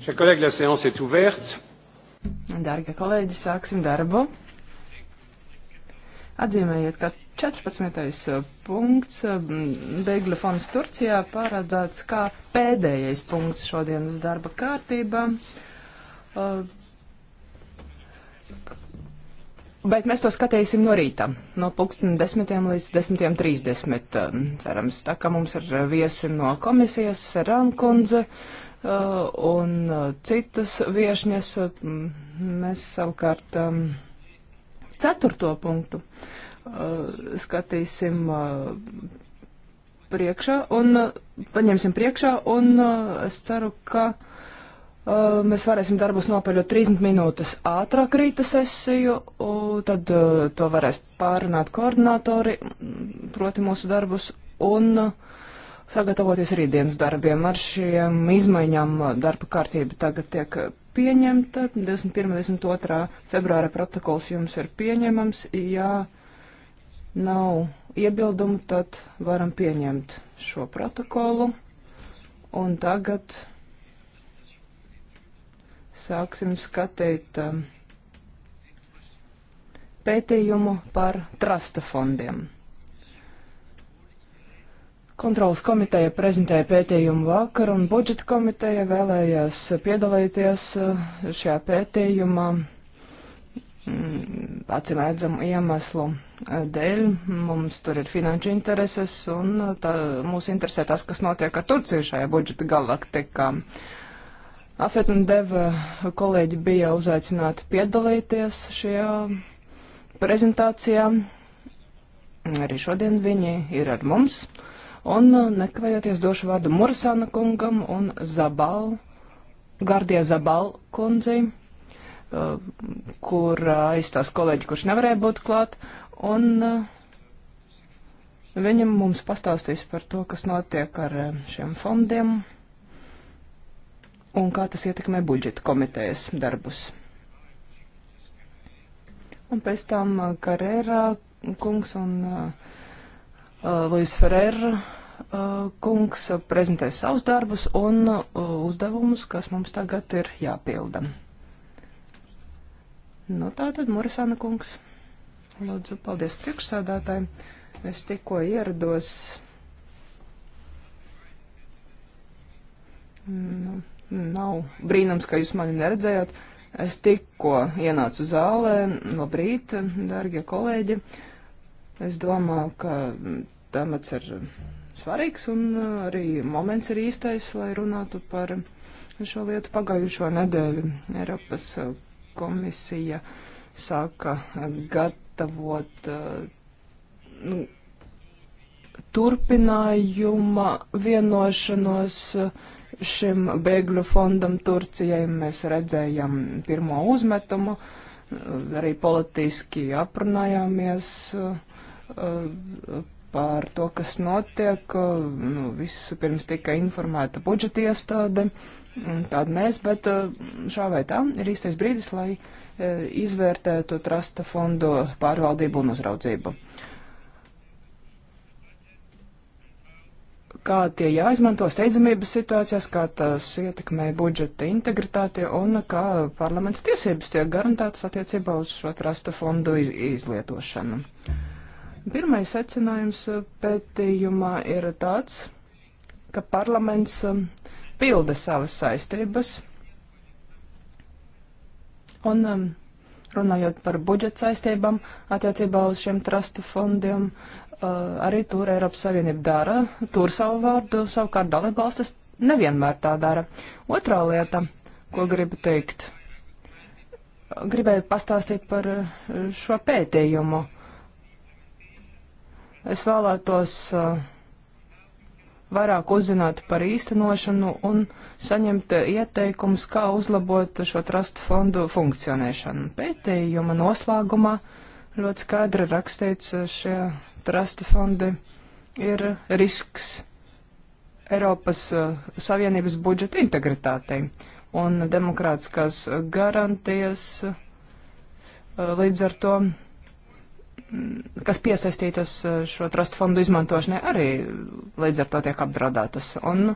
Chers collègues, la séance est ouverte. Dargie kolēģi, sāksim darbu. Atzīmējiet, ka 14. Uh, punkts uh, bēgļu fonds Turcijā paredzēts kā pēdējais punkts šodienas darba kārtībā. Uh, bet mēs to skatīsim no rīta, no pulksten 10 līdz 10.30. Cerams, tā kā mums ir viesi no komisijas, Ferran Kunze, uh, Uh, un uh, citas viešņas. Uh, mēs savukārt um, ceturto punktu skatīsim priekšā un paņemsim priekšā un es ceru, ka mēs varēsim darbus nopaļot 30 minūtes ātrāk rīta sesiju, tad to varēs pārunāt koordinātori, proti mūsu darbus, un uh, sagatavoties rītdienas darbiem. Ar šiem izmaiņām darba kārtība tagad tiek pieņemta. 21. 22. februāra protokols jums ir pieņemams. Ja nav iebildumu, tad varam pieņemt šo protokolu. Un tagad sāksim skatīt um, pētījumu par trasta fondiem. Kontrolas komiteja prezentēja pētījumu vakar, un budžeta komiteja vēlējās piedalīties eh, šajā pētījumā mm, acīm redzamu iemeslu eh, dēļ. Mums tur ir finanšu intereses, un eh, tā, mūs interesē tas, kas notiek ar Turciju šajā budžeta galaktikā. Afet un Deva kolēģi bija uzaicināti piedalīties šajā prezentācijā. Arī šodien viņi ir ar mums. Uh, Un uh, nekavējoties došu vārdu Murasāna kungam un Zabal, Gardie Zabal kundzei, uh, kur uh, aizstās kolēģi, kurš nevarēja būt klāt. Un viņam mums pastāstīs par to, kas notiek ar šiem fondiem un kā tas ietekmē budžeta komitejas darbus. Un pēc tam Karērā kungs un uh, Uh, Luis Ferrer uh, kungs uh, prezentēs savus darbus un uzdevumus, kas mums tagad ir jāpilda. Nu, tā tad Morisāna kungs. Lūdzu, paldies priekšsādātājiem. Es tikko ierados. Nu, nav brīnums, ka jūs mani neredzējāt. Es tikko ienācu zālē. Labrīt, dārgie kolēģi. Es domāju, ka temats ir svarīgs un uh, arī moments ir īstais, lai runātu par šo lietu pagājušo nedēļu. Eiropas uh, komisija sāka gatavot uh, nu, turpinājuma vienošanos šim bēgļu fondam Turcijai. Mēs redzējām pirmo uzmetumu, arī politiski aprunājāmies par to, kas notiek. Uh, nu, visu pirms tika informēta budžeta iestāde, tāda mēs, bet uh, šā vai tā ir īstais brīdis, lai uh, izvērtētu trasta fondu pārvaldību un uzraudzību. Kā tie jāizmanto steidzamības situācijās, kā tas ietekmē budžeta integritāti un kā parlamenta tiesības tiek garantētas attiecībā uz šo trasta fondu izlietošanu. Uh, Pirmais secinājums eh, pētījumā ir tāds, ka parlaments eh, pilda savas saistības. Un eh, runājot par budžeta saistībām attiecībā uz šiem trustu fondiem, arī tur Eiropas Savienība dara, tur savu vārdu, savukārt dalībvalstis nevienmēr tā dara. Otrā lieta, ko gribu teikt, gribēju pastāstīt par šo pētījumu Es vēlētos eh, vairāk uzzināt par īstenošanu un saņemt eh, ieteikumus, kā uzlabot šo trustu fondu funkcionēšanu. Pētījuma noslēgumā ļoti skaidri rakstīts, eh, šie trustu fondi ir risks Eiropas Savienības budžeta integritātei un demokrātiskās garantijas līdz ar to kas piesaistītas eh, šo trust fondu izmantošanai, arī līdz ar to tiek apdraudētas. Un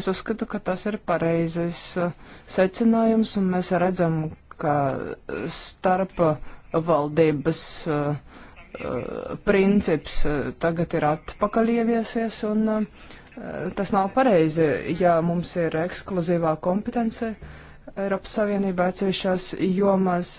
es uzskatu, ka tas ir pareizais eh, secinājums, un mēs redzam, ka starp valdības eh, princips tagad ir atpakaļ ieviesies, un tas nav pareizi, ja mums ir ekskluzīvā kompetence Eiropas Savienībā atsevišķās jomās,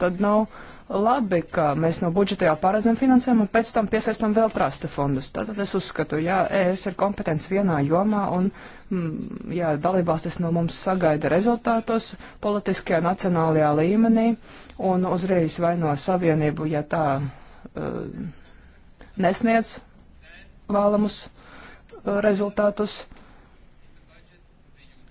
tad nav labi, ka mēs no budžeta jau paredzam finansējumu un pēc tam piesaistam vēl trasta fondus. Tātad es uzskatu, jā, ES ir kompetents vienā jomā un, mm, jā, dalībvalstis no mums sagaida rezultātos politiskajā nacionālajā līmenī un uzreiz vaino savienību, ja tā uh, nesniedz vēlamus uh, rezultātus. Uh,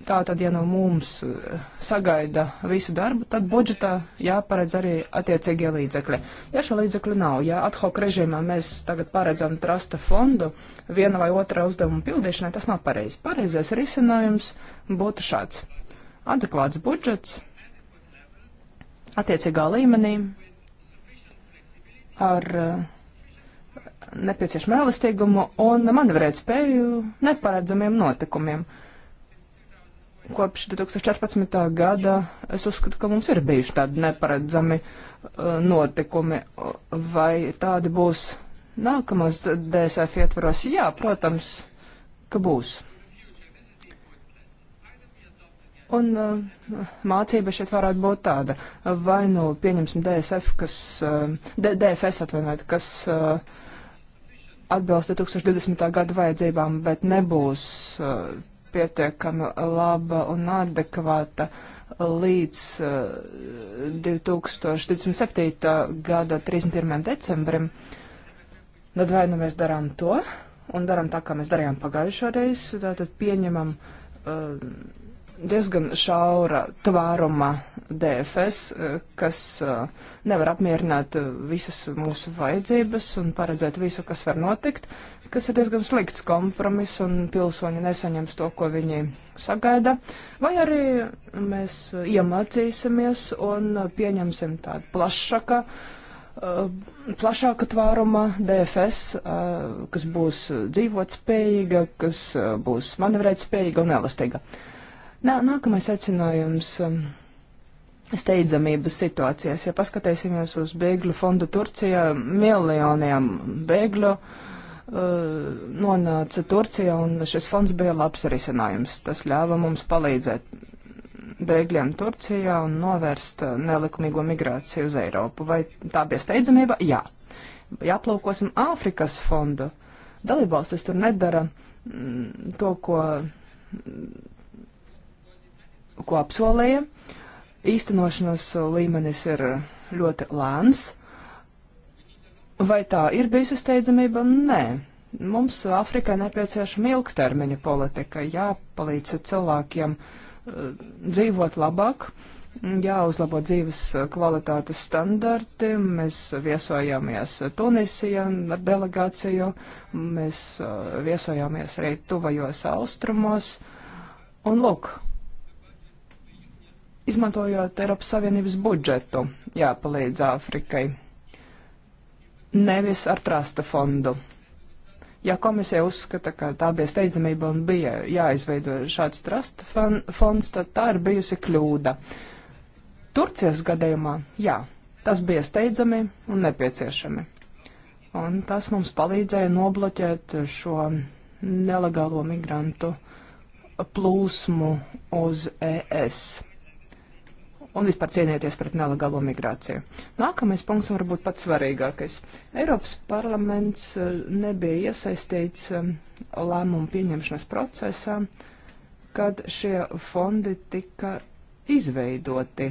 Tātad, ja no mums eh, sagaida visu darbu, tad budžetā jāparedz arī attiecīgie līdzekļi. Ja šo līdzekļu nav, ja ad hoc režīmā mēs tagad paredzam trasta fondu viena vai otra uzdevuma pildīšanai, tas nav pareizi. Pareizais risinājums būtu šāds. Adekvāts budžets attiecīgā līmenī ar eh, nepieciešamu elastīgumu un manevrēt spēju neparedzamiem notikumiem. Uh, kopš 2014. gada es uzskatu, ka mums ir bijuši tādi neparedzami uh, notikumi. Vai tādi būs nākamās DSF ietvaros? Jā, protams, ka būs. Un uh, mācība šeit varētu būt tāda. Vai nu pieņemsim DSF, kas, uh, D DFS atvainojiet, kas atbilst 2020. gada vajadzībām, bet nebūs pietiekami laba un adekvāta līdz 2027. Eh, gada 31. decembrim, tad vai nu mēs darām to un darām tā, kā mēs darījām pagājušo reizi, tātad pieņemam eh, diezgan šaura tvāruma DFS, eh, kas nevar apmierināt visas mūsu vajadzības un paredzēt visu, kas var notikt kas ir diezgan slikts kompromiss, un pilsoņi nesaņems to, ko viņi sagaida. Vai arī mēs iemācīsimies un pieņemsim tādu plašāku, uh, plašāka tvāruma DFS, uh, kas būs dzīvotspējīga, kas uh, būs manevrētspējīga un elastīga. Nā, nākamais secinājums um, steidzamības situācijas. Ja paskatīsimies uz bēgļu fondu Turcijā, miljoniem bēgļu uh, Eh, nonāca Turcijā, un šis fonds bija labs risinājums. Tas ļāva mums palīdzēt bēgļiem Turcijā un novērst eh, nelikumīgo migrāciju uz Eiropu. Vai tā bija steidzamība? Jā. Ja aplūkosim Āfrikas fondu, dalībvalstis tur nedara mm, to, ko, ko apsolīja. Īstenošanas līmenis ir ļoti lēns. Uh, Vai tā ir bijusi steidzamība? Nē. Mums Āfrikai nepieciešama ilgtermiņa politika, jāpalīdz cilvēkiem eh, dzīvot labāk, jāuzlabo dzīves eh, kvalitātes standarti. Mēs viesojāmies Tunisijā ar delegāciju, mēs eh, viesojāmies arī tuvajos austrumos. Un lūk, izmantojot Eiropas Savienības budžetu, jāpalīdz Āfrikai nevis ar trasta fondu. Ja komisija uzskata, ka tā bija steidzamība un bija jāizveido šāds trasta fonds, tad tā ir bijusi kļūda. Turcijas gadījumā, jā, tas bija steidzami un nepieciešami. Un tas mums palīdzēja nobloķēt šo nelegālo migrantu plūsmu uz ES un vispār cīnīties pret nelegālo migrāciju. Nākamais punkts var būt pats svarīgākais. Eiropas parlaments eh, nebija iesaistīts eh, lēmumu pieņemšanas procesā, kad šie fondi tika izveidoti.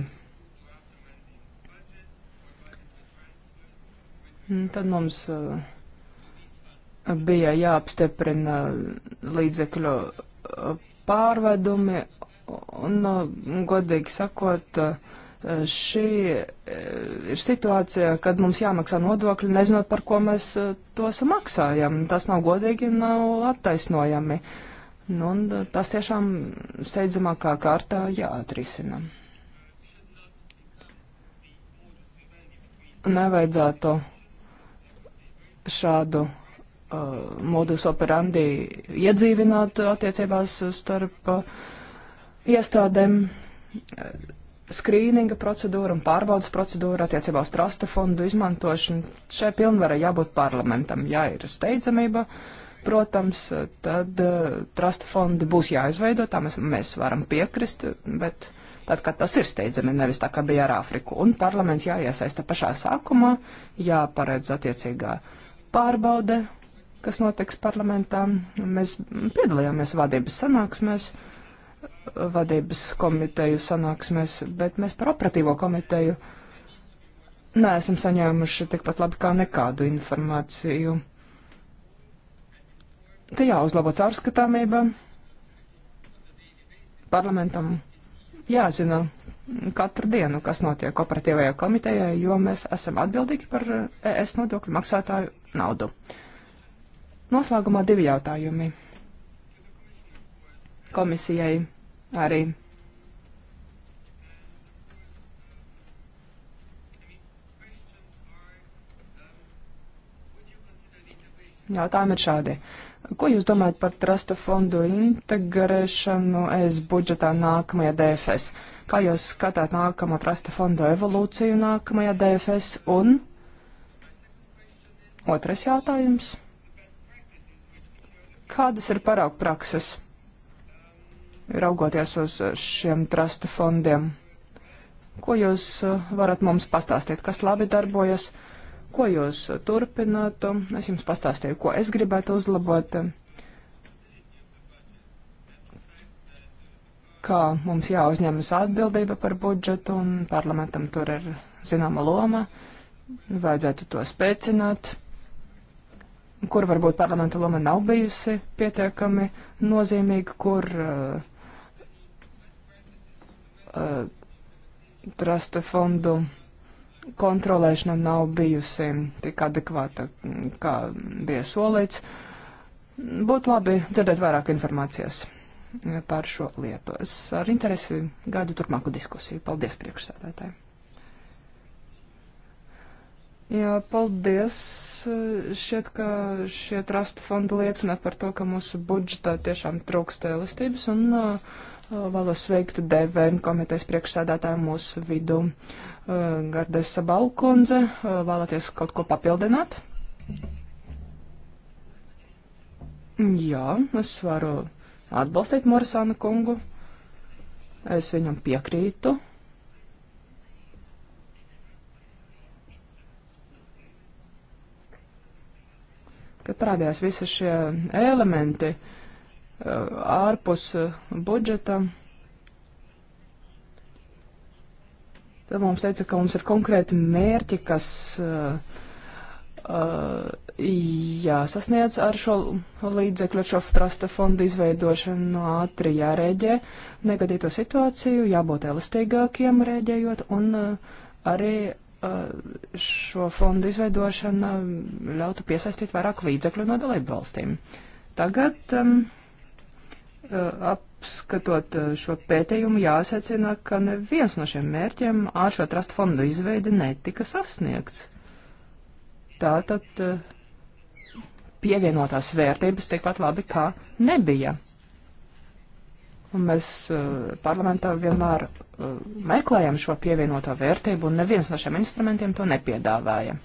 Un tad mums eh, bija jāapstiprina līdzekļu pārvedumi Un, uh, godīgi sakot, uh, šī uh, ir situācija, kad mums jāmaksā nodokļi, nezinot, par ko mēs tos maksājam. Tas nav godīgi un nav attaisnojami. Nu, un tas tiešām steidzamākā kārtā jāatrisina. Nevajadzētu šādu uh, modus operandi iedzīvināt attiecībās starp uh, iestādēm eh, skrīninga procedūra un pārbaudas procedūra attiecībā uz trasta fondu izmantošanu. Šai pilnvarai jābūt parlamentam. Ja ir steidzamība, protams, tad uh, eh, trasta fondi būs jāizveido, tā mēs, mēs varam piekrist, bet tad, kad tas ir steidzami, nevis tā kā bija ar Āfriku. Un parlaments jāiesaista pašā sākumā, jāparedz attiecīgā pārbaude, kas notiks parlamentā. Mēs piedalījāmies vadības sanāksmēs. Mēs vadības komiteju sanāksmēs, bet mēs par operatīvo komiteju neesam saņēmuši tikpat labi kā nekādu informāciju. Te jāuzlabo caurskatāmība parlamentam jāzina katru dienu, kas notiek operatīvajā komitejā, jo mēs esam atbildīgi par ES nodokļu maksātāju naudu. Noslēgumā divi jautājumi komisijai arī. Jautājumi ir šādi. Ko jūs domājat par trasta fondu integrēšanu es budžetā nākamajā DFS? Kā jūs skatāt nākamo trasta fondu evolūciju nākamajā DFS? Un otrais jautājums. Kādas ir paraugu prakses? raugoties uz šiem trusta fondiem. Ko jūs eh, varat mums pastāstīt, kas labi darbojas, ko jūs turpinātu? Es jums pastāstīju, ko es gribētu uzlabot, kā mums jāuzņemas atbildība par budžetu un parlamentam tur ir zināma loma, vajadzētu to spēcināt kur varbūt parlamenta loma nav bijusi pietiekami nozīmīga, kur uh, Uh, trusta fondu kontrolēšana nav bijusi tik adekvāta, mm, kā bija solīts. Būtu labi dzirdēt vairāk informācijas par šo lietu. Es ar interesi gaidu turpmāku diskusiju. Paldies priekšsēdētāji. Jā, paldies. Šķiet, ka šie trusta fonda liecina par to, ka mūsu budžetā tiešām trūkst elastības un uh, Uh, vēlos sveikt DVN komitejas priekšsēdētāju mūsu vidu. Uh, Gardesa Balkundze, uh, vēlaties kaut ko papildināt? Jā, es varu atbalstīt Morisānu kungu. Es viņam piekrītu. Kad parādījās visi šie elementi, uh, Eh, ārpus eh, budžeta. Tad mums teica, ka mums ir konkrēti mērķi, kas uh, uh, jāsasniedz ar šo līdzekļu, šo trusta fondu izveidošanu, ātri jārēģē, negadīto situāciju, jābūt elastīgākiem rēģējot un uh, arī uh, šo fondu izveidošana ļautu piesaistīt vairāk līdzekļu no dalību valstīm. Tagad um, apskatot šo pētījumu, jāsacina, ka neviens no šiem mērķiem ar šo trust fondu izveidi netika sasniegts. Tātad pievienotās vērtības tikpat labi kā nebija. Un mēs parlamentā vienmēr meklējam šo pievienoto vērtību, un neviens no šiem instrumentiem to nepiedāvāja.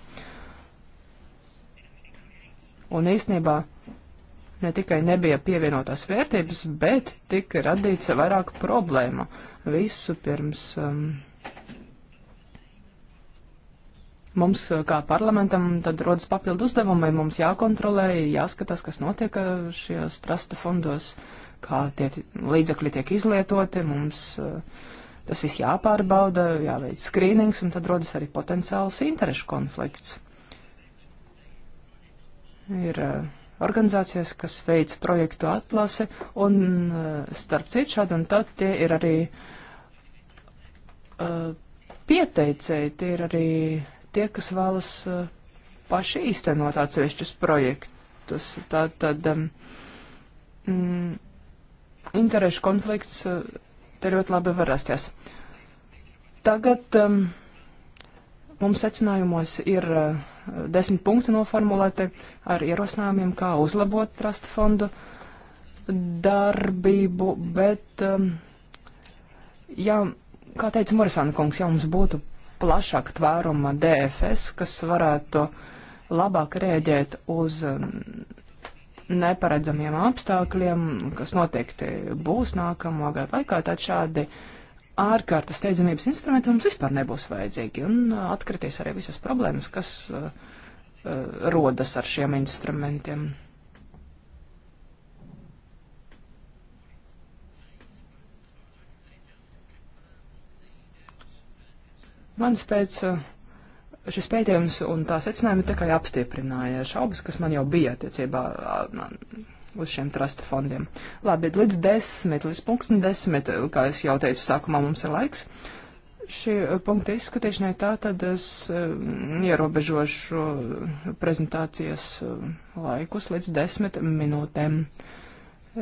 Un īstenībā ne tikai nebija pievienotās vērtības, bet tika radīts vairāk problēmu. Visu pirms um, mums, uh, kā parlamentam, tad rodas papildu uzdevumi, mums jākontrolē, jāskatās, kas notiek uh, šajos trasta fondos, kā tie līdzekļi tiek izlietoti, mums uh, tas viss jāpārbauda, jāveic skrīnings, un tad rodas arī potenciāls interešu konflikts. Ir, uh, organizācijas, kas veic projektu atlase, un uh, starp citu šādi un tad tie ir arī uh, pieteicēji, tie ir arī tie, kas vēlas uh, paši īstenot atsevišķus projektus. Tātad um, mm, interešu konflikts uh, te ļoti labi var rasties. Tagad um, mums secinājumos ir. Uh, desmit punkti noformulēti ar ierosinājumiem, kā uzlabot trust fondu darbību, bet, um, jā, kā teica Morisāna kungs, ja mums būtu plašāk tvēruma DFS, kas varētu labāk rēģēt uz um, neparedzamiem apstākļiem, kas noteikti būs nākamo gadu laikā, tad šādi uh, ārkārtas steidzamības instrumenti mums vispār nebūs vajadzīgi un uh, atkritīs arī visas problēmas, kas uh, uh, rodas ar šiem instrumentiem. Mans pēc uh, šis pētījums un tā secinājumi tikai apstiprināja šaubas, kas man jau bija attiecībā uz šiem trasta fondiem. Labi, līdz desmit, līdz punktam desmit, kā es jau teicu, sākumā mums ir laiks. Šī eh, punkta izskatīšanai tā tad es eh, ierobežošu prezentācijas eh, laikus līdz desmit minūtēm.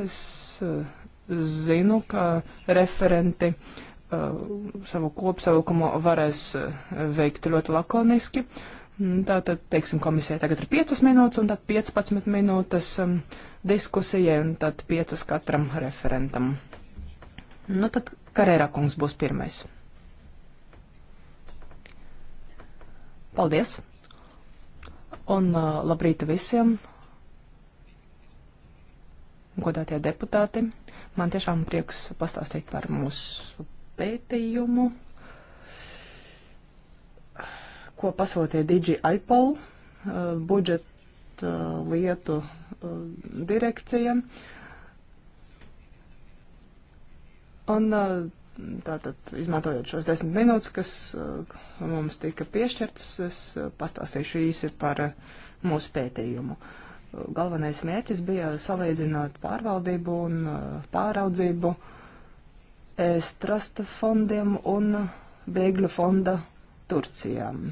Es zinu, ka referenti savu kopsavilkumu varēs veikt ļoti lakoniski. Tātad, teiksim, komisija tagad ir 5 minūtes un tad 15 minūtes. Um, diskusijai un tad piecas katram referentam. Nu tad Karērā kungs būs pirmais. Paldies! Un uh, labrīt visiem! Godātie deputāti, man tiešām prieks pastāstīt par mūsu pētījumu, ko pasūtīja Digi iPol, uh, budžeta uh, lietu Uh, direkcija. Un uh, tātad, izmantojot šos desmit minūtes, kas uh, mums tika piešķirtas, es pastāstīšu īsi par mūsu pētījumu. Galvenais mērķis bija salīdzināt pārvaldību un pāraudzību Estrasta fondiem un Bēgļu fonda Turcijām.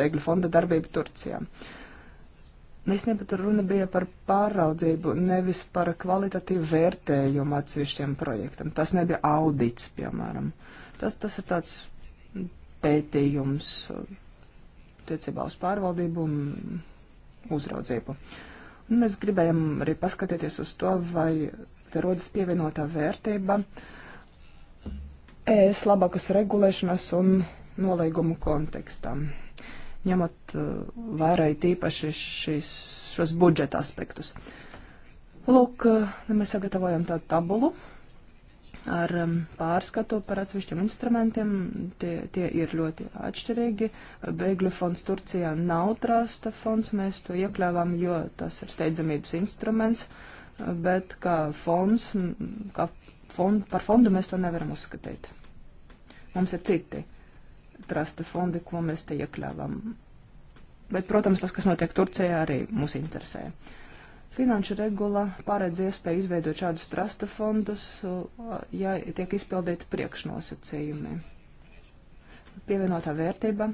Bēgļu fonda darbību Turcijām. Uh, Īstenībā tur runa bija par pāraudzību, nevis par kvalitatīvu vērtējumu atsevišķiem projektam. Tas nebija audits, piemēram. Tas, tas ir tāds pētījums tiecībā uz pārvaldību un uzraudzību. Un mēs gribējām arī paskatīties uz to, vai te rodas pievienotā vērtība ES labākas regulēšanas un nolīgumu kontekstam ņemot eh, vērā tīpaši šis, šos budžeta aspektus. Lūk, eh, mēs sagatavojam tādu tabulu ar pārskatu par atsevišķiem instrumentiem. Tie, tie ir ļoti atšķirīgi. Bēgļu fonds Turcijā nav trāsta fonds, mēs to iekļāvām, jo tas ir steidzamības instruments, eh, bet kā fonds, kā fond, par fondu mēs to nevaram uzskatīt. Mums ir citi uh, trasta fondi, ko mēs te iekļāvām. Bet, protams, tas, kas notiek Turcijā, arī mūs interesē. Finanšu regula paredz iespēju izveidot šādus trasta fondus, ja tiek izpildīti priekšnosacījumi. Pievienotā vērtība,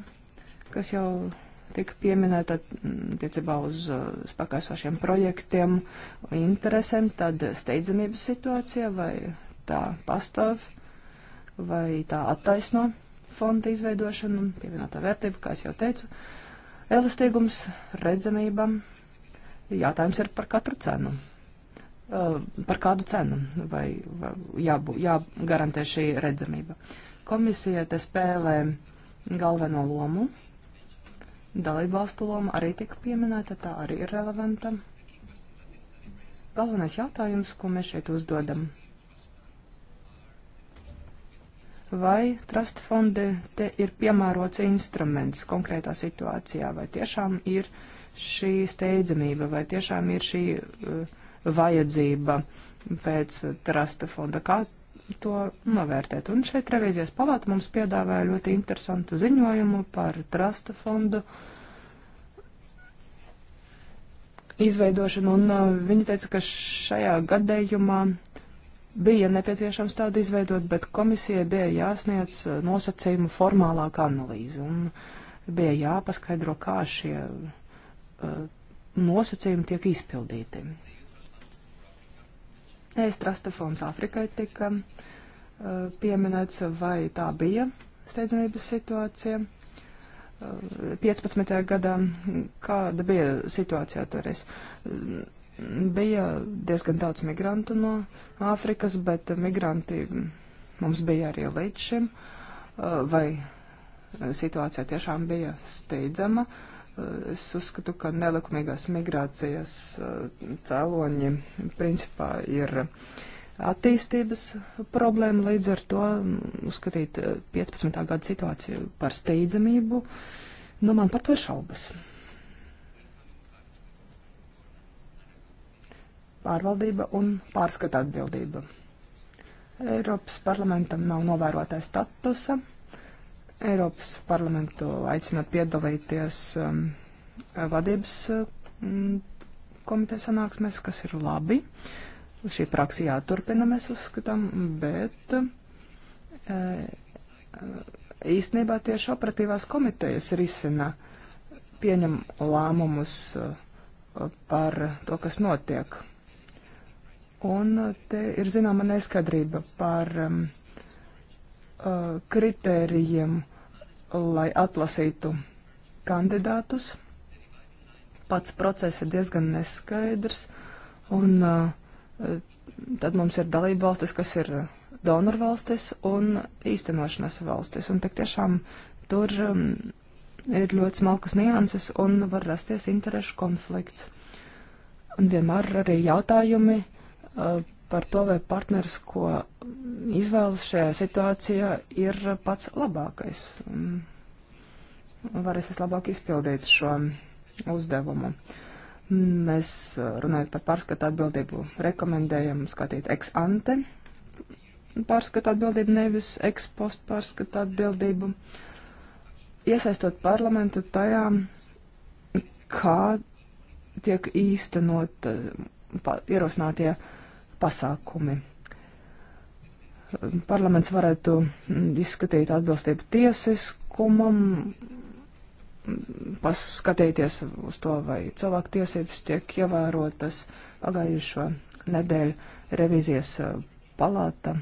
kas jau tika pieminēta mm, attiecībā uz uh, spēkā esošiem projektiem, interesēm, tad steidzamības situācija vai tā pastāv vai tā attaisno fonda izveidošana, pievienotā vērtība, kā es jau teicu, elastīgums, redzamība. Jātājums ir par katru cenu. Uh, par kādu cenu vai, vai jābū, jāgarantē šī redzamība. Komisija te spēlē galveno lomu, dalībvalstu loma arī tika pieminēta, tā arī ir relevanta. Galvenais jautājums, ko mēs šeit uzdodam vai trust fondi te ir piemērots instruments konkrētā situācijā, vai tiešām ir šī steidzamība, vai tiešām ir šī uh, vajadzība pēc trust fonda, kā to novērtēt. Un šeit revīzijas palāta mums piedāvāja ļoti interesantu ziņojumu par trust fondu izveidošanu, un uh, viņi teica, ka šajā gadējumā bija nepieciešams tādu izveidot, bet komisijai bija jāsniedz uh, nosacījumu formālāka analīze un bija jāpaskaidro, kā šie uh, nosacījumi tiek izpildīti. Ēstrastafons Afrikai tika uh, pieminēts, vai tā bija steidzamības situācija. Uh, 15. gadā, kāda bija situācija toreiz? bija diezgan daudz migrantu no Āfrikas, bet migranti mums bija arī līdz šim, vai situācija tiešām bija steidzama. Es uzskatu, ka nelikumīgās migrācijas cēloņi principā ir attīstības problēma, līdz ar to uzskatīt 15. gada situāciju par steidzamību, nu man par to ir šaubas. pārvaldība un pārskata atbildība. Eiropas parlamentam nav novērotāja statusa. Eiropas parlamentu aicina piedalīties um, vadības um, komitejas sanāksmēs, kas ir labi. Šī praksa jāturpina, mēs uzskatām, bet e, īstenībā tieši operatīvās komitejas risina, pieņem lēmumus e, par to, kas notiek Un te ir zināma neskaidrība par um, uh, kritērijiem, lai atlasītu kandidātus. Pats process ir diezgan neskaidrs. Un uh, tad mums ir dalība valstis, kas ir donoru valstis un īstenošanas valstis. Un tik tiešām tur um, ir ļoti smalkas nianses un var rasties interešu konflikts. Un vienmēr arī jautājumi, uh, par to, vai partners, ko izvēlas šajā situācijā, ir pats labākais. Varēs vislabāk izpildīt šo uzdevumu. Mēs, eh, runājot par pārskatu atbildību, rekomendējam skatīt ex ante pārskatu atbildību, nevis ex post pārskatu atbildību, iesaistot parlamentu tajā, kā tiek īstenot eh, ierosinātie uh, pasākumi. Parlaments varētu izskatīt atbilstību tiesiskumam, paskatīties uz to, vai cilvēku tiesības tiek ievērotas pagājušo nedēļu revizijas eh, palāta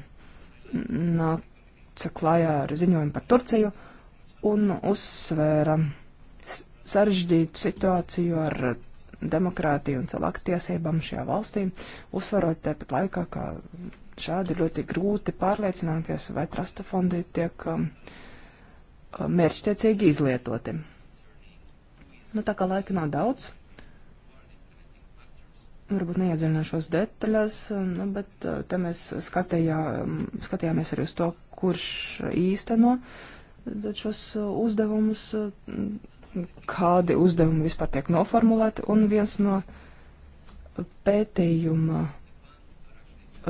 nāca klājā ar ziņojumu par Turciju un uzsvēra sarežģītu situāciju ar demokrātiju un cilvēku tiesībām šajā valstī, uzsvarot tepat laikā, ka šādi ļoti grūti pārliecināties, vai trasta fondi tiek um, um, mērķtiecīgi izlietoti. Nu, tā kā laika nav daudz, varbūt neiedziļināšos detaļās, nu, bet uh, te mēs skatījā, um, skatījāmies arī uz to, kurš īsteno uh, šos uh, uzdevumus kādi uzdevumi vispār tiek noformulēti, un viens no pētījuma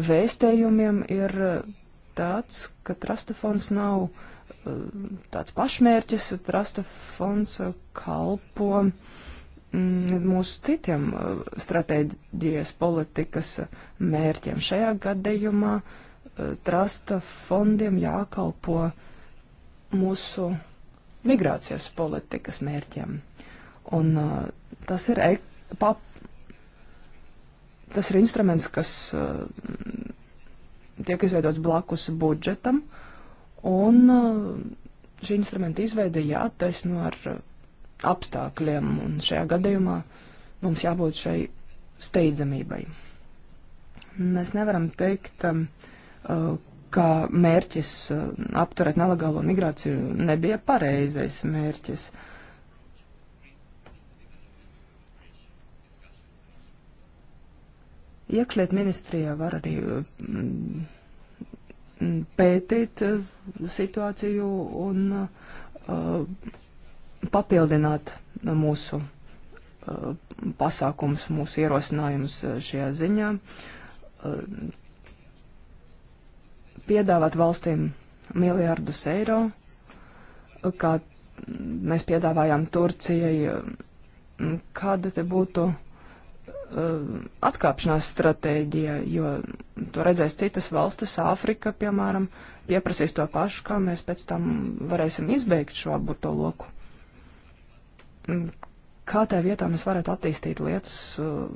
vēstējumiem ir uh, tāds, ka trasta fonds nav uh, tāds pašmērķis, trasta fonds uh, kalpo mm, mūsu citiem stratēģijas politikas mērķiem. Šajā gadījumā trasta fondiem jākalpo mūsu migrācijas politikas mērķiem. Un uh, tas ir e pap, tas ir instruments, kas uh, tiek izveidots blakus budžetam, un uh, šī instrumenta izveide jātaisno ar uh, apstākļiem, un šajā gadījumā mums jābūt šai steidzamībai. Mēs nevaram teikt, um, uh, ka mērķis eh, apturēt nelegālo migrāciju nebija pareizais mērķis. Iekšliet ministrijā var arī mm, pētīt eh, situāciju un uh, papildināt mūsu uh, pasākums, mūsu ierosinājums šajā ziņā. Uh, piedāvāt valstīm miljārdus eiro, kā mēs piedāvājām Turcijai, kāda te būtu uh, atkāpšanās stratēģija, jo to redzēs citas valstis, Āfrika, piemēram, pieprasīs to pašu, kā mēs pēc tam varēsim izbeigt šo aburto loku. Mm, kā tajā vietā mēs varētu attīstīt lietas uh,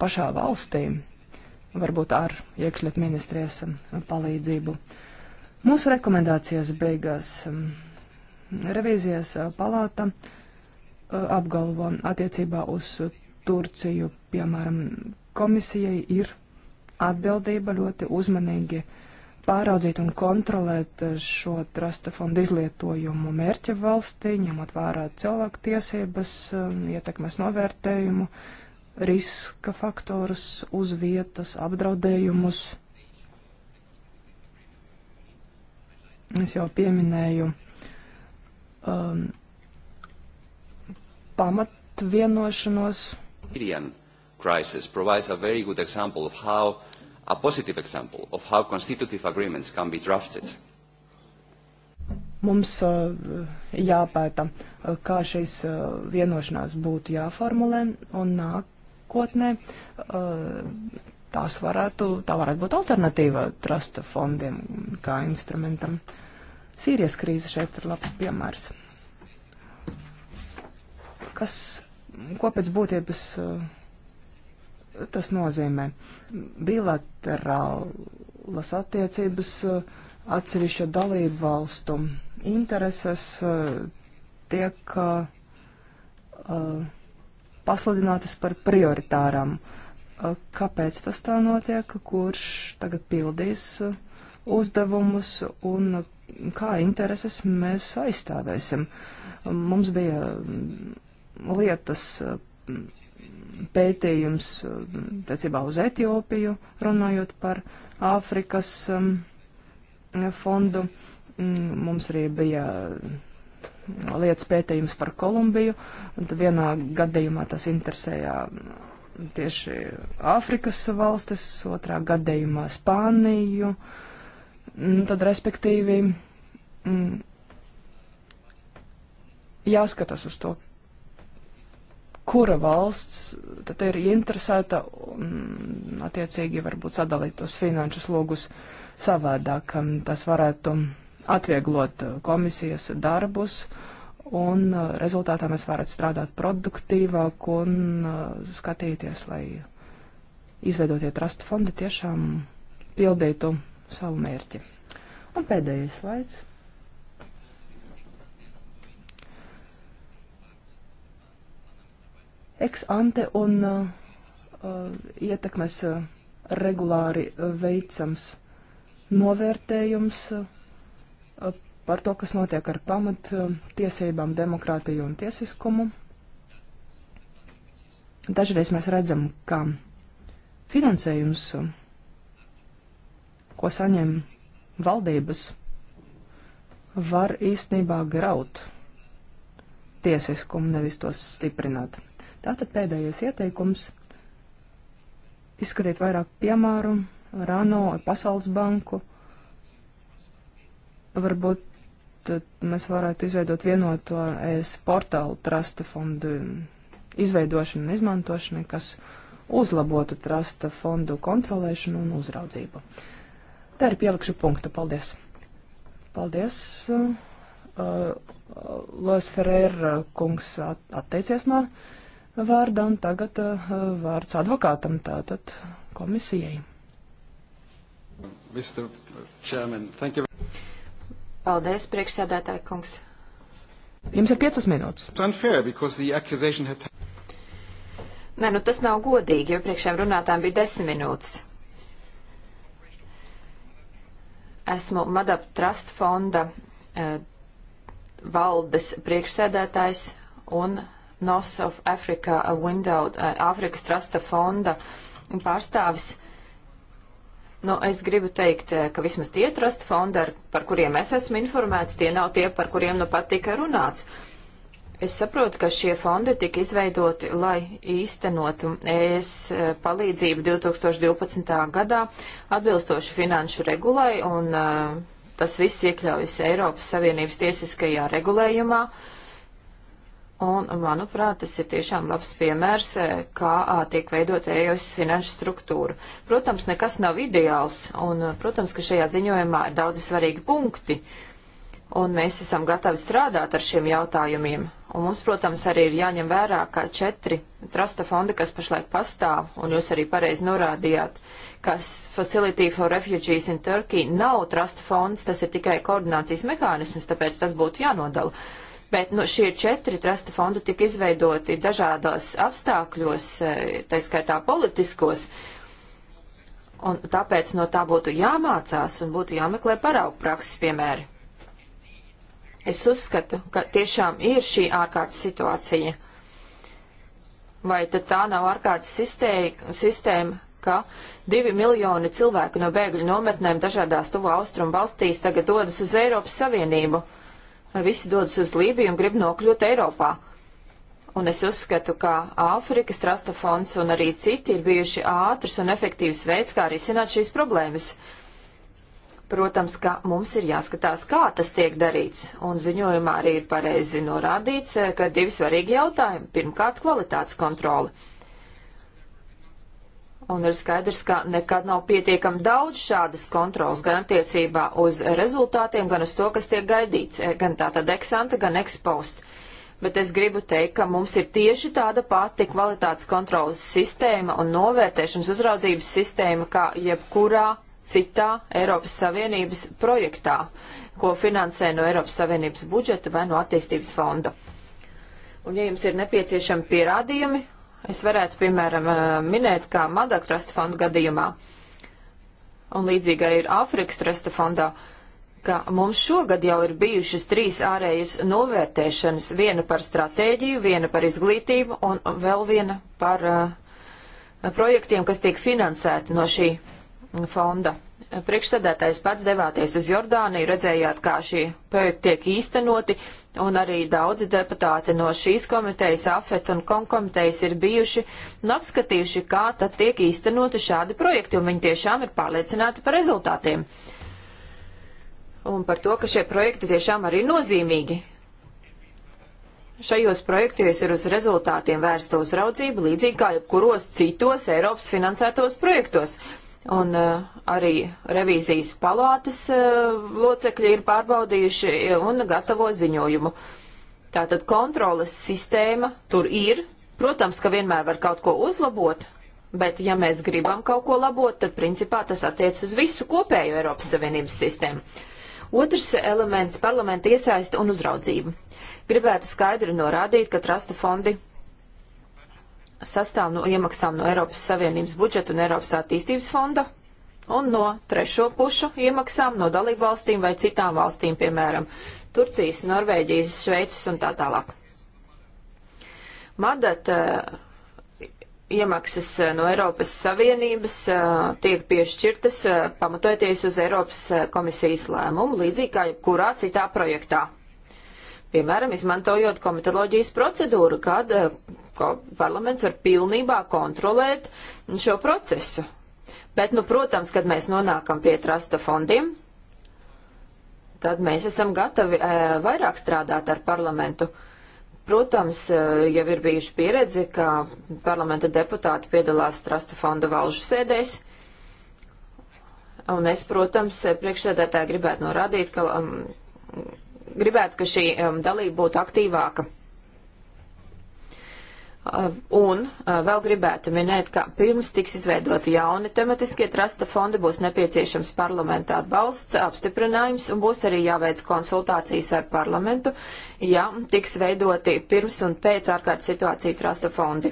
pašā valstī? varbūt ar iekšļiet ministrijas um, palīdzību. Mūsu rekomendācijas beigās um, revīzijas uh, palāta uh, apgalvo attiecībā uz Turciju, piemēram, komisijai ir atbildība ļoti uzmanīgi pāraudzīt un kontrolēt uh, šo trusta fondu izlietojumu mērķa valstī, ņemot vērā cilvēku tiesības, um, ietekmes novērtējumu, uh, riska faktorus uz vietas, apdraudējumus. Es jau pieminēju um, pamatvienošanos. Syrian crisis provides a very good example of how, a positive example of how constitutive agreements can be drafted. Mums uh, jāpēta, uh, kā šīs uh, vienošanās būtu jāformulē, un nāk nākotnē eh, tās varētu, tā varētu būt alternatīva trusta fondiem kā instrumentam. Sīrijas krīze šeit ir labs piemērs. Kas, ko pēc būtības eh, tas nozīmē? Bilaterālas attiecības eh, atsevišķa dalību valstu intereses tiek uh, pasludinātas par prioritāram. Kāpēc tas tā notiek? Kurš tagad pildīs uzdevumus un kā intereses mēs aizstāvēsim? Mums bija lietas pētījums, tecībā uz Etiopiju, runājot par Āfrikas fondu. Mums arī bija lietas pētījums par Kolumbiju. Vienā gadījumā tas interesēja tieši Āfrikas valstis, otrā gadījumā Spāniju. Nu, tad, respektīvi, mm, jāskatās uz to, kura valsts tad ir interesēta un attiecīgi varbūt sadalīt tos finanšus logus savādāk. Tas varētu atvieglot uh, komisijas darbus, un uh, rezultātā mēs varētu strādāt produktīvāk un uh, skatīties, lai izveidotie trust fondi tiešām pildītu savu mērķi. Un pēdējais slaids. Ex ante un uh, ietekmes uh, regulāri veicams novērtējums. Uh, par to, kas notiek ar pamat tiesībām, demokrātiju un tiesiskumu. Dažreiz mēs redzam, ka finansējums, ko saņem valdības, var īstenībā graut tiesiskumu, nevis tos stiprināt. Tātad pēdējais ieteikums - izskatīt vairāk piemēru ar ANO, ar Pasaules banku, uh, Varbūt mēs varētu izveidot vienoto ES portālu trasta fondu izveidošanu un izmantošanu, kas uzlabotu trasta fondu kontrolēšanu un uzraudzību. Tā ir pielikšu punktu. Paldies! Paldies! Uh, uh Los Ferreira kungs at atteicies no vārda un tagad uh, vārds advokātam tātad komisijai. Mr. Chairman, thank you. Paldies, priekšsēdētāji kungs. Jums ir piecas minūtes. Had... Nē, nu tas nav godīgi, jo priekšējām runātām bija desmit minūtes. Esmu Madab Trust fonda eh, valdes priekšsēdētājs un North of Africa Window, Āfrikas eh, trasta fonda pārstāvis. Eh, Nu, es gribu teikt, eh, ka vismaz tie trust fondi, par kuriem es esmu informēts, tie nav tie, par kuriem nu pat tika runāts. Es saprotu, ka šie fondi tika izveidoti, lai īstenotu ES eh, palīdzību 2012. gadā atbilstoši finanšu regulai, un uh, tas viss iekļaujas Eiropas Savienības tiesiskajā regulējumā. Uh, Un, manuprāt, tas ir tiešām labs piemērs, eh, kā tiek veidot EOS finanšu struktūru. Protams, nekas nav ideāls, un, protams, ka šajā ziņojumā ir daudz svarīgi punkti, un mēs esam gatavi strādāt ar šiem jautājumiem. Un mums, protams, arī ir jāņem vērā, ka četri trasta fondi, kas pašlaik pastāv, un jūs arī pareizi norādījāt, kas Facility for Refugees in Turkey nav trasta fonds, tas ir tikai koordinācijas mehānisms, tāpēc tas būtu jānodala Bet nu, šie četri trasta fondi tika izveidoti dažādos apstākļos, e, tā skaitā politiskos, un tāpēc no tā būtu jāmācās un būtu jāmeklē paraugu prakses piemēri. Es uzskatu, ka tiešām ir šī ārkārtas situācija. Vai tad tā nav ārkārtas sistēma, ka divi miljoni cilvēku no bēgļu nometnēm dažādās tuvo austrumu valstīs tagad dodas uz Eiropas Savienību? visi dodas uz Lībiju un grib nokļūt Eiropā. Un es uzskatu, ka Āfrikas trasta fonds un arī citi ir bijuši ātrs un efektīvs veids, kā arī sināt šīs problēmas. Protams, ka mums ir jāskatās, kā tas tiek darīts, un ziņojumā arī ir pareizi norādīts, eh, ka divi svarīgi jautājumi. Pirmkārt, kvalitātes kontroli. Un ir skaidrs, ka nekad nav pietiekami daudz šādas kontrolas gan attiecībā uz rezultātiem, gan uz to, kas tiek gaidīts, e, gan tātad eksanta, gan ekspost. Bet es gribu teikt, ka mums ir tieši tāda pati kvalitātes kontrolas sistēma un novērtēšanas uzraudzības sistēma, kā jebkurā citā Eiropas Savienības projektā, ko finansē no Eiropas Savienības budžeta vai no attīstības fonda. Un ja jums ir nepieciešami pierādījumi, es varētu, piemēram, eh, minēt kā Madak Trust fonda gadījumā, un līdzīgā ir Āfrikas Trust fondā, ka mums šogad jau ir bijušas trīs ārējas novērtēšanas, viena par stratēģiju, viena par izglītību un vēl viena par uh, projektiem, kas tiek finansēti no šī fonda priekšsēdētājs pats devāties uz Jordāniju, redzējāt, kā šie projekti tiek īstenoti, un arī daudzi deputāti no šīs komitejas, AFET un konkomitejas ir bijuši un apskatījuši, kā tad tiek īstenoti šādi projekti, un viņi tiešām ir pārliecināti par rezultātiem. Un par to, ka šie projekti tiešām arī nozīmīgi. Šajos projektos ir uz rezultātiem vērsta uzraudzība, līdzīgi kā jebkuros citos Eiropas finansētos projektos. Un uh, arī revīzijas palātes uh, eh, locekļi ir pārbaudījuši un gatavo ziņojumu. Tātad kontroles sistēma tur ir. Protams, ka vienmēr var kaut ko uzlabot, bet ja mēs gribam kaut ko labot, tad principā tas attiec uz visu kopējo Eiropas Savienības sistēmu. Otrs elements - parlamenta iesaista un uzraudzība. Gribētu skaidri norādīt, ka trasta fondi sastāv no iemaksām no Eiropas Savienības budžeta un Eiropas attīstības fonda un no trešo pušu iemaksām no dalību valstīm vai citām valstīm, piemēram, Turcijas, Norvēģijas, Šveices un tā tālāk. Madat eh, iemaksas eh, no Eiropas Savienības eh, tiek piešķirtas pamatojoties uz Eiropas komisijas lēmumu, līdzīgi kā jebkurā citā projektā. Piemēram, izmantojot komitoloģijas procedūru, kad ka parlaments var pilnībā kontrolēt šo procesu. Bet, nu, protams, kad mēs nonākam pie trasta fondiem, tad mēs esam gatavi e, vairāk strādāt ar parlamentu. Protams, e, jau ir bijuši pieredze, ka parlamenta deputāti piedalās trasta fonda valžu sēdēs. Un es, protams, e, priekšsēdētāji gribētu norādīt, ka um, gribētu, ka šī um, dalība būtu aktīvāka. Uh, un uh, vēl gribētu minēt, ka pirms tiks izveidoti jauni tematiskie trasta fondi, būs nepieciešams parlamentā atbalsts, apstiprinājums un būs arī jāveic konsultācijas ar parlamentu, ja tiks veidoti pirms un pēc ārkārtas situācija trasta fondi.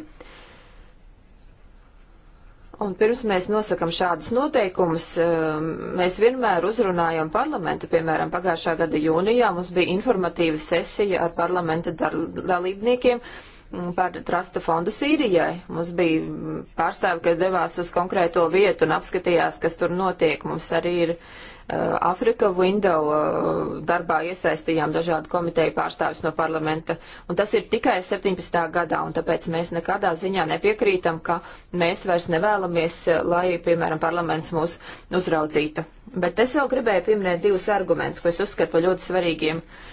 Un pirms mēs nosakam šādus noteikumus, um, mēs vienmēr uzrunājam parlamentu, piemēram, pagājušā gada jūnijā mums bija informatīva sesija ar parlamenta dalībniekiem. Dar Mm, par trasta fondu Sīrijai. Mums bija pārstāvi, kad devās uz konkrēto vietu un apskatījās, kas tur notiek. Mums arī ir uh, Afrika uh, Window uh, darbā iesaistījām dažādu komiteju pārstāvis no parlamenta. Un tas ir tikai 17. gadā, un tāpēc mēs nekādā ziņā nepiekrītam, ka mēs vairs nevēlamies, uh, lai, piemēram, parlaments mūs uzraudzītu. Bet es vēl gribēju pieminēt divus argumentus, ko es uzskatu par ļoti svarīgiem. Uh,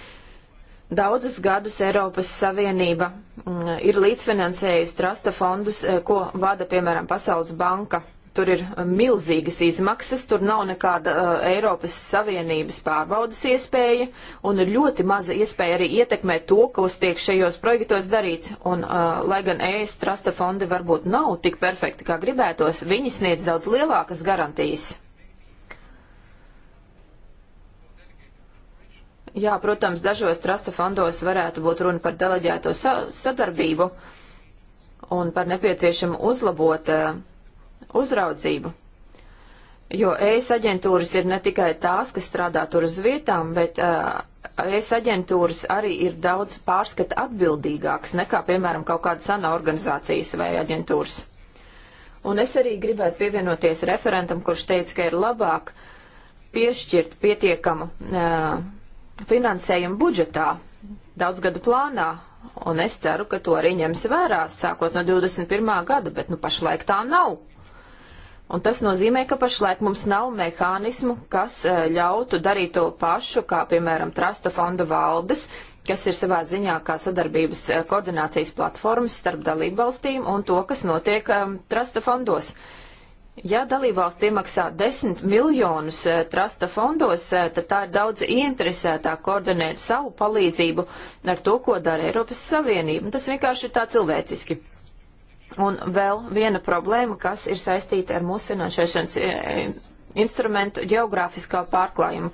Daudzus gadus Eiropas Savienība mm, ir līdzfinansējusi trasta fondus, eh, ko vada, piemēram, Pasaules banka. Tur ir eh, milzīgas izmaksas, tur nav nekāda uh, Eiropas Savienības pārbaudas iespēja un ir ļoti maza iespēja arī ietekmēt to, kas tiek šajos projektos darīts. Un, uh, lai gan ES trasta fondi varbūt nav tik perfekti, kā gribētos, viņi sniedz daudz lielākas garantijas Jā, protams, dažos trasta fondos varētu būt runa par deleģēto sa sadarbību un par nepieciešamu uzlabot uh, uzraudzību. Jo ES aģentūras ir ne tikai tās, kas strādā tur uz vietām, bet uh, eh, ES aģentūras arī ir daudz pārskata atbildīgākas nekā, piemēram, kaut kāda sana organizācijas vai aģentūras. Un es arī gribētu pievienoties referentam, kurš teica, ka ir labāk piešķirt pietiekamu. Uh, finansējumu budžetā, daudzgadu plānā, un es ceru, ka to arī ņems vērā sākot no 21. gada, bet nu pašlaik tā nav. Un tas nozīmē, ka pašlaik mums nav mehānismu, kas eh, ļautu darīt to pašu, kā piemēram Trasta fonda valdes, kas ir savā ziņā kā sadarbības eh, koordinācijas platformas starp dalībvalstīm un to, kas notiek um, eh, Trasta fondos. Uh, Ja dalībvalsts iemaksā 10 miljonus e, trasta fondos, e, tad tā ir daudz ieinteresētāk koordinēt savu palīdzību ar to, ko dara Eiropas Savienība. Un tas vienkārši ir tā cilvēciski. Un vēl viena problēma, kas ir saistīta ar mūsu finansēšanas e, instrumentu geogrāfiskā pārklājuma.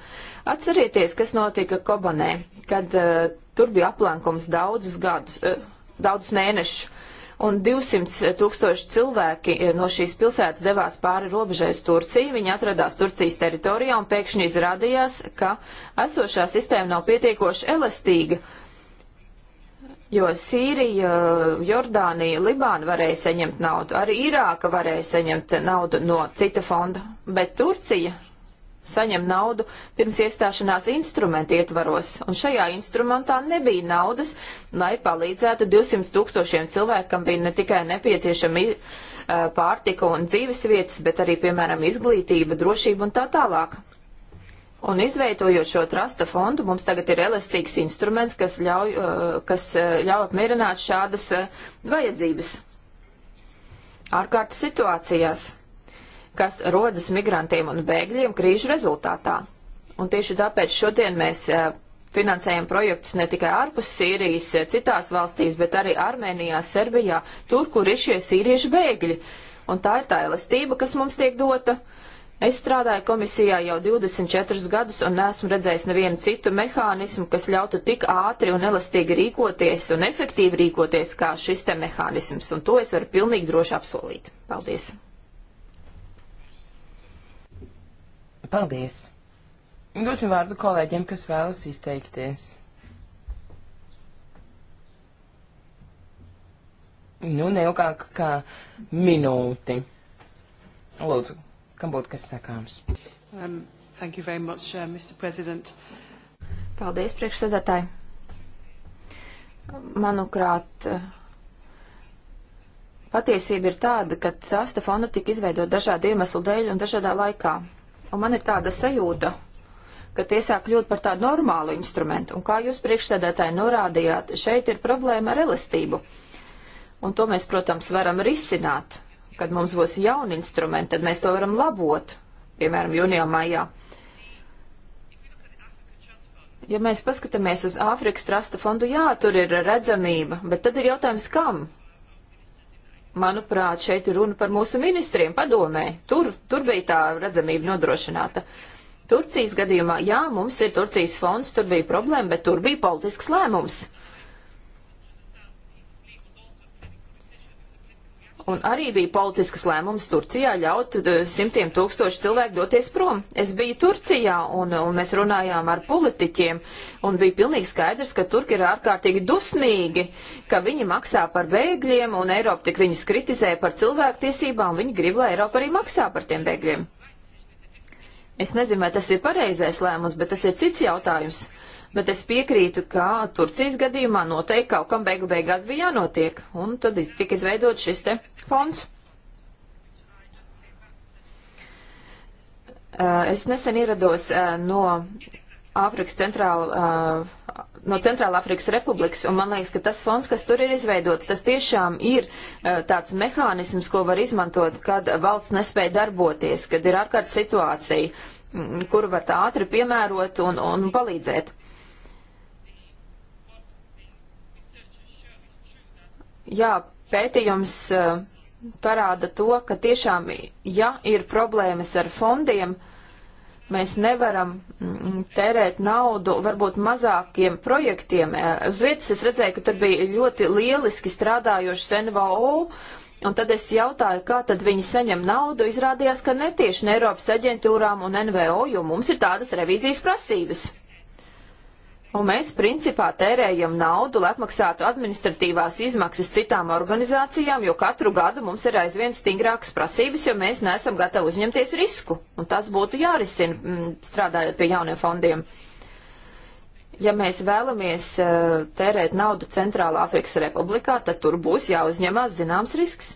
Atcerieties, kas notika Kobanē, kad uh, tur bija aplankums daudzus gadus, uh, daudzus mēnešus un 200 tūkstoši cilvēki no šīs pilsētas devās pāri robežai uz Turciju. Viņi atradās Turcijas teritorijā un pēkšņi izrādījās, ka esošā sistēma nav pietiekoši elastīga, jo Sīrija, Jordānija, Libāna varēja saņemt naudu, arī Irāka varēja saņemt naudu no cita fonda, bet Turcija saņem naudu pirms iestāšanās instrumenta ietvaros, un šajā instrumentā nebija naudas, lai palīdzētu 200 tūkstošiem cilvēkam bija ne tikai nepieciešami pārtika un dzīvesvietas, bet arī, piemēram, izglītība, drošība un tā tālāk. Un izveidojot šo trasta fondu, mums tagad ir elastīgs instruments, kas ļauj, kas ļauj apmierināt šādas vajadzības ārkārtas situācijās kas rodas migrantiem un bēgļiem krīžu rezultātā. Un tieši tāpēc šodien mēs eh, finansējam projektus ne tikai ārpus Sīrijas, eh, citās valstīs, bet arī Armēnijā, Serbijā, tur, kur ir šie sīriešu bēgļi. Un tā ir tā elastība, kas mums tiek dota. Es strādāju komisijā jau 24 gadus un neesmu redzējis nevienu citu mehānismu, kas ļautu tik ātri un elastīgi rīkoties un efektīvi rīkoties kā šis te mehānisms. Un to es varu pilnīgi droši apsolīt. Paldies! Paldies! Dosim vārdu kolēģiem, kas vēlas izteikties. Nu, neilgāk kā minūti. Lūdzu, kam būtu kas sakāms? Um, thank you very much, uh, Mr. President. Paldies, priekšsēdētāji. Manuprāt, uh, patiesība ir tāda, ka trasta fonda tika izveidota dažādu iemeslu dēļ un dažādā laikā. Un man ir tāda sajūta, ka tie sāk kļūt par tādu normālu instrumentu. Un kā jūs priekšsēdētāji norādījāt, šeit ir problēma ar elastību. Un to mēs, protams, varam risināt. Kad mums būs jauni instrumenti, tad mēs to varam labot, piemēram, jūnijā, maijā. Ja mēs paskatāmies uz Āfrikas trasta fondu, jā, tur ir redzamība, bet tad ir jautājums, kam? manuprāt, šeit ir runa par mūsu ministriem padomē. Tur, tur bija tā redzamība nodrošināta. Turcijas gadījumā, jā, mums ir Turcijas fonds, tur bija problēma, bet tur bija politisks lēmums. Un arī bija politisks lēmums Turcijā ļaut eh, simtiem tūkstošu cilvēku doties prom. Es biju Turcijā un, un mēs runājām ar politiķiem un bija pilnīgi skaidrs, ka Turki ir ārkārtīgi dusmīgi, ka viņi maksā par bēgļiem un Eiropa tik viņus kritizē par cilvēktiesībām un viņi grib, lai Eiropa arī maksā par tiem bēgļiem. Es nezinu, vai tas ir pareizais lēmums, bet tas ir cits jautājums. Bet es piekrītu, ka Turcijas gadījumā noteikti kaut kam beigu beigās bija jānotiek. Un tad tika izveidot šis te fonds. Es nesen ierados no Āfrikas centrāla, no Centrāla Afrikas Republikas, un man liekas, ka tas fonds, kas tur ir izveidots, tas tiešām ir tāds mehānisms, ko var izmantot, kad valsts nespēja darboties, kad ir ārkārtas situācija, kuru var tā ātri piemērot un, un palīdzēt. Uh, Jā, pētījums eh, parāda to, ka tiešām, ja ir problēmas ar fondiem, mēs nevaram mm, tērēt naudu varbūt mazākiem projektiem. Eh, uz vietas es redzēju, ka tur bija ļoti lieliski strādājošas NVO, un tad es jautāju, kā tad viņi saņem naudu. Izrādījās, ka netieši ne Eiropas aģentūrām un NVO, jo mums ir tādas revīzijas prasības. Un mēs principā tērējam naudu, lai apmaksātu administratīvās izmaksas citām organizācijām, jo katru gadu mums ir aizvien stingrākas prasības, jo mēs neesam gatavi uzņemties risku. Un tas būtu jārisina mm, strādājot pie jauniem fondiem. Ja mēs vēlamies e, tērēt naudu Centrālā Afrikas Republikā, tad tur būs jāuzņemās zināms risks.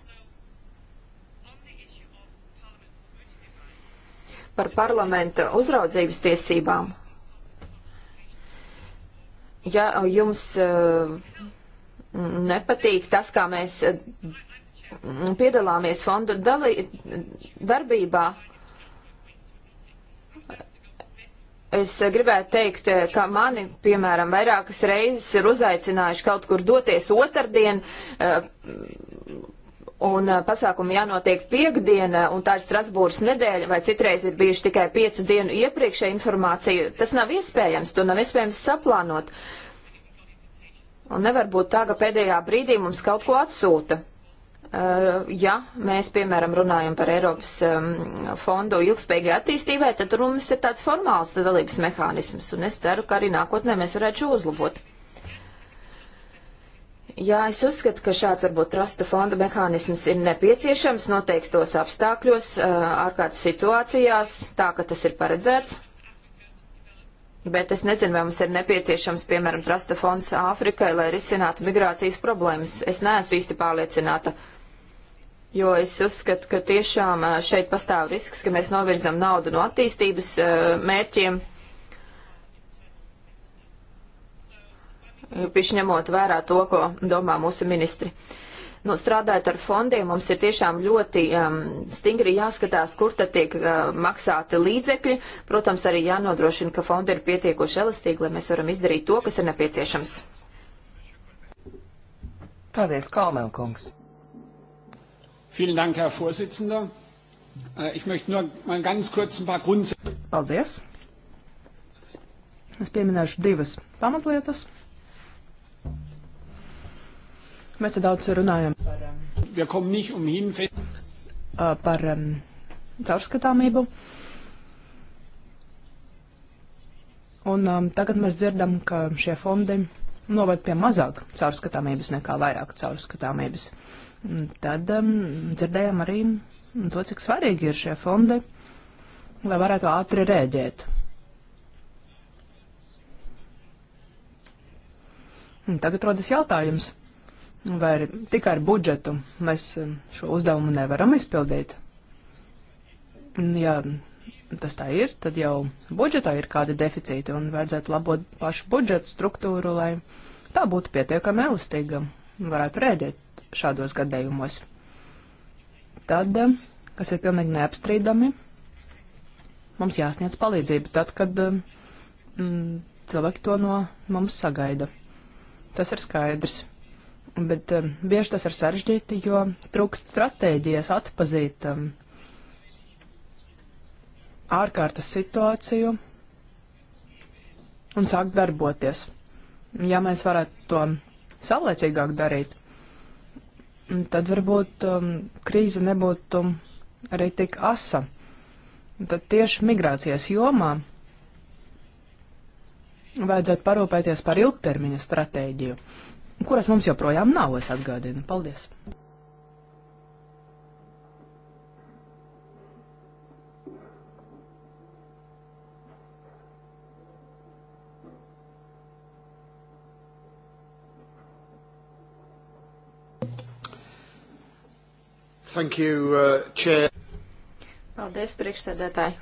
Par parlamenta uzraudzības tiesībām ja jums nepatīk tas, kā mēs piedalāmies fondu dalī, darbībā, es gribētu teikt, ka mani, piemēram, vairākas reizes ir uzaicinājuši kaut kur doties otrdien un pasākumi jānotiek piekdiena, un tā ir Strasbūras nedēļa, vai citreiz ir bijuši tikai piecu dienu iepriekšē informācija. Tas nav iespējams, to nav iespējams saplānot. Un nevar būt tā, ka pēdējā brīdī mums kaut ko atsūta. Ja mēs, piemēram, runājam par Eiropas fondu ilgspējīgai attīstībai, tad mums ir tāds formāls dalības mehānisms, un es ceru, ka arī nākotnē mēs varētu šo uzlabot. Jā, es uzskatu, ka šāds varbūt trusta fonda mehānisms ir nepieciešams noteiktos apstākļos, ārkārtas situācijās, tā ka tas ir paredzēts. Bet es nezinu, vai mums ir nepieciešams, piemēram, trusta fonds Āfrikai, lai risinātu migrācijas problēmas. Es neesmu īsti pārliecināta, jo es uzskatu, ka tiešām šeit pastāv risks, ka mēs novirzam naudu no attīstības mērķiem bišķi ņemot vērā to, ko domā mūsu ministri. Nu, strādājot ar fondiem, mums ir tiešām ļoti um, stingri jāskatās, kur tad tiek uh, maksāti līdzekļi. Protams, arī jānodrošina, ka fondi ir pietiekoši elastīgi, lai mēs varam izdarīt to, kas ir nepieciešams. Paldies, Kalmelkungs. Vielen Dank, Herr Vorsitzender. Äh, ich möchte nur mal ganz kurz ein paar Grundsätze. Paldies. Es pieminēšu divas pamatlietas. Mēs te daudz runājam par, um, uh, par um, caurskatāmību. Un um, tagad mēs dzirdam, ka šie fondi noved pie mazāk caurskatāmības nekā vairāk caurskatāmības. Un tad um, dzirdējām arī to, cik svarīgi ir šie fondi, lai varētu ātri rēģēt. Un tagad rodas jautājums, vai ar, tikai ar budžetu mēs eh, šo uzdevumu nevaram izpildīt. Ja tas tā ir, tad jau budžetā ir kādi deficīti un vajadzētu labot pašu budžetu struktūru, lai tā būtu pietiekami elastīga un varētu rēģēt šādos gadījumos. Tad, eh, kas ir pilnīgi neapstrīdami, mums jāsniedz palīdzība tad, kad eh, mm, cilvēki to no mums sagaida. Tas ir skaidrs. Bet um, bieži tas ir sarežģīti, jo trūkst stratēģijas atpazīt um, ārkārtas situāciju un sākt darboties. Ja mēs varētu to saulēcīgāk darīt, tad varbūt um, krīze nebūtu arī tik asa. Tad tieši migrācijas jomā vajadzētu parūpēties par ilgtermiņa stratēģiju kuras mums joprojām nav, es atgādinu. Paldies! Thank you, uh, chair. Paldies, priekšsēdētāji.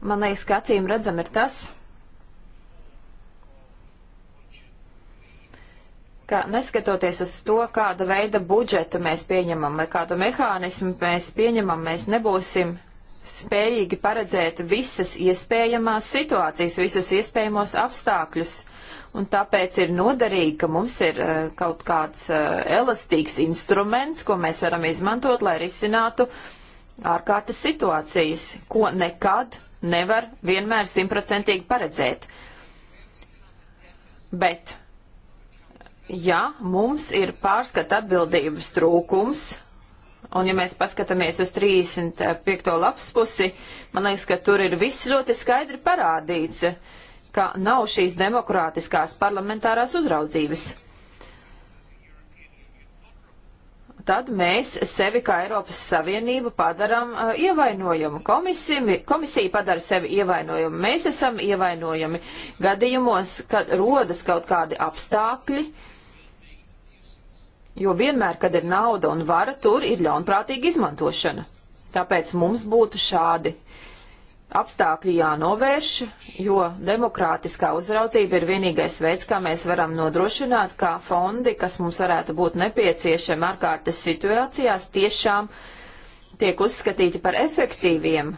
Man liekas, ka acīm redzam ir tas, ka neskatoties uz to, kāda veida budžetu mēs pieņemam vai kādu mehānismu mēs pieņemam, mēs nebūsim spējīgi paredzēt visas iespējamās situācijas, visus iespējamos apstākļus. Un tāpēc ir noderīgi, ka mums ir uh, kaut kāds uh, elastīgs instruments, ko mēs varam izmantot, lai risinātu ārkārtas situācijas, ko nekad nevar vienmēr simtprocentīgi paredzēt. Bet ja mums ir pārskata atbildības trūkums, un ja mēs paskatāmies uz 35. lapspusi, man liekas, ka tur ir viss ļoti skaidri parādīts, ka nav šīs demokrātiskās parlamentārās uzraudzības. Tad mēs sevi kā Eiropas Savienību padaram uh, ievainojumu. Komisija, komisija padara sevi ievainojumu. Mēs esam ievainojumi gadījumos, kad rodas kaut kādi apstākļi, uh, Jo vienmēr, kad ir nauda un vara, tur ir ļaunprātīga izmantošana. Tāpēc mums būtu šādi apstākļi jānovērš, jo demokrātiskā uzraudzība ir vienīgais veids, kā mēs varam nodrošināt, ka fondi, kas mums varētu būt nepieciešami ārkārtas situācijās, tiešām tiek uzskatīti par efektīviem.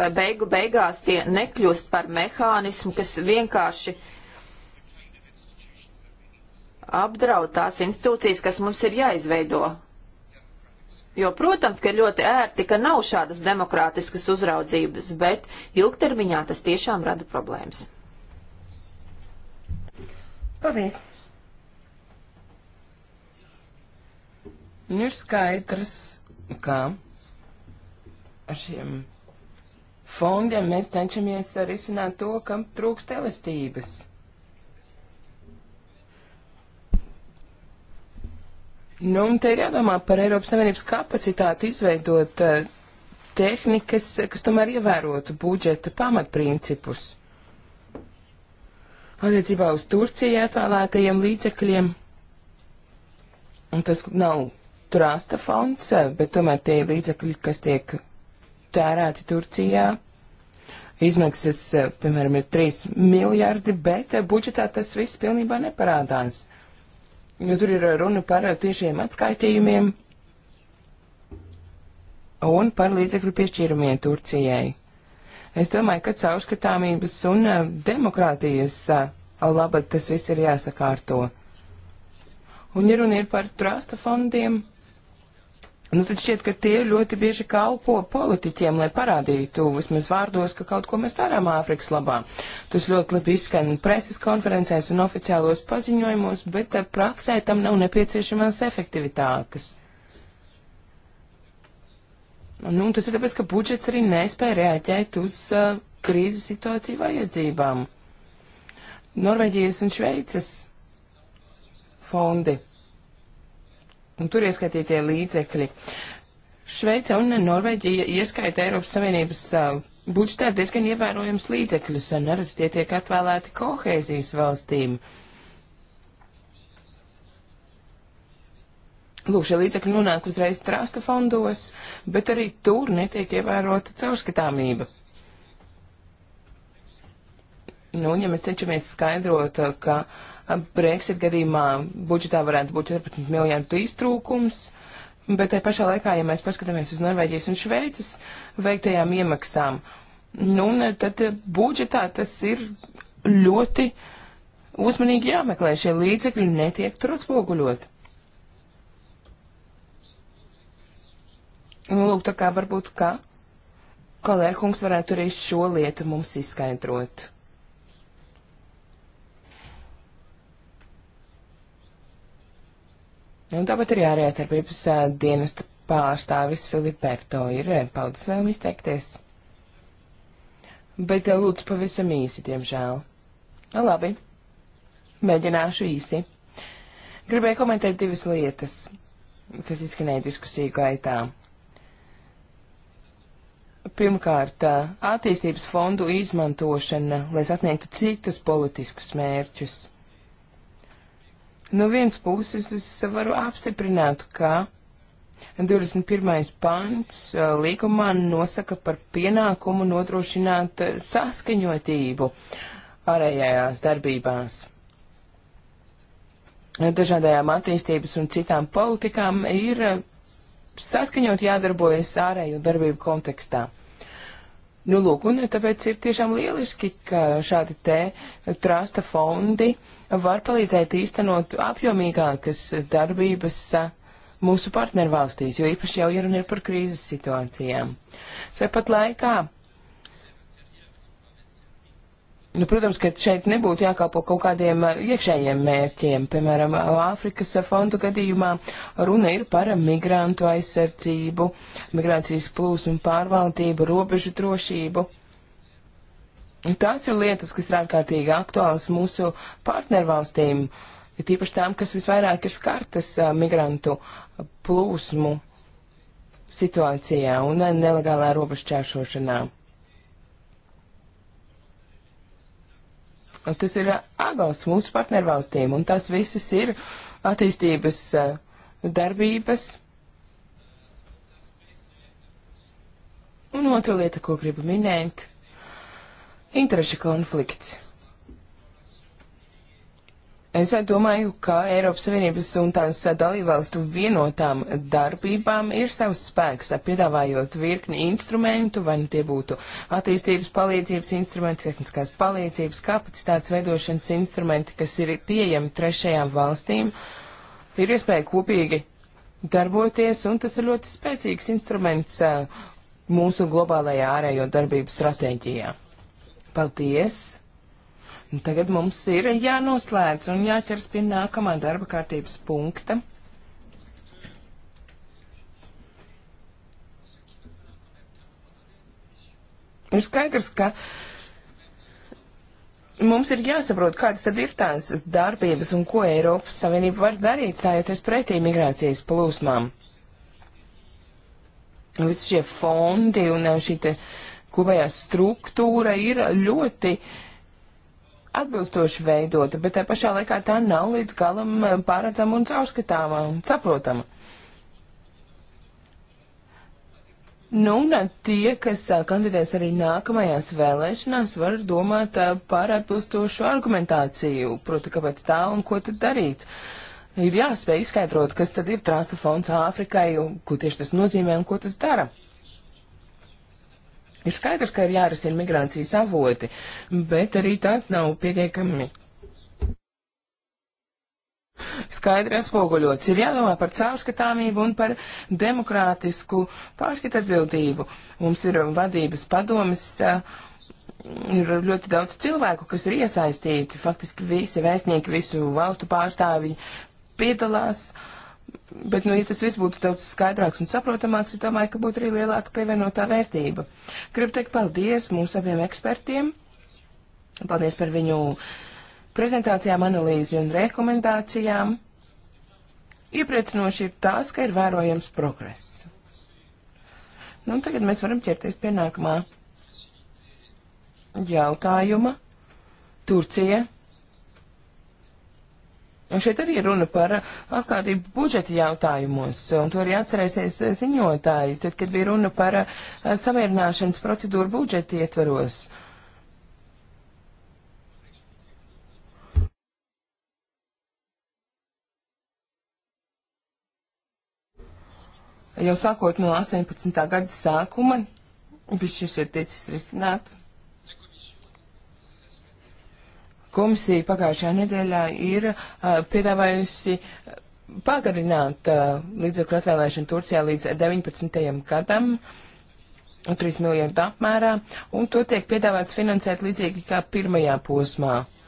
Vai beigu beigās tie nekļūst par mehānismu, kas vienkārši uh, apdraud tās institūcijas, kas mums ir jāizveido. Jo, protams, ka ļoti ērti, ka nav šādas demokrātiskas uzraudzības, bet ilgtermiņā tas tiešām rada problēmas. Paldies! Ir skaidrs, ka ar šiem fondiem mēs cenšamies arī sināt to, kam trūkst elastības. Nu, un te ir jādomā par Eiropas Savienības kapacitāti izveidot uh, tehnikas, kas tomēr ievērotu budžeta pamatprincipus. Attiecībā uz Turcijai atvēlētajiem līdzekļiem, un tas nav trasta fonds, eh, bet tomēr tie līdzekļi, kas tiek tērēti Turcijā, izmaksas, eh, piemēram, ir 3 miljardi, bet budžetā tas viss pilnībā neparādās jo tur ir runa par tiešiem atskaitījumiem un par līdzekļu piešķīrumiem Turcijai. Es domāju, ka caurskatāmības un eh, demokrātijas eh, labad tas viss ir jāsakārto. Un ja runa ir par trusta fondiem, Nu, tad šķiet, ka tie ļoti bieži kalpo politiķiem, lai parādītu vismaz vārdos, ka kaut ko mēs darām Āfrikas labā. Tas ļoti labi izskan preses konferencēs un oficiālos paziņojumos, bet eh, praksē tam nav nepieciešamās efektivitātes. Nu, tas ir tāpēc, ka budžets arī nespēja reaģēt uz uh, krīzes situāciju vajadzībām. Norvēģijas un Šveices fondi un tur ieskaitītie līdzekļi. Šveice un Norvēģija ieskaita Eiropas Savienības uh, budžetā diezgan ievērojams līdzekļus, un arī tie tiek atvēlēti kohēzijas valstīm. Lūk, šie līdzekļi nonāk uzreiz trasta fondos, bet arī tur netiek ievērota caurskatāmība. Nu, un ja mēs cenšamies skaidrot, ka uh, Brexit gadījumā budžetā varētu būt 14 miljardu iztrūkums. Bet tajā pašā laikā, ja mēs paskatāmies uz Norvēģijas un Šveices veiktajām iemaksām, nu, tad budžetā tas ir ļoti uzmanīgi jāmeklē. Šie līdzekļi netiek tur atspoguļot. Nu, lūk, tā kā varbūt kā kolērkungs varētu arī šo lietu mums izskaidrot. Un tāpat arī ārējās darbības dienesta pārstāvis Filiberto ir paudas vēlmi izteikties. Bet lūdzu pavisam īsi, diemžēl. Nu, labi, mēģināšu īsi. Gribēju komentēt divas lietas, kas izskanēja diskusiju gaitā. Pirmkārt, attīstības fondu izmantošana, lai sasniegtu citus politiskus mērķus – No vienas puses es varu apstiprināt, ka 21. pants uh, līgumā nosaka par pienākumu nodrošināt uh, saskaņotību ārējās darbībās. Dažādajām attīstības un citām politikām ir uh, saskaņot jādarbojas ārēju darbību kontekstā. Nu, lūk, un tāpēc ir tiešām lieliski, ka šādi te trasta fondi var palīdzēt īstenot apjomīgākas darbības mūsu partnervalstīs, jo īpaši jau ir un ir par krīzes situācijām. Tāpat laikā Nu, protams, ka šeit nebūtu jākalpo kaut kādiem eh, iekšējiem mērķiem. Piemēram, Āfrikas fondu gadījumā runa ir par migrantu aizsardzību, migrācijas plūsmu pārvaldību, robežu drošību. Tās ir lietas, kas ir ārkārtīgi aktuālas mūsu partnervalstīm, ir tīpaši tām, kas visvairāk ir skartas eh, migrantu plūsmu situācijā un nelegālā robežu čēršošanā. Nu, tas ir atbalsts mūsu partnervalstīm, un tās visas ir attīstības darbības. Un otra lieta, ko gribu minēt - interešu konflikts. Es domāju, ka Eiropas Savienības un tās dalībvalstu vienotām darbībām ir savs spēks, piedāvājot virkni instrumentu, vai nu tie būtu attīstības palīdzības instrumenti, tehniskās palīdzības, kapacitātes veidošanas instrumenti, kas ir pieejami trešajām valstīm. Ir iespēja kopīgi darboties, un tas ir ļoti spēcīgs instruments eh, mūsu globālajā ārējo darbību stratēģijā. Paldies! Un nu, tagad mums ir jānoslēdz un jāķers pie nākamā darba kārtības punkta. Ir skaidrs, ka mums ir jāsaprot, kādas tad ir tās darbības un ko Eiropas Savienība var darīt, stājoties pretī migrācijas plūsmām. Visi šie fondi un šī te kopējā struktūra ir ļoti uh, atbilstoši veidota, bet tā pašā laikā tā nav līdz galam eh, pārredzama un caurskatāma un saprotama. Nu, un tie, kas eh, kandidēs arī nākamajās vēlēšanās, var domāt eh, par atbilstošu argumentāciju, proti, kāpēc tā un ko tad darīt. Ir jāspēj izskaidrot, kas tad ir trāsta fonds Āfrikai, ko tieši tas nozīmē un ko tas dara. Ir skaidrs, ka ir jārisina migrācijas avoti, bet arī tas nav pietiekami. Skaidri atspoguļots ir jādomā par caurskatāmību un par demokrātisku pārskatatbildību. Mums ir vadības padomas, ir ļoti daudz cilvēku, kas ir iesaistīti, faktiski visi vēstnieki, visu valstu pārstāvji piedalās. Uh, Bet, nu, ja tas viss būtu daudz skaidrāks un saprotamāks, es domāju, ka būtu arī lielāka pievienotā vērtība. Gribu teikt paldies mūsu abiem ekspertiem. Paldies par viņu prezentācijām, analīzi un rekomendācijām. Iepriecinoši ir tas, ka ir vērojams progress. Nu, tagad mēs varam ķerties pie nākamā jautājuma. Turcija Un šeit arī runa par atklātību budžeta jautājumos, un to arī atcerēsies ziņotāji, tad, kad bija runa par eh, samierināšanas procedūru budžeta ietvaros. Jau sākot no 18. gada sākuma, viss šis ir ticis risināts. Komisija pagājušajā nedēļā ir uh, piedāvājusi uh, pagarināt uh, līdzekļu atvēlēšanu Turcijā līdz 19. gadam. 3 miljardu apmērā, un to tiek piedāvāts finansēt līdzīgi kā pirmajā posmā. Uh,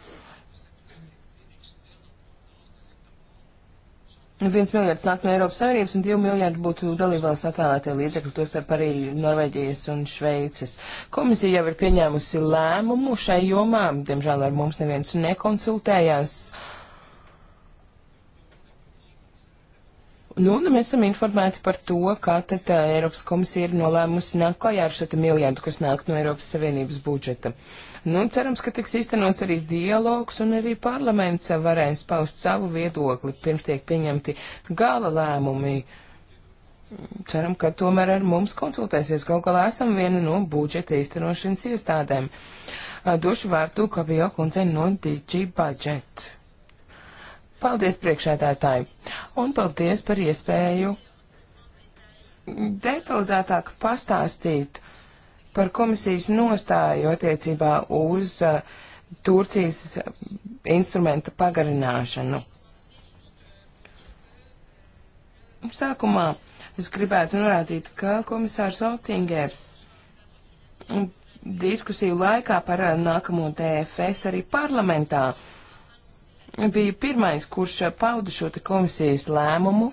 Viens miljards nāk no Eiropas Savienības un divi miljardi būtu dalībvalsts atvēlētie līdzekļi, tostarp arī Norvēģijas un Šveices. Komisija jau ir pieņēmusi lēmumu šai jomā, diemžēl ar mums neviens nekonsultējās. Uh, Nu, un mēs esam informēti par to, kā tad tā, Eiropas komisija ir nolēmusi nākt klajā ar šo miljardu, kas nāk no Eiropas Savienības budžeta. Nu, cerams, ka tiks īstenots arī dialogs un arī parlaments varēs paust savu viedokli, pirms tiek pieņemti gala lēmumi. Ceram, ka tomēr ar mums konsultēsies. Galu galā esam viena no budžeta īstenošanas iestādēm. Došu vārtu Kabijo kundzei no DG budžeta. Paldies priekšēdētāji un paldies par iespēju detalizētāk pastāstīt par komisijas nostāju attiecībā uz uh, Turcijas instrumenta pagarināšanu. Sākumā es gribētu norādīt, ka komisārs Otingers diskusiju laikā par uh, nākamo DFS arī parlamentā uh, biju pirmais, kurš uh, pauda šo te komisijas lēmumu,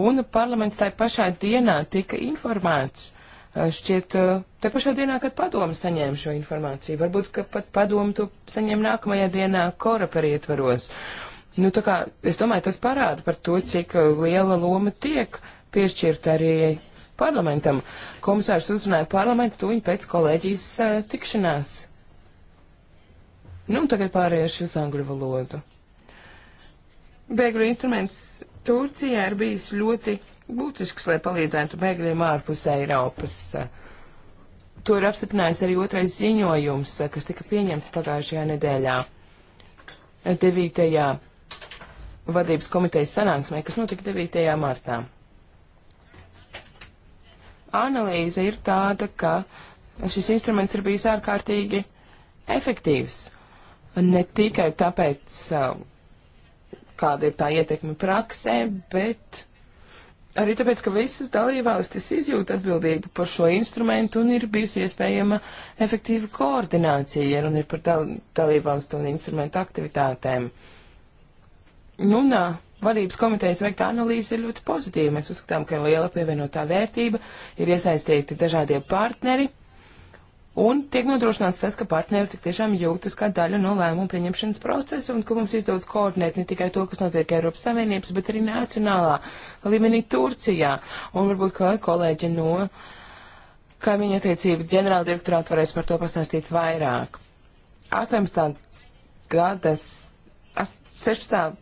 un parlaments tajā pašā dienā tika informēts. Uh, šķiet, uh, te pašā dienā, kad padomu saņēma šo informāciju, varbūt, ka pat padomu to saņēma nākamajā dienā koraperi ietvaros. Nu, tā kā es domāju, tas parāda par to, cik liela loma tiek piešķirta arī parlamentam. Komisārs uzrunāja parlamentu tuņi pēc kolēģijas uh, tikšanās. Nu, tagad pāriešu uz angļu valodu. Bēgļu instruments Turcijā ir bijis ļoti būtisks, lai palīdzētu bēgļiem ārpus Eiropas. To ir apstiprinājis arī otrais ziņojums, kas tika pieņemts pagājušajā nedēļā. 9. vadības komitejas sanāksmē, kas notika 9. martā. Analīze ir tāda, ka šis instruments ir bijis ārkārtīgi efektīvs ne tikai tāpēc, uh, kāda ir tā ietekme praksē, bet arī tāpēc, ka visas dalībvalstis izjūt atbildību par šo instrumentu un ir bijusi iespējama efektīva koordinācija, ja runa ir par dal dalībvalstu un instrumentu aktivitātēm. Nu, nā, uh, vadības komitejas veikta analīze ir ļoti pozitīva. Mēs uzskatām, ka ir liela pievienotā vērtība, ir iesaistīti dažādie partneri. Un tiek nodrošināts tas, ka partneri tik tiešām jūtas kā daļa no lēmumu pieņemšanas procesa un ka mums izdodas koordinēt ne tikai to, kas notiek Eiropas Savienības, bet arī nacionālā līmenī Turcijā. Un varbūt kā kolēģi no kaimiņa attiecību ģenerāla direktorāta varēs par to pastāstīt vairāk. 18. gadas, 16.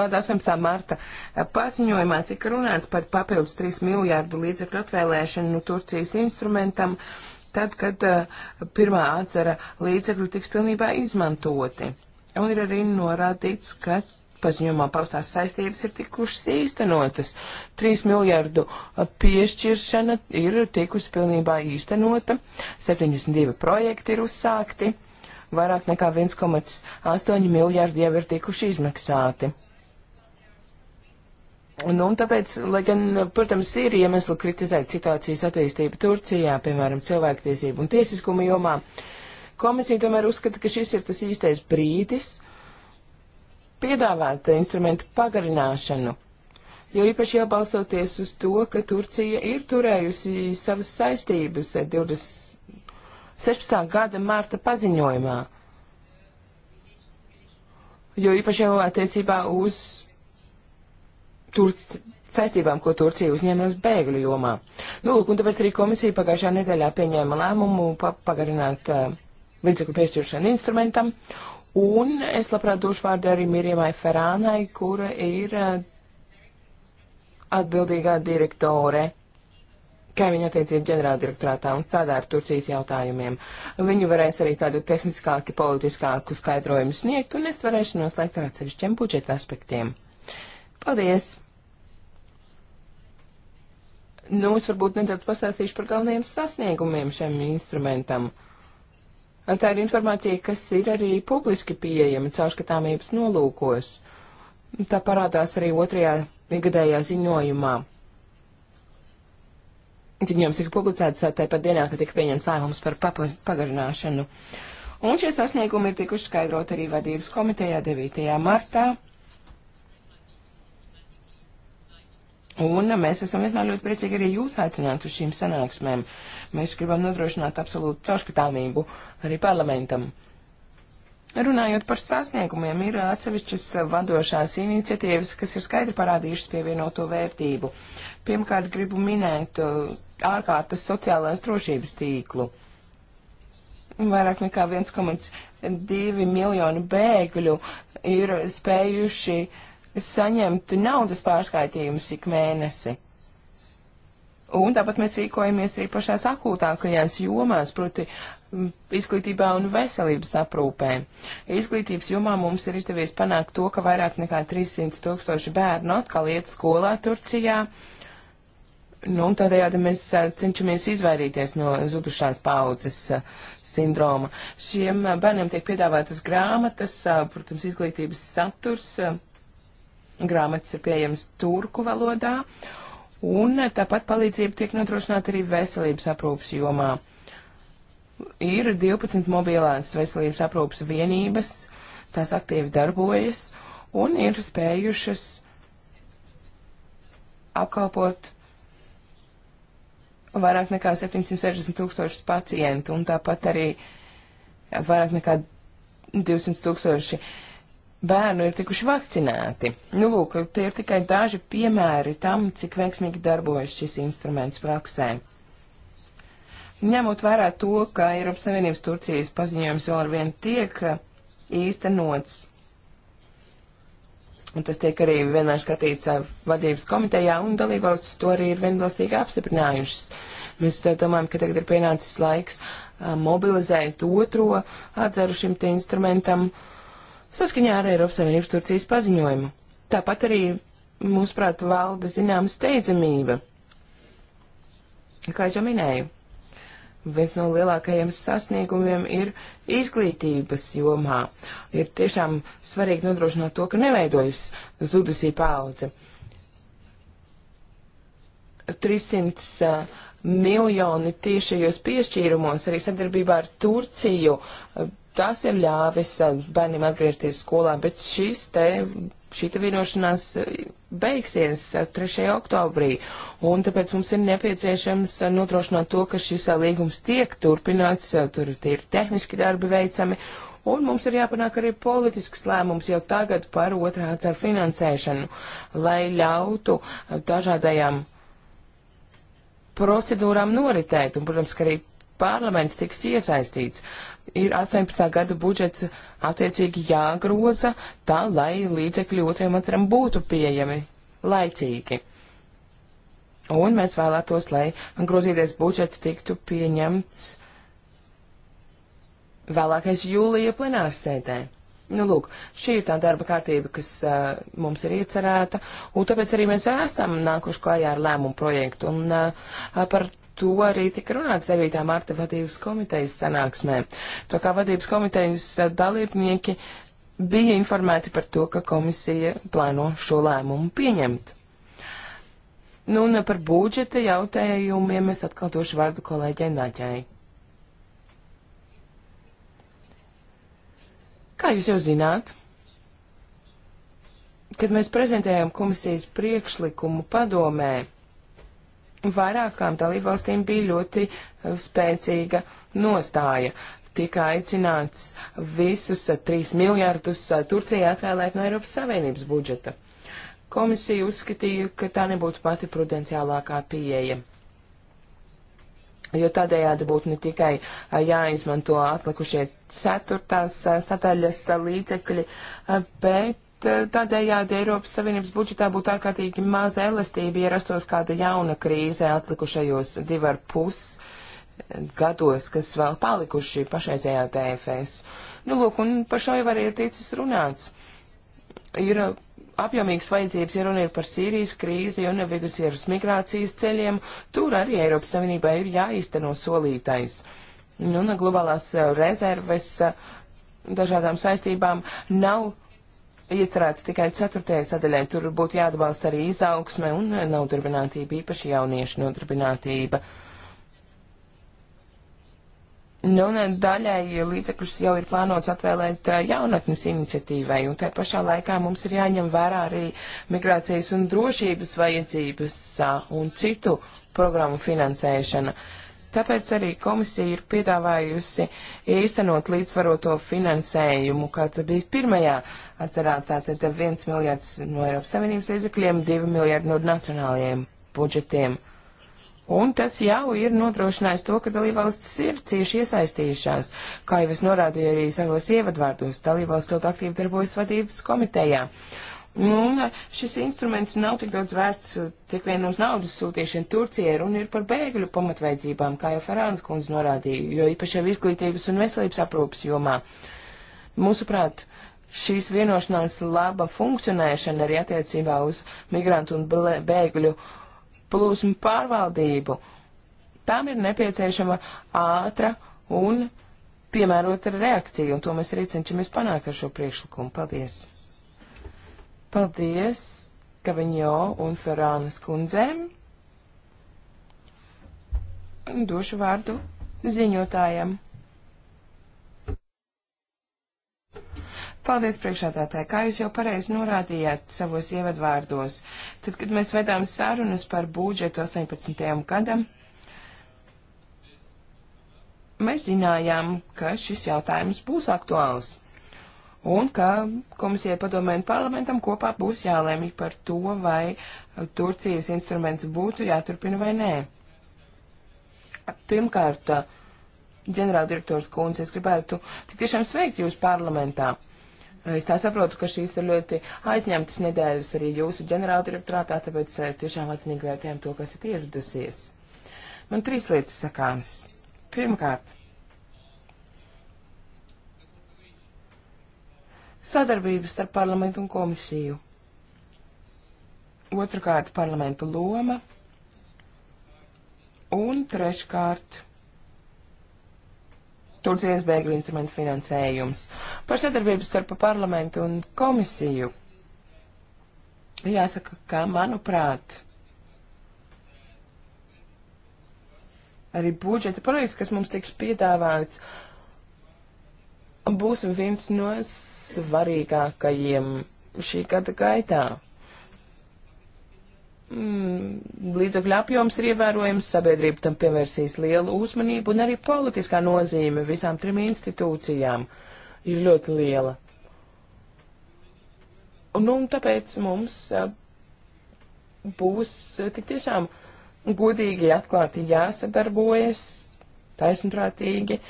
gada 18. marta paziņojumā tika runāts par papildus 3 miljārdu līdzekļu atvēlēšanu Turcijas instrumentam tad, kad eh, pirmā atcera līdzekļi tiks pilnībā izmantoti. Un ir arī norādīts, ka paziņojumā paustās saistības ir tikušas īstenotas. 3 miljardu eh, piešķiršana ir tikusi pilnībā īstenota, 72 projekti ir uzsākti, vairāk nekā 1,8 miljardi jau ir tikuši izmaksāti. Un, nu, un tāpēc, lai gan, protams, ir iemesli kritizēt situācijas attīstību Turcijā, piemēram, cilvēktiesību un tiesiskuma jomā, komisija tomēr uzskata, ka šis ir tas īstais brīdis piedāvāt instrumentu pagarināšanu. Jo īpaši jau balstoties uz to, ka Turcija ir turējusi savas saistības 20... 16. gada mārta paziņojumā. Jo īpaši jau attiecībā uz Turc saistībām, ko Turcija uzņēmās bēgļu jomā. Nu, lūk, un tāpēc arī komisija pagājušā nedēļā pieņēma lēmumu pa pagarināt uh, līdzekļu piešķiršanu instrumentam, un es labprāt došu vārdu arī Mirjamai Ferānai, kura ir uh, atbildīgā direktore kaimiņu attiecību ģenerāldirektorātā un strādā ar Turcijas jautājumiem. Viņi varēs arī tādu tehniskāku, politiskāku skaidrojumu sniegt, un es varēšu noslēgt ar atsevišķiem budžeta aspektiem. Paldies! Nu, es varbūt nedaudz pastāstīšu par galvenajiem sasniegumiem šiem instrumentam. Tā ir informācija, kas ir arī publiski pieejama caurskatāmības nolūkos. Tā parādās arī otrajā ikgadējā ziņojumā. Ziņojums tika publicēts tāpat dienā, kad tika pieņemts lēmums par pagarināšanu. Un šie sasniegumi ir tikuši skaidrot arī vadības komitejā 9. martā. Un mēs esam vienmēr ļoti priecīgi arī jūs aicināt uz šīm sanāksmēm. Mēs gribam nodrošināt absolūtu caurskatāmību arī parlamentam. Runājot par sasniegumiem, ir atsevišķas vadošās iniciatīvas, kas ir skaidri parādījušas pievienoto vērtību. Pirmkārt, gribu minēt uh, ārkārtas sociālās drošības tīklu. Vairāk nekā 1,2 miljonu bēgļu ir spējuši uh, saņemtu naudas pārskaitījumus ik mēnesi. Un tāpat mēs rīkojamies arī pašās akūtākajās jomās, proti izglītībā un veselības aprūpē. Izglītības jomā mums ir izdevies panākt to, ka vairāk nekā 300 tūkstoši bērnu atkal iet skolā Turcijā. Nu, un tādējādi mēs cenšamies izvairīties no zudušās paudzes sindroma. Šiem bērniem tiek piedāvātas grāmatas, protams, izglītības saturs, Grāmatas ir pieejamas turku valodā, un tāpat palīdzība tiek nodrošināta arī veselības aprūpas jomā. Ir 12 mobilās veselības aprūpas vienības, tās aktīvi darbojas un ir spējušas apkalpot vairāk nekā 760 tūkstošus pacientu, un tāpat arī vairāk nekā 200 tūkstoši bērnu ir tikuši vakcinēti. Nu, lūk, tie ir tikai daži piemēri tam, cik veiksmīgi darbojas šis instruments praksē. Ņemot vērā to, ka Eiropas Savienības Turcijas paziņojums vēl ar vienu tiek uh, īstenots, un tas tiek arī vienmēr skatīts uh, vadības komitejā, un dalībvalstis to arī ir vienbalsīgi apstiprinājušas. Mēs uh, domājam, ka tagad ir pienācis laiks mobilizēt otro atzaru šim instrumentam. Uh, saskaņā ar Eiropas Savienības Turcijas paziņojumu. Tāpat arī, mūsuprāt, valda zināma steidzamība. Kā jau minēju, viens no lielākajiem sasniegumiem ir izglītības jomā. Ir tiešām svarīgi nodrošināt to, ka neveidojas zudusī paudze. 300 uh, miljoni tiešajos piešķīrumos arī sadarbībā ar Turciju uh, tas ir ļāvis eh, bērniem atgriezties skolā, bet šis te, šī te vienošanās eh, beigsies 3. Eh, oktobrī, un tāpēc mums ir nepieciešams nodrošināt to, ka šis līgums tiek turpināts, tur ir tehniski darbi veicami, un mums ir jāpanāk arī politisks lēmums jau tagad par otrā atcer finansēšanu, lai ļautu dažādajām procedūrām noritēt, un, protams, ka arī parlaments tiks iesaistīts ir 18. gada budžets attiecīgi jāgroza tā, lai līdzekļi otriem atceram būtu pieejami laicīgi. Un mēs vēlētos, lai grozīties budžets tiktu pieņemts vēlākais jūlija plenārsēdē. Nu, lūk, šī ir tā darba kārtība, kas uh, mums ir iecerēta, un tāpēc arī mēs esam nākuši klajā ar lēmumu projektu, un uh, par to arī tika runāts 9. marta vadības komitejas sanāksmē. To kā vadības komitejas dalībnieki bija informēti par to, ka komisija plāno šo lēmumu pieņemt. Nu, un par budžeta jautājumiem es atkal došu vārdu kolēģei Naķai. Kā jūs jau zināt, kad mēs prezentējām komisijas priekšlikumu padomē, vairākām dalībvalstīm bija ļoti eh, spēcīga nostāja. Tika aicināts visus 3 eh, miljardus eh, Turcijai atvēlēt no Eiropas Savienības budžeta. Komisija uzskatīja, ka tā nebūtu pati prudenciālākā pieeja jo tādējādi būtu ne tikai jāizmanto atlikušie ceturtās sadaļas līdzekļi, bet tādējādi Eiropas Savienības budžetā būtu ārkārtīgi maza elastība, ja rastos kāda jauna krīze atlikušajos divi ar pus gados, kas vēl palikuši pašreizējā TFS. Nu, lūk, un par šo jau arī ir ticis runāts. Ir apjomīgas vajadzības, ja runa ir par Sīrijas krīzi un vidusjūras migrācijas ceļiem, tur arī Eiropas Savienībai ir jāizteno solītais. Nu, un globālās eh, rezerves eh, dažādām saistībām nav iecerēts tikai ceturtajai sadaļai. Tur būtu jāatbalsta arī izaugsme un eh, nodarbinātība, īpaši jauniešu nodarbinātība. Uh, Nu, un daļai līdzekļus jau ir plānots atvēlēt eh, jaunatnes iniciatīvai, un tā pašā laikā mums ir jāņem vērā arī migrācijas un drošības vajadzības eh, un citu programmu finansēšana. Tāpēc arī komisija ir piedāvājusi īstenot līdzvaroto finansējumu, kāds bija pirmajā atcerā, tātad 1 miljards no Eiropas Savienības līdzekļiem, 2 miljardi no nacionālajiem budžetiem. Uh, Un tas jau ir nodrošinājis to, ka dalībvalstis ir cieši iesaistījušās. Kā jau es norādīju arī savos ievadvārdos, dalībvalsts ļoti aktīvi darbojas vadības komitejā. Un šis instruments nav tik daudz vērts tik vien uz naudas sūtīšanu Turcijai, un ir par bēgļu pamatveidzībām, kā jau Ferāns kundze norādīja, jo īpaši jau izglītības un veselības aprūpas jomā. Mūsuprāt, šīs vienošanās laba funkcionēšana arī attiecībā uz migrantu un bēgļu uh, plūsmu pārvaldību. Tām ir nepieciešama ātra un piemērota reakcija, un to mēs arī cenšamies panākt ar šo priekšlikumu. Paldies! Paldies Kaviņo un Ferānas kundzēm! Došu vārdu ziņotājiem. Paldies, priekšādātāji. Kā jūs jau pareizi norādījāt savos ievadvārdos, tad, kad mēs vedām sarunas par budžetu 18. gadam, mēs zinājām, ka šis jautājums būs aktuāls un ka komisijai padomē un parlamentam kopā būs jālēmj par to, vai Turcijas instruments būtu jāturpina vai nē. Pirmkārt, ģenerāldirektors Kunze, es gribētu tik tiešām sveikt jūs parlamentā. Es tā saprotu, ka šīs ir ļoti aizņemtas nedēļas arī jūsu ģenerāldirektorātā, tāpēc eh, tiešām atzinīgi vērtējam to, kas ir ieradusies. Man trīs lietas sakāms. Pirmkārt, sadarbības starp parlamentu un komisiju. Otrakārt, parlamentu loma. Un treškārt, Turcijas bēgļu instrumentu finansējums. Par sadarbību starp parlamentu un komisiju. Jāsaka, ka, manuprāt, arī budžeta projekts, kas mums tiks piedāvāts, būs viens no svarīgākajiem šī gada gaitā mm, līdzekļu apjoms ir ievērojams, sabiedrība tam pievērsīs lielu uzmanību un arī politiskā nozīme visām trim institūcijām ir ļoti liela. Un, nu, un tāpēc mums būs tik tiešām godīgi, atklāti jāsadarbojas, taisnprātīgi.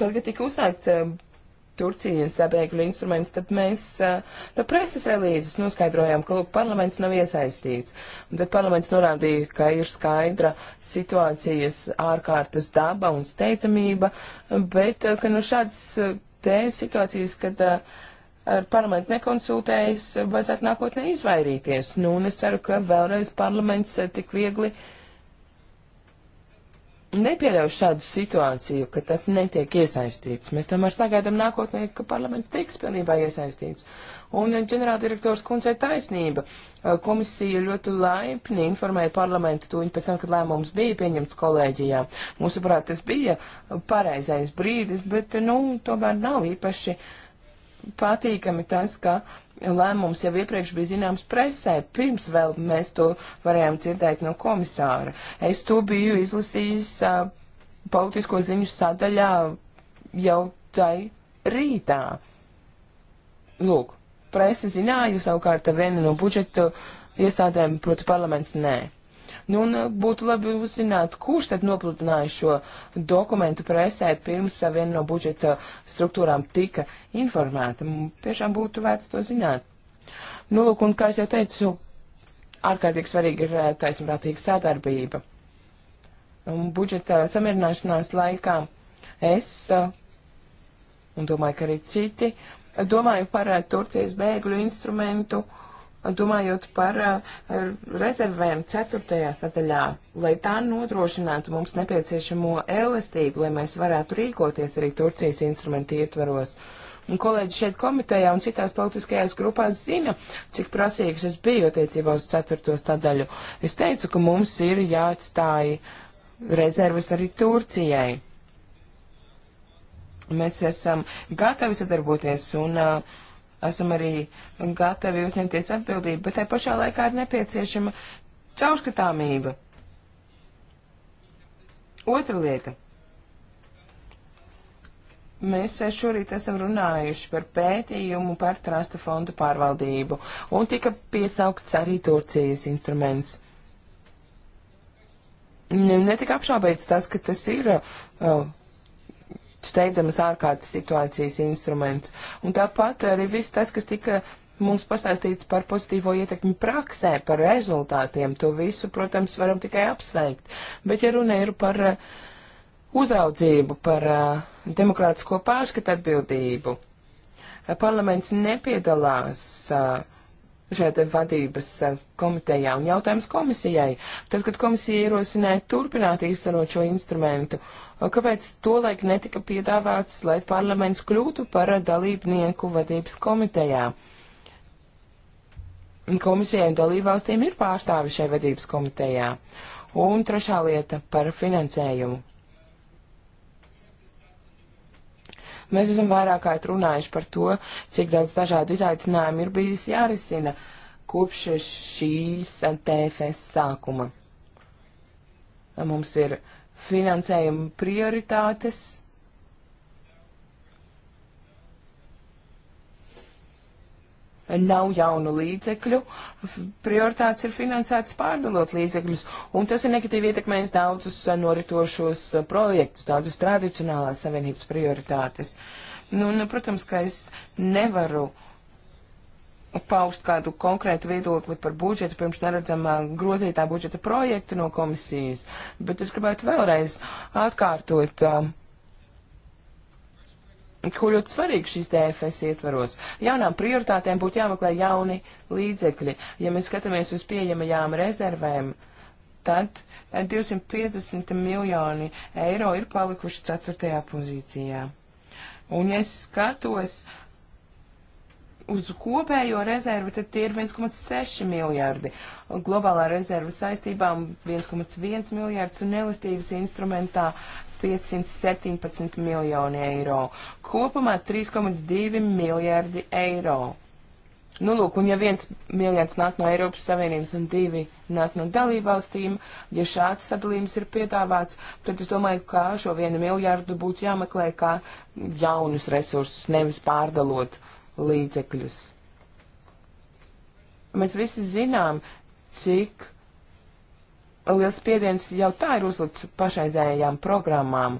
Tad, kad tika uzsākts Turcijas bēgļu instruments, tad mēs uh, no preses relīzes noskaidrojām, ka lūk, parlaments nav iesaistīts. Un tad parlaments norādīja, ka ir skaidra situācijas ārkārtas daba un steidzamība, bet uh, ka nu šāds uh, te situācijas, kad ar parlamentu nekonsultējas, vajadzētu nākotnē izvairīties. Nu, un es ceru, ka vēlreiz parlaments tik viegli uh, nepieļauj šādu situāciju, ka tas netiek iesaistīts. Mēs tomēr sagaidām nākotnē, ka parlaments tiks pilnībā iesaistīts. Un eh, ģenerāldirektors kundze ir taisnība. Eh, komisija ļoti laipni informēja parlamentu tūņi pēc tam, kad lēmums bija pieņemts kolēģijā. Mūsuprāt, tas bija pareizais brīdis, bet, nu, tomēr nav īpaši patīkami tas, ka uh, lēmums jau iepriekš bija zināms presē, pirms vēl mēs to varējām dzirdēt no komisāra. Es to biju izlasījis uh, politisko ziņu sadaļā jau tai rītā. Lūk, presa zināja, savukārt viena no budžetu iestādēm, proti parlaments, nē. Nu, un uh, būtu labi uzzināt, kurš tad nopludināja šo dokumentu presē pirms uh, viena no budžeta struktūrām tika informēta. Tiešām būtu vērts to zināt. Nu, lūk, un kā es jau teicu, ārkārtīgi svarīga ir uh, taisnprātīga sadarbība. Un budžeta samierināšanās laikā es, un domāju, ka arī citi, domāju par Turcijas bēgļu instrumentu. Uh, domājot par eh, rezervēm ceturtajā sadaļā, lai tā nodrošinātu mums nepieciešamo elastību, lai mēs varētu rīkoties arī Turcijas instrumentu ietvaros. Un kolēģi šeit komitejā un citās politiskajās grupās zina, cik prasīgs es biju attiecībā uz ceturto sadaļu. Es teicu, ka mums ir jāatstāj rezerves arī Turcijai. Mēs esam gatavi sadarboties un uh, esam arī gatavi uzņemties atbildību, bet tai pašā laikā ir nepieciešama caurskatāmība. Otra lieta. Mēs šorīt esam runājuši par pētījumu par trasta fondu pārvaldību, un tika piesaukts arī Turcijas instruments. Netika apšābēts tas, ka tas ir uh, steidzamas ārkārtas situācijas instruments. Un tāpat arī viss tas, kas tika mums pastāstīts par pozitīvo ietekmi praksē, par rezultātiem, to visu, protams, varam tikai apsveikt. Bet, ja runa ir par eh, uzraudzību, par eh, demokrātisko pārskatu atbildību, eh, parlaments nepiedalās uh, šeit vadības eh, komitejā un jautājums komisijai. Tad, kad komisija ierosināja turpināt īstenot šo instrumentu, kāpēc tolaik netika piedāvāts, lai parlaments kļūtu par dalībnieku vadības komitejā? Komisijai un dalībvalstīm ir pārstāvi šai vadības komitejā. Un trešā lieta par finansējumu. Mēs esam vairāk kārt runājuši par to, cik daudz dažādu izaicinājumu ir bijis jārisina kopš šīs TFS sākuma. Mums ir finansējuma prioritātes, nav jaunu līdzekļu, prioritāts ir finansēts pārdalot līdzekļus, un tas ir negatīvi ietekmējis daudzus eh, noritošos eh, projektus, daudzas tradicionālās savienības prioritātes. Nu, nu, protams, ka es nevaru paust kādu konkrētu viedokli par budžetu, pirms neredzam eh, grozītā budžeta projektu no komisijas, bet es gribētu vēlreiz atkārtot. Uh, ko ļoti svarīgi šīs DFS ietvaros. Jaunām prioritātēm būtu jāmeklē jauni līdzekļi. Ja mēs skatāmies uz pieejamajām rezervēm, tad 250 eh, miljoni eiro ir palikuši ceturtajā pozīcijā. Un ja es skatos uz kopējo rezervi, tad tie ir 1,6 miljardi. Globālā rezerva saistībām 1,1 miljards un nelistības instrumentā 517 miljoni eiro. Kopumā 3,2 miljardi eiro. Nu, lūk, un ja viens miljards nāk no Eiropas Savienības un divi nāk no dalībvalstīm, ja šāds sadalījums ir piedāvāts, tad es domāju, ka šo vienu miljardu būtu jāmeklē kā jaunus resursus, nevis pārdalot līdzekļus. Mēs visi zinām, cik liels spiediens jau tā ir uzlikts pašreizējām programmām.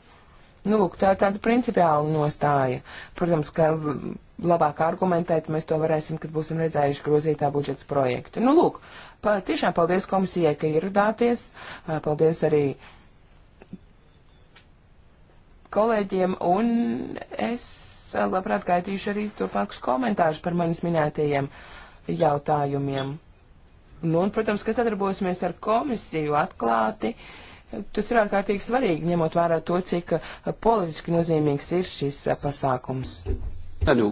Nu, lūk, tā ir tāda principiāla nostāja. Protams, ka labāk argumentēt mēs to varēsim, kad būsim redzējuši grozītā budžeta projektu. Nu, lūk, pa, tiešām paldies komisijai, ka ieradāties. Paldies arī kolēģiem, un es labprāt gaitīšu arī to pakus komentārus par manis minētajiem jautājumiem. Nu, un, protams, ka sadarbosimies ar komisiju atklāti. Tas ir ārkārtīgi svarīgi, ņemot vērā to, cik uh, politiski nozīmīgs ir šis uh, pasākums. Anu.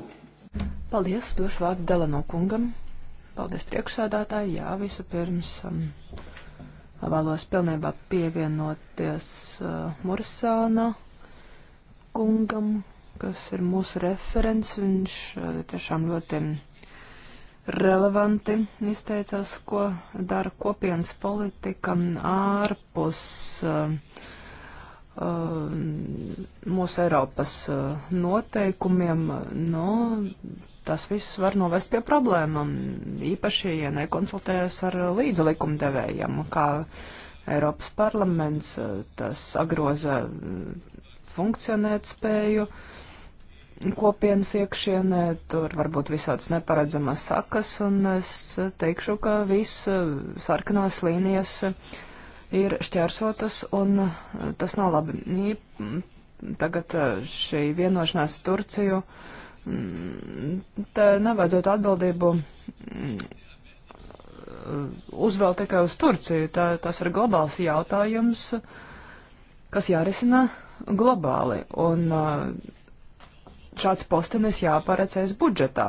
Paldies, došu vārdu Delano kungam. Paldies priekšsādātāji. Jā, visu pirms um, vēlos pilnībā pievienoties uh, Mursāna kungam, kas ir mūsu referents. Viņš uh, tiešām ļoti. Um, relevanti izteicās, ko dara kopienas politika ārpus uh, uh, mūsu Eiropas uh, noteikumiem. Nu, tas viss var novest pie problēmām, īpaši, ja nekonsultējas ar līdzu likumdevējiem, kā Eiropas parlaments, uh, tas agroza uh, funkcionēt spēju. Uh, kopienas iekšienē, tur var būt visādas neparedzamas sakas, un es teikšu, ka viss eh, sarkanās līnijas ir šķērsotas, un eh, tas nav labi. Tagad eh, šī vienošanās Turciju, mm, te nevajadzētu atbildību mm, uzvēl tikai uz Turciju, tā, tas ir globāls jautājums, kas jārisina globāli, un šāds postenis jāparecēs budžetā.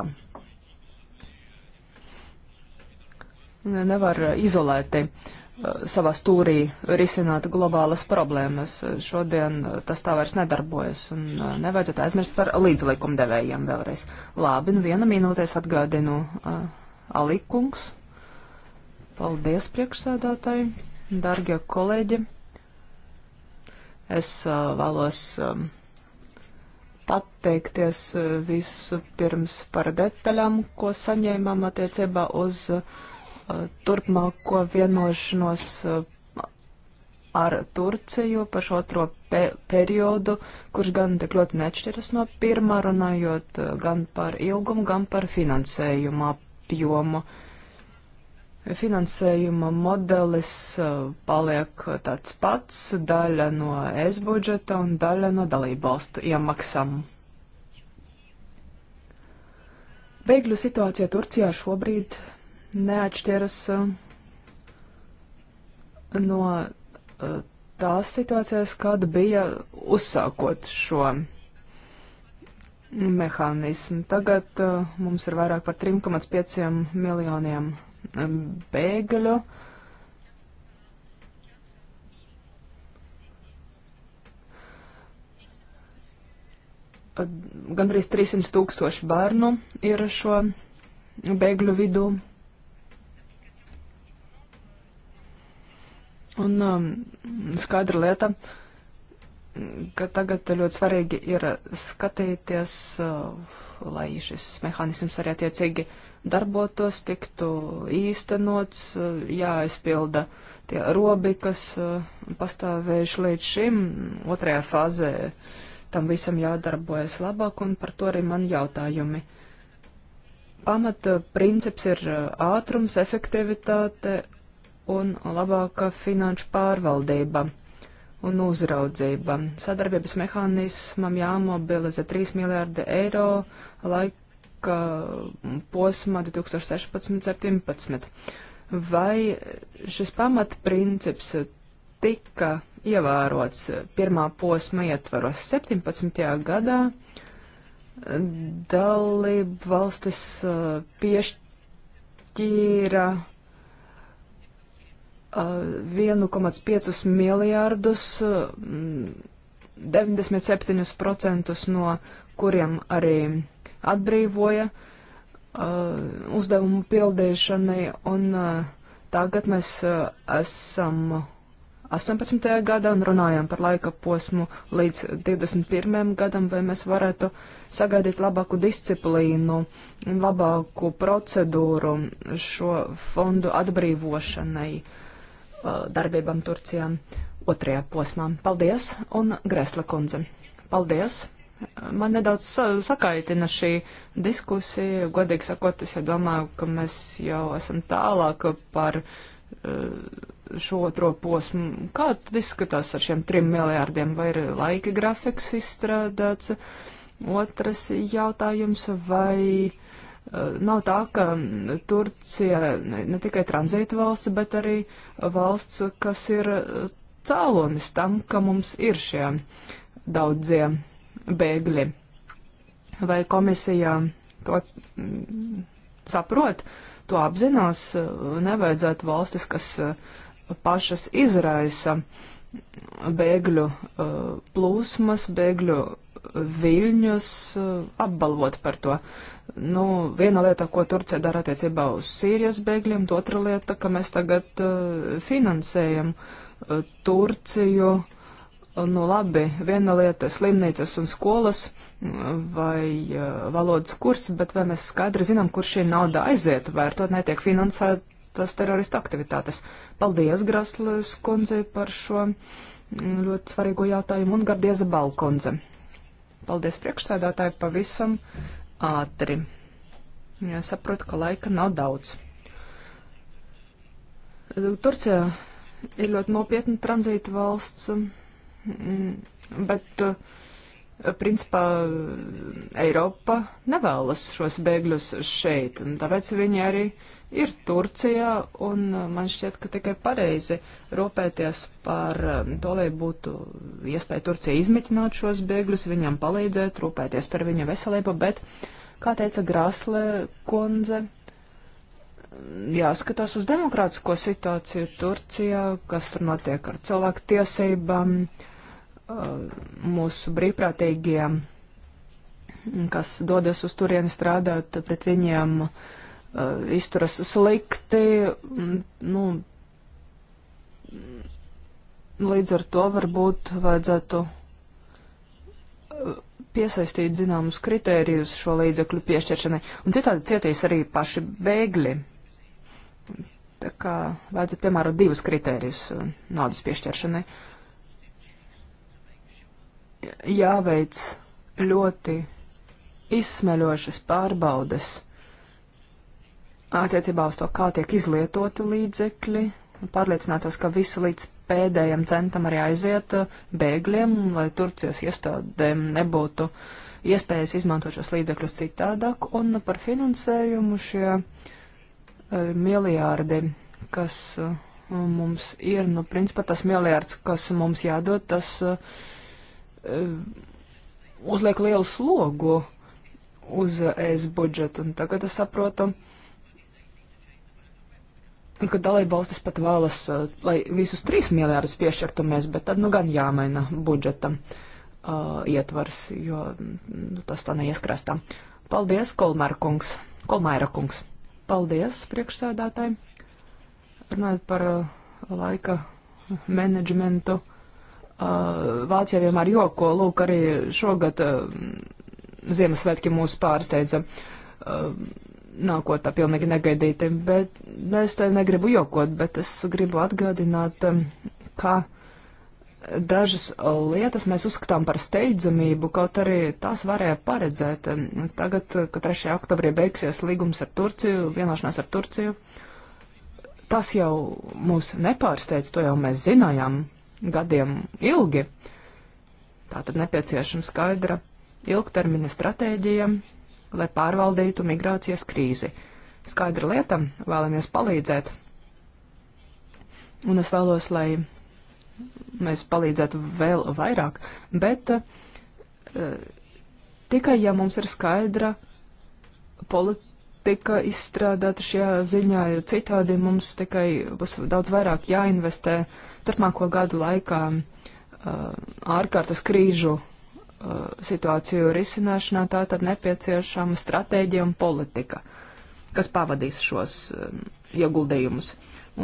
Nevar izolēti uh, savā stūrī risināt globālas problēmas. Šodien uh, tas tā vairs nedarbojas un uh, nevajadzētu aizmirst par līdzlikumdevējiem vēlreiz. Labi, nu viena minūtēs atgādinu uh, Alikungs. Paldies priekšsēdātāji, dargie kolēģi. Es uh, vēlos. Um, pateikties e, visu pirms par detaļām, ko saņēmām attiecībā uz e, turpmāko vienošanos e, ar Turciju par šo otro pe periodu, kurš gan tik ļoti nešķiras no pirmā, runājot gan par ilgumu, gan par finansējumu apjomu. Uh, Finansējuma modelis uh, paliek tāds pats, daļa no ES budžeta un daļa no dalībvalstu iemaksām. Bēgļu situācija Turcijā šobrīd neatšķiras uh, no uh, tās situācijas, kāda bija uzsākot šo mehānismu. Tagad uh, mums ir vairāk par 3,5 miljoniem bēgļu. Gandrīz 300 tūkstoši bērnu ir šo bēgļu vidū. Un um, skaidra lieta, ka tagad ļoti svarīgi ir skatīties, uh, lai šis mehānisms arī attiecīgi uh, darbotos, tiktu īstenots, jāaizpilda tie robi, kas uh, pastāvējuši līdz šim. Otrajā fazē tam visam jādarbojas labāk, un par to arī man jautājumi. Pamata princips ir uh, ātrums, efektivitāte un labāka finanšu pārvaldība un uzraudzība. Sadarbības mehānismam jāmobilizē 3 miljārdi eiro laika laika posmā 2016-17. Vai šis pamatprincips tika ievērots pirmā posma ietvaros 17. gadā? Dalība valstis uh, piešķīra 1,5 uh, miljārdus 97% mm, no kuriem arī atbrīvoja uh, uzdevumu pildīšanai, un uh, tagad mēs uh, esam 18. gadā un runājam par laika posmu līdz 21. gadam, vai mēs varētu sagaidīt labāku disciplīnu, labāku procedūru šo fondu atbrīvošanai uh, darbībām Turcijām otrajā posmā. Paldies, un Gresla kundze. Paldies! Man nedaudz sakaitina šī diskusija. Godīgi sakot, es jau domāju, ka mēs jau esam tālāk par eh, šo otro posmu. Kā tad izskatās ar šiem trim miljārdiem? Vai ir laika grafiks izstrādāts? Otrs jautājums, vai eh, nav tā, ka Turcija ne tikai tranzīta valsts, bet arī valsts, kas ir eh, cēlonis tam, ka mums ir šie daudzie bēgļi. Vai komisija to mm, saprot, to apzinās, nevajadzētu valstis, kas eh, pašas izraisa bēgļu eh, plūsmas, bēgļu viļņus eh, apbalvot par to. Nu, viena lieta, ko Turcija dara attiecībā uz Sīrijas bēgļiem, otra lieta, ka mēs tagad finansējam Turciju Nu labi, viena lieta - slimnīcas un skolas mm, vai uh, valodas kursi, bet vai mēs skaidri zinām, kur šī nauda aiziet, vai ar to netiek finansētas terorista aktivitātes? Paldies, Graslis kundze, par šo mm, ļoti svarīgo jautājumu un Gardieza Balkonze. Paldies priekšsēdātāji pavisam ātri. Jā, saprotu, ka laika nav daudz. Turcija ir ļoti nopietna tranzīta valsts. Um, Mm, bet eh, principā eh, Eiropa nevēlas šos bēgļus šeit, un tāpēc viņi arī ir Turcijā, un eh, man šķiet, ka tikai pareizi rūpēties par to, lai būtu iespēja Turcija izmitināt šos bēgļus, viņam palīdzēt, rūpēties par viņa veselību, bet, kā teica Grāsle kundze, jāskatās uz demokrātisko situāciju Turcijā, kas tur notiek ar cilvēku tiesībām. Um, Uh, mūsu brīvprātīgiem, kas dodas uz turieni strādāt, pret viņiem uh, izturas slikti. Nu, līdz ar to varbūt vajadzētu uh, piesaistīt zināmus kritērijus šo līdzekļu piešķiršanai, un citādi cietīs arī paši bēgļi. Tā kā vajadzētu piemērot divus kritērijus naudas piešķiršanai. Uh, jāveic ļoti izsmeļošas pārbaudes attiecībā uz to, kā tiek izlietoti līdzekļi, pārliecinātos, ka visi līdz pēdējiem centam arī aiziet uh, bēgļiem, lai Turcijas iestādēm nebūtu iespējas izmantot šos līdzekļus citādāk, un par finansējumu šie uh, miljārdi, kas uh, mums ir, nu, principā tas miljārds, kas mums jādod, tas uh, Uh, uzliek lielu slogu uz ES budžetu, un tagad es saprotu, ka dalība valstis pat vēlas, uh, lai visus trīs miljārdus piešķirtu mēs, bet tad nu gan jāmaina budžeta uh, ietvars, jo nu, tas tā neieskrastā. Paldies, Kolmēra kungs. Kolmēra kungs. Paldies, priekšsēdētāji. Runājot par uh, laika menedžmentu. Uh, Eh, Vācija vienmēr joko, lūk, arī šogad eh, Ziemassvētki mūs pārsteidza eh, nākotā pilnīgi negaidīti, bet es te negribu jokot, bet es gribu atgādināt, ka dažas lietas mēs uzskatām par steidzamību, kaut arī tās varēja paredzēt. Tagad, kad 3. oktobrī beigsies līgums ar Turciju, vienošanās ar Turciju, tas jau mūs nepārsteidz, to jau mēs zinājām gadiem ilgi. Tātad nepieciešama skaidra ilgtermiņa stratēģija, lai pārvaldītu migrācijas krīzi. Skaidra lieta, vēlamies palīdzēt. Un es vēlos, lai mēs palīdzētu vēl vairāk, bet uh, tikai, ja mums ir skaidra politika izstrādāta šajā ziņā, jo citādi mums tikai būs daudz vairāk jāinvestē uh, turpmāko gadu laikā uh, ārkārtas krīžu uh, situāciju risināšanā, tā tad nepieciešama stratēģija un politika, kas pavadīs šos um, ieguldījumus.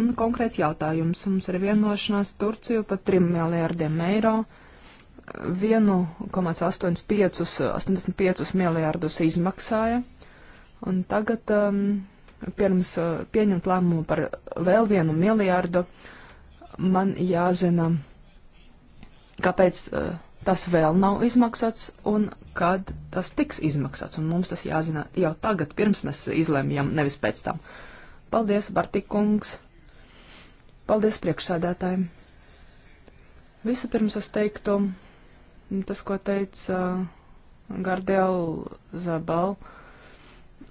Un konkrēts jautājums. Mums ir vienošanās Turciju par 3 miljārdiem eiro, 1,85 miljārdus izmaksāja. Un tagad, um, pirms uh, pieņemt lēmumu par vēl vienu miljārdu, uh, man jāzina, kāpēc uh, tas vēl nav izmaksāts un kad tas tiks izmaksāts. Un mums tas jāzina jau tagad, pirms mēs izlēmjam, nevis pēc tam. Paldies, Bartikungs! Paldies priekšsādātājiem! Vispirms es teiktu, tas, ko teica eh, Gardēla Zabala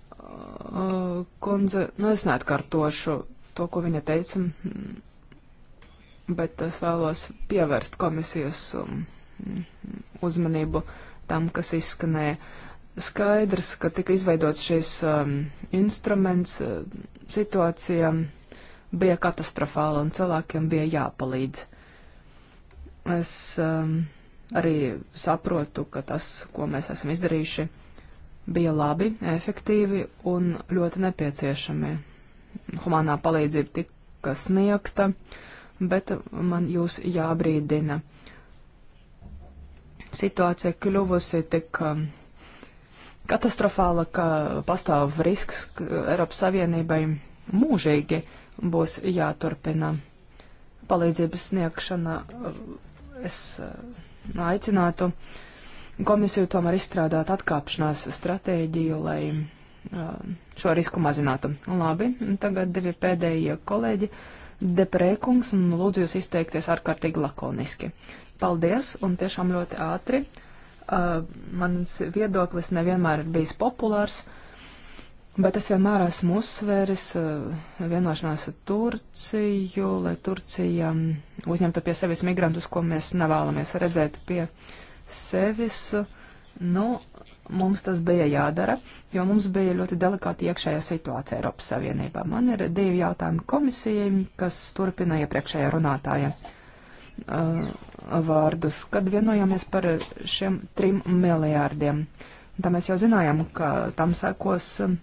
eh, kundze, nu es neatkārtošu to, ko viņa teica, bet es vēlos pievērst komisijas um, uzmanību tam, kas izskanēja. Skaidrs, ka tika izveidots šis um, instruments, uh, situācija bija katastrofāla un cilvēkiem bija jāpalīdz. Es um, arī saprotu, ka tas, ko mēs esam izdarījuši, bija labi, efektīvi un ļoti nepieciešami. Humanā palīdzība tika sniegta. Uh, bet man jūs jābrīdina. Situācija kļuvusi tik um, katastrofāla, ka pastāv risks, ka Eiropas Savienībai mūžīgi būs jāturpina palīdzības sniegšana. Es uh, aicinātu komisiju tomēr izstrādāt atkāpšanās stratēģiju, lai uh, šo risku mazinātu. Labi, tagad divi pēdējie kolēģi. Uh, Deprēkungs un lūdzu jūs izteikties ārkārtīgi lakoniski. Paldies un tiešām ļoti ātri. Uh, mans viedoklis nevienmēr ir bijis populārs, bet es vienmēr esmu uzsvēris uh, vienošanās ar Turciju, lai Turcija um, uzņemtu pie sevis migrantus, ko mēs nevēlamies redzēt pie sevis. Nu, Mums tas bija jādara, jo mums bija ļoti delikāta iekšējā situācija Eiropas Savienībā. Man ir divi jautājumi komisijai, kas turpina iepriekšējā runātāja uh, vārdus, kad vienojāmies par šiem trim miljārdiem. Tā mēs jau zinājām, ka tam sekos uh,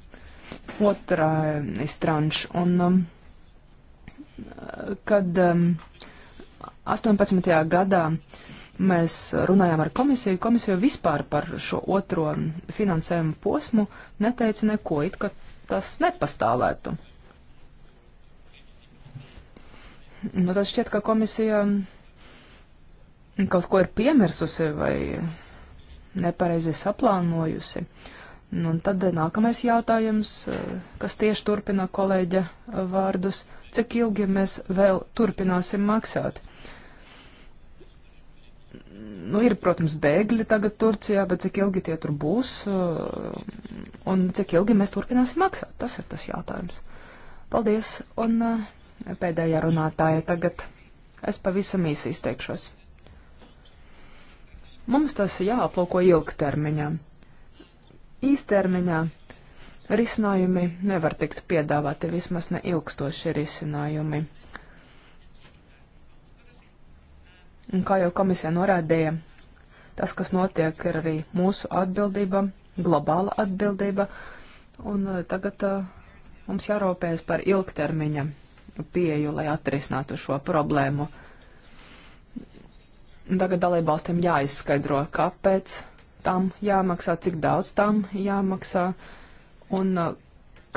otrais tranš. Un um, kad um, 18. gadā uh, Mēs runājām ar komisiju, komisija vispār par šo otro finansējumu posmu neteica neko, it kā tas nepastāvētu. Nu, tad šķiet, ka komisija kaut ko ir piemirsusi vai nepareizi saplānojusi. Nu, un tad nākamais jautājums, kas tieši turpina kolēģa vārdus, cik ilgi mēs vēl turpināsim maksāt? Uh, Nu, ir, protams, bēgļi tagad Turcijā, bet cik ilgi tie tur būs uh, un cik ilgi mēs turpināsim maksāt? Tas ir tas jautājums. Paldies, un uh, pēdējā runātāja tagad. Es pavisam īsi izteikšos. Mums tas jāaplūko ilgtermiņā. Īstermiņā risinājumi nevar tikt piedāvāti, vismaz ne ilgstoši risinājumi Un kā jau komisija norādīja, tas, kas notiek, ir arī mūsu atbildība, globāla atbildība, un eh, tagad uh, mums jārūpējas par ilgtermiņa pieju, lai atrisinātu šo problēmu. Tagad dalībvalstīm jāizskaidro, kāpēc tam jāmaksā, cik daudz tam jāmaksā, un uh,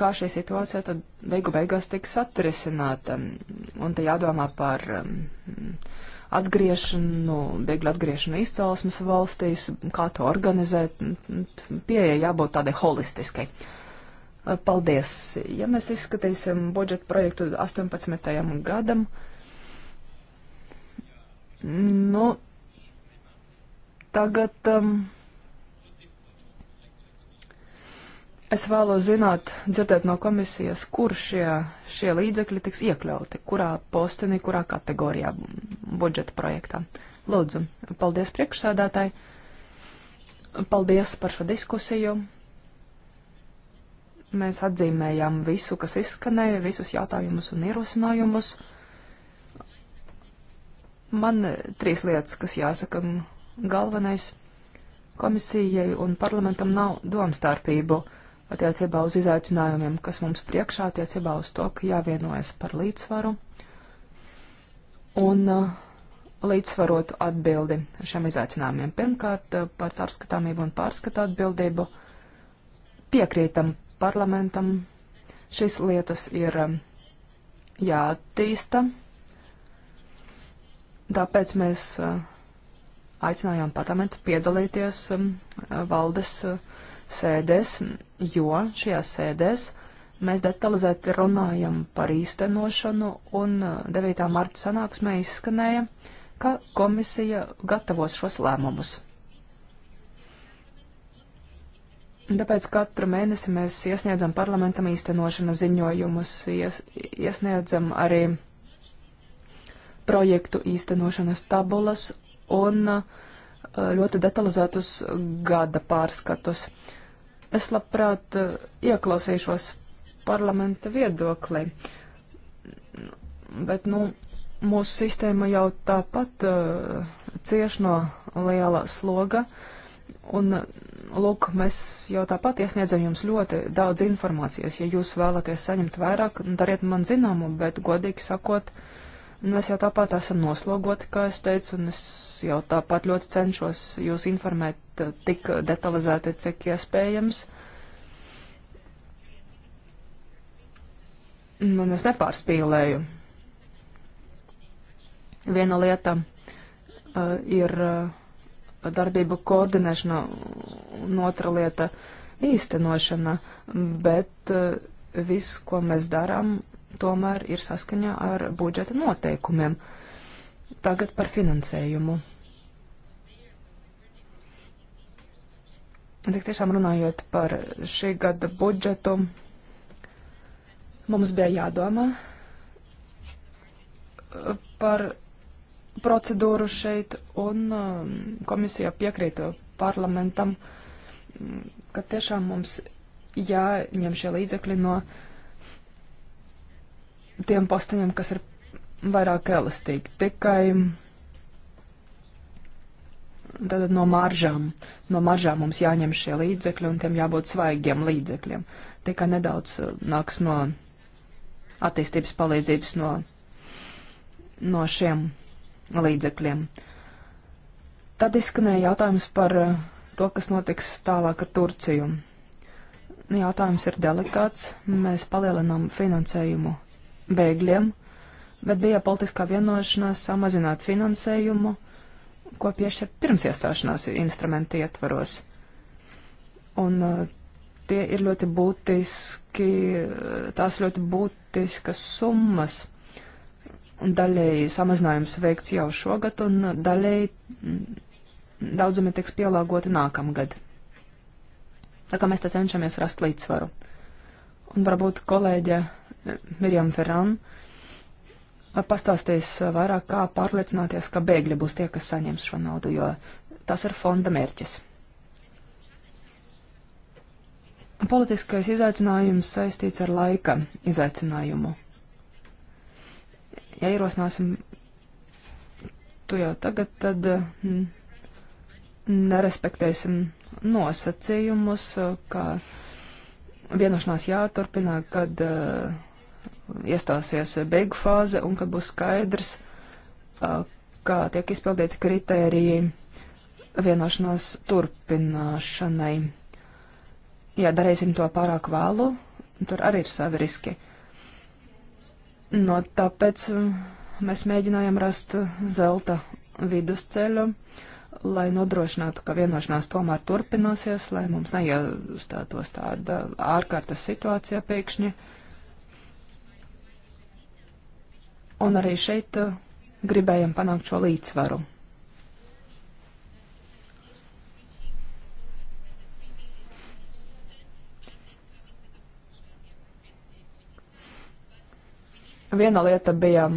kā šī situācija tad beigu beigās tiks atrisināta. Un te jādomā par um, atgriešanu, bēgļu atgriešanu izcelsmes valstīs, kā to organizēt. Pieeja jābūt tādai holistiskai. Paldies! Ja mēs izskatīsim budžetu projektu 18. gadam, nu, tagad. Um, Es vēlos zināt, dzirdēt no komisijas, kur šie, šie līdzekļi tiks iekļauti, kurā postenī, kurā kategorijā budžeta projektā. Lūdzu, paldies priekšsēdētāji, paldies par šo diskusiju. Mēs atzīmējām visu, kas izskanēja, visus jautājumus un ierosinājumus. Man trīs lietas, kas jāsaka, galvenais komisijai un parlamentam nav domstarpību. Uh, attiecībā uz izaicinājumiem, kas mums priekšā, attiecībā uz to, ka jāvienojas par līdzsvaru un uh, līdzsvarotu atbildi šiem izaicinājumiem. Pirmkārt, uh, par caurskatāmību un pārskatu atbildību piekrītam parlamentam. Šīs lietas ir um, jāattīsta. Tāpēc mēs uh, aicinājām parlamentu piedalīties um, valdes uh, sēdēs jo šajās sēdēs mēs detalizēti runājam par īstenošanu, un 9. Uh, marta sanāksmē izskanēja, ka komisija gatavos šos lēmumus. Tāpēc katru mēnesi mēs iesniedzam parlamentam īstenošanas ziņojumus, ies, iesniedzam arī projektu īstenošanas tabulas un uh, ļoti detalizētus gada pārskatus. Uh, Es labprāt eh, ieklausīšos parlamenta viedoklī, bet, nu, mūsu sistēma jau tāpat uh, cieš no liela sloga. Un, eh, lūk, mēs jau tāpat iesniedzam jums ļoti daudz informācijas. Ja jūs vēlaties saņemt vairāk, nu, dariet man zināmu, bet, godīgi sakot, nu, mēs jau tāpat esam noslogoti, kā es teicu, un es jau tāpat ļoti cenšos jūs informēt eh, tik detalizēti, cik iespējams. Nu, un es nepārspīlēju. Viena lieta uh, ir uh, darbību koordinēšana, un otra lieta - īstenošana, bet uh, viss, ko mēs darām, tomēr ir saskaņā ar budžeta noteikumiem. Tagad par finansējumu. Un tik tiešām runājot par šī gada budžetu, mums bija jādomā uh, par procedūru šeit, un um, komisija piekrīta parlamentam, mm, ka tiešām mums jāņem šie līdzekļi no tiem posteņiem, kas ir vairāk elastīgi. Tikai Tātad no maržām, no maržām mums jāņem šie līdzekļi un tiem jābūt svaigiem līdzekļiem. Tikai nedaudz uh, nāks no attīstības palīdzības no, no šiem līdzekļiem. Tad izskanēja jautājums par uh, to, kas notiks tālāk ar Turciju. Nu, jautājums ir delikāts. Mēs palielinām finansējumu bēgļiem, bet bija politiskā vienošanās samazināt finansējumu ko piešķir pirms iestāšanās instrumenta ietvaros. Un eh, tie ir ļoti būtiski, eh, tās ļoti būtiskas summas. Un daļēji samazinājums veikts jau šogad, un daļēji mm, daudzumi tiks pielāgoti nākamgad. Tā kā mēs te cenšamies rast līdzsvaru. Un varbūt kolēģe eh, Mirjam Ferran uh, pastāstīs vairāk, kā pārliecināties, ka bēgļi būs tie, kas saņems šo naudu, jo tas ir fonda mērķis. Politiskais izaicinājums saistīts ar laika izaicinājumu. Ja ierosināsim tu jau tagad, tad mm, nerespektēsim nosacījumus, ka vienošanās jāturpina, kad uh, iestāsies beigu fāze un kad būs skaidrs, kā tiek izpildīti kritēriji vienošanās turpināšanai. Ja darīsim to pārāk vēlu, tur arī ir savi riski. No tāpēc mēs mēģinājām rast zelta vidusceļu, lai nodrošinātu, ka vienošanās tomēr turpināsies, lai mums neiestātos tāda ārkārtas situācija pēkšņi. Uh, Un arī šeit uh, gribējam panākt šo līdzsvaru. Viena lieta bija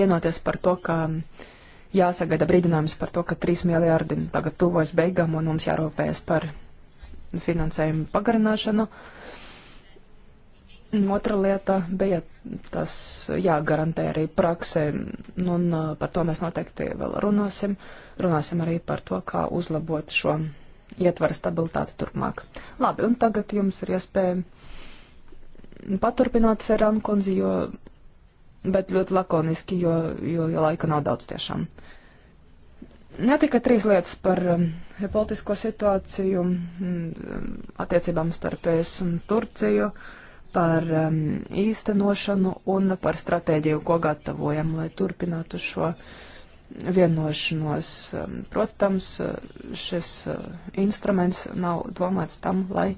vienoties par to, ka jāsagaida brīdinājums par to, ka 3 miljārdi tagad tuvojas beigām un mums jārūpējas par finansējumu pagarināšanu. Uh, Otra lieta bija tas jāgarantē arī praksē, un uh, par to mēs noteikti vēl runāsim. Runāsim arī par to, kā uzlabot šo ietvara stabilitāti turpmāk. Labi, un tagad jums ir iespēja paturpināt Ferrankundzi, jo, bet ļoti lakoniski, jo, jo, jo laika nav daudz tiešām. Ne tikai trīs lietas par um, politisko situāciju, mm, attiecībām starp ES un Turciju. Uh, par um, īstenošanu un par stratēģiju, ko gatavojam, lai turpinātu šo vienošanos. Um, protams, uh, šis uh, instruments nav domāts tam, lai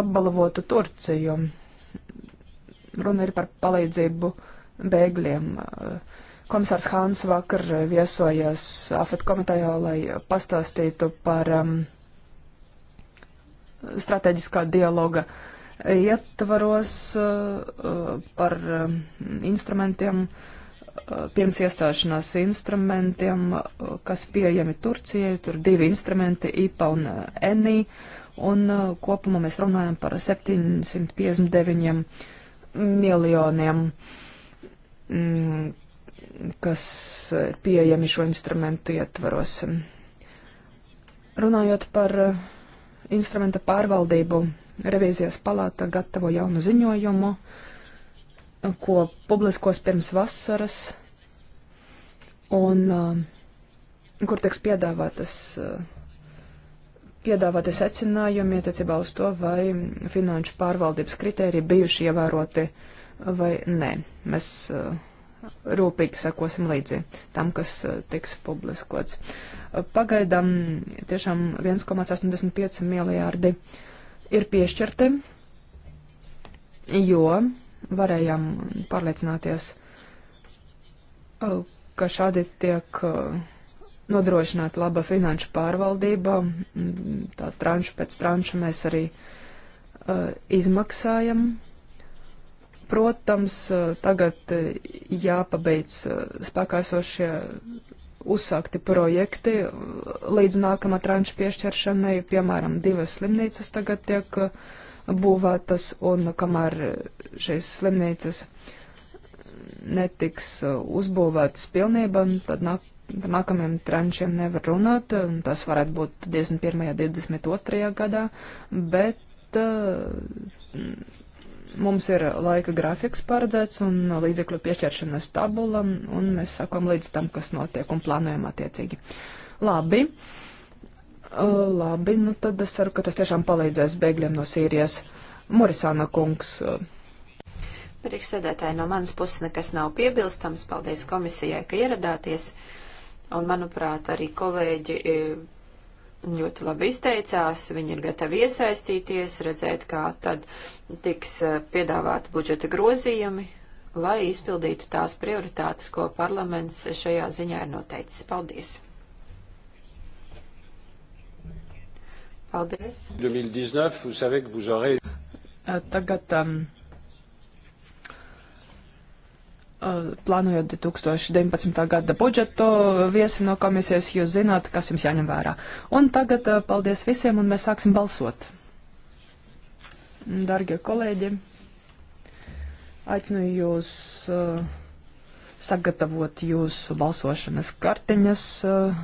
apbalvotu Turciju. Runa ir par palīdzību bēgļiem. Uh, komisārs Hāns vakar viesojas AFET komitejā, lai pastāstītu par um, strateģiskā dialoga uh, ietvaros uh, par um, instrumentiem, uh, pirms iestāšanās instrumentiem, uh, kas pieejami Turcijai. Tur divi instrumenti, IPA un ENI, un kopumā mēs runājam par 759 miljoniem, mm, kas ir pieejami šo instrumentu ietvaros. Runājot par instrumenta pārvaldību, Revīzijas palāta gatavo jaunu ziņojumu, ko publiskos pirms vasaras, un uh, kur tiks piedāvātas, uh, piedāvāti secinājumi attiecībā uz to, vai finanšu pārvaldības kritēriji bijuši ievēroti vai nē. Mēs uh, rūpīgi sekosim līdzi tam, kas tiks publiskots. Pagaidām tiešām 1,85 miljārdi uh, ir piešķirti, jo varējām pārliecināties, uh, ka šādi tiek uh, nodrošināta laba finanšu pārvaldība, tā tranšu pēc tranšu mēs arī uh, izmaksājam. Protams, uh, tagad jāpabeidz spēkā esošie uzsākti projekti līdz nākamā tranša piešķiršanai, piemēram, divas slimnīcas tagad tiek uh, būvētas, un kamēr šīs slimnīcas netiks uh, uzbūvētas pilnībā, nu, tad nāk, par nākamajiem tranšiem nevar runāt, un tas varētu būt 21. un 22. gadā, bet uh, Mums ir laika grafiks paredzēts un līdzekļu piešķiršanas tabula, un mēs sakām līdz tam, kas notiek un plānojam attiecīgi. Labi. Uh, labi, nu tad es ceru, ka tas tiešām palīdzēs bēgļiem no Sīrijas. Morisāna kungs. Uh, Priekšsēdētāji, no manas puses nekas nav piebilstams. Paldies komisijai, ka ieradāties. Un, manuprāt, arī kolēģi eh, ļoti labi izteicās, viņi ir gatavi iesaistīties, redzēt, kā tad tiks eh, piedāvāti budžeta grozījumi, lai izpildītu tās prioritātes, ko parlaments šajā ziņā ir noteicis. Paldies! Paldies! 2019, vous savez, vous aurez... Eh, tagad um, Eh, plānojot 2019. gada budžetu eh, viesi no komisijas, jūs zināt, kas jums jāņem vērā. Un tagad eh, paldies visiem un mēs sāksim balsot. Dargie kolēģi, aicinu jūs uh, sagatavot jūsu balsošanas kartiņas, uh,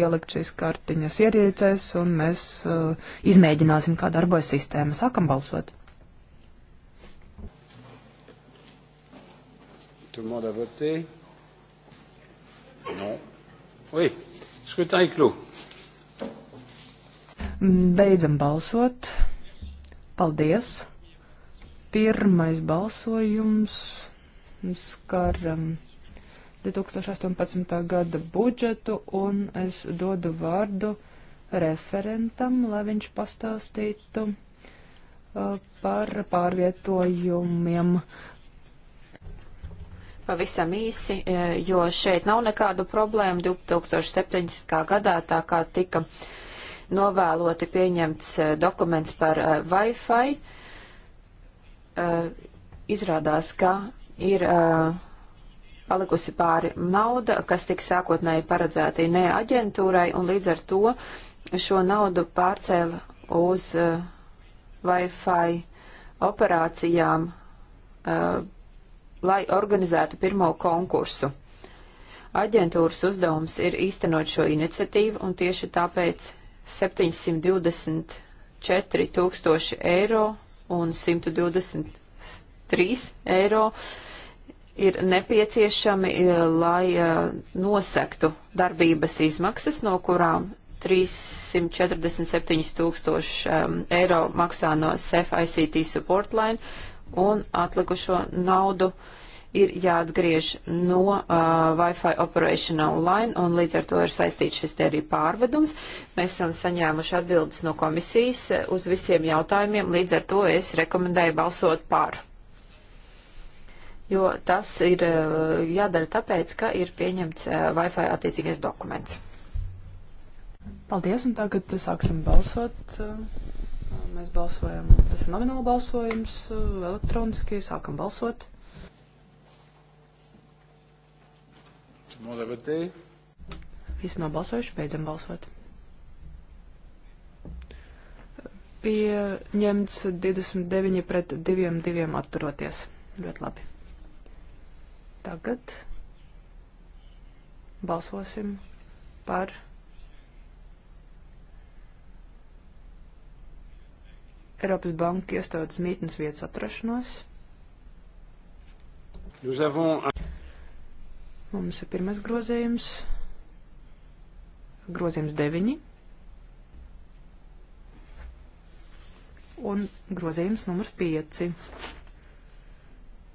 ielikt šīs kartiņas ierīcēs un mēs uh, izmēģināsim, kā darbojas sistēma. Sākam balsot! Tout le monde a voté Non. Oui. Scrutin est clos. Beidzam balsot. Paldies. Pirmais balsojums skar um, 2018. gada budžetu, un es dodu vārdu referentam, lai viņš pastāstītu uh, par pārvietojumiem uh, Pavisam īsi, e, jo šeit nav nekādu problēmu. 2017. gadā tā kā tika novēloti pieņemts e, dokuments par e, Wi-Fi, izrādās, ka ir palikusi pāri nauda, kas tika sākotnēji paredzēta ne aģentūrai, un līdz ar to šo naudu pārcēla uz Wi-Fi operācijām lai organizētu pirmo konkursu. Aģentūras uzdevums ir īstenot šo iniciatīvu, un tieši tāpēc 724 tūkstoši eiro un 123 eiro ir nepieciešami, eh, lai eh, nosektu darbības izmaksas, no kurām 347 tūkstoši ehm, eiro maksā no SEF ICT support line, un atlikušo naudu ir jāatgriež no uh, Wi-Fi operational line, un līdz ar to ir saistīts šis te arī pārvedums. Mēs esam saņēmuši atbildes no komisijas uh, uz visiem jautājumiem, līdz ar to es rekomendēju balsot pār. Jo tas ir uh, jādara tāpēc, ka ir pieņemts uh, Wi-Fi attiecīgais dokuments. Paldies, un tagad sāksim balsot. Uh... Mēs balsojam, tas ir nomināla balsojums, uh, elektroniski sākam balsot. Visi nobalsojuši, beidzam balsot. Pieņemts 29 pret 2, 2 atturoties. Ļoti labi. Tagad balsosim par Eiropas Banka iestādes mītnes vietas atrašanos. Avons... Mums ir pirmais grozījums. Grozījums 9. Un grozījums numurs 5.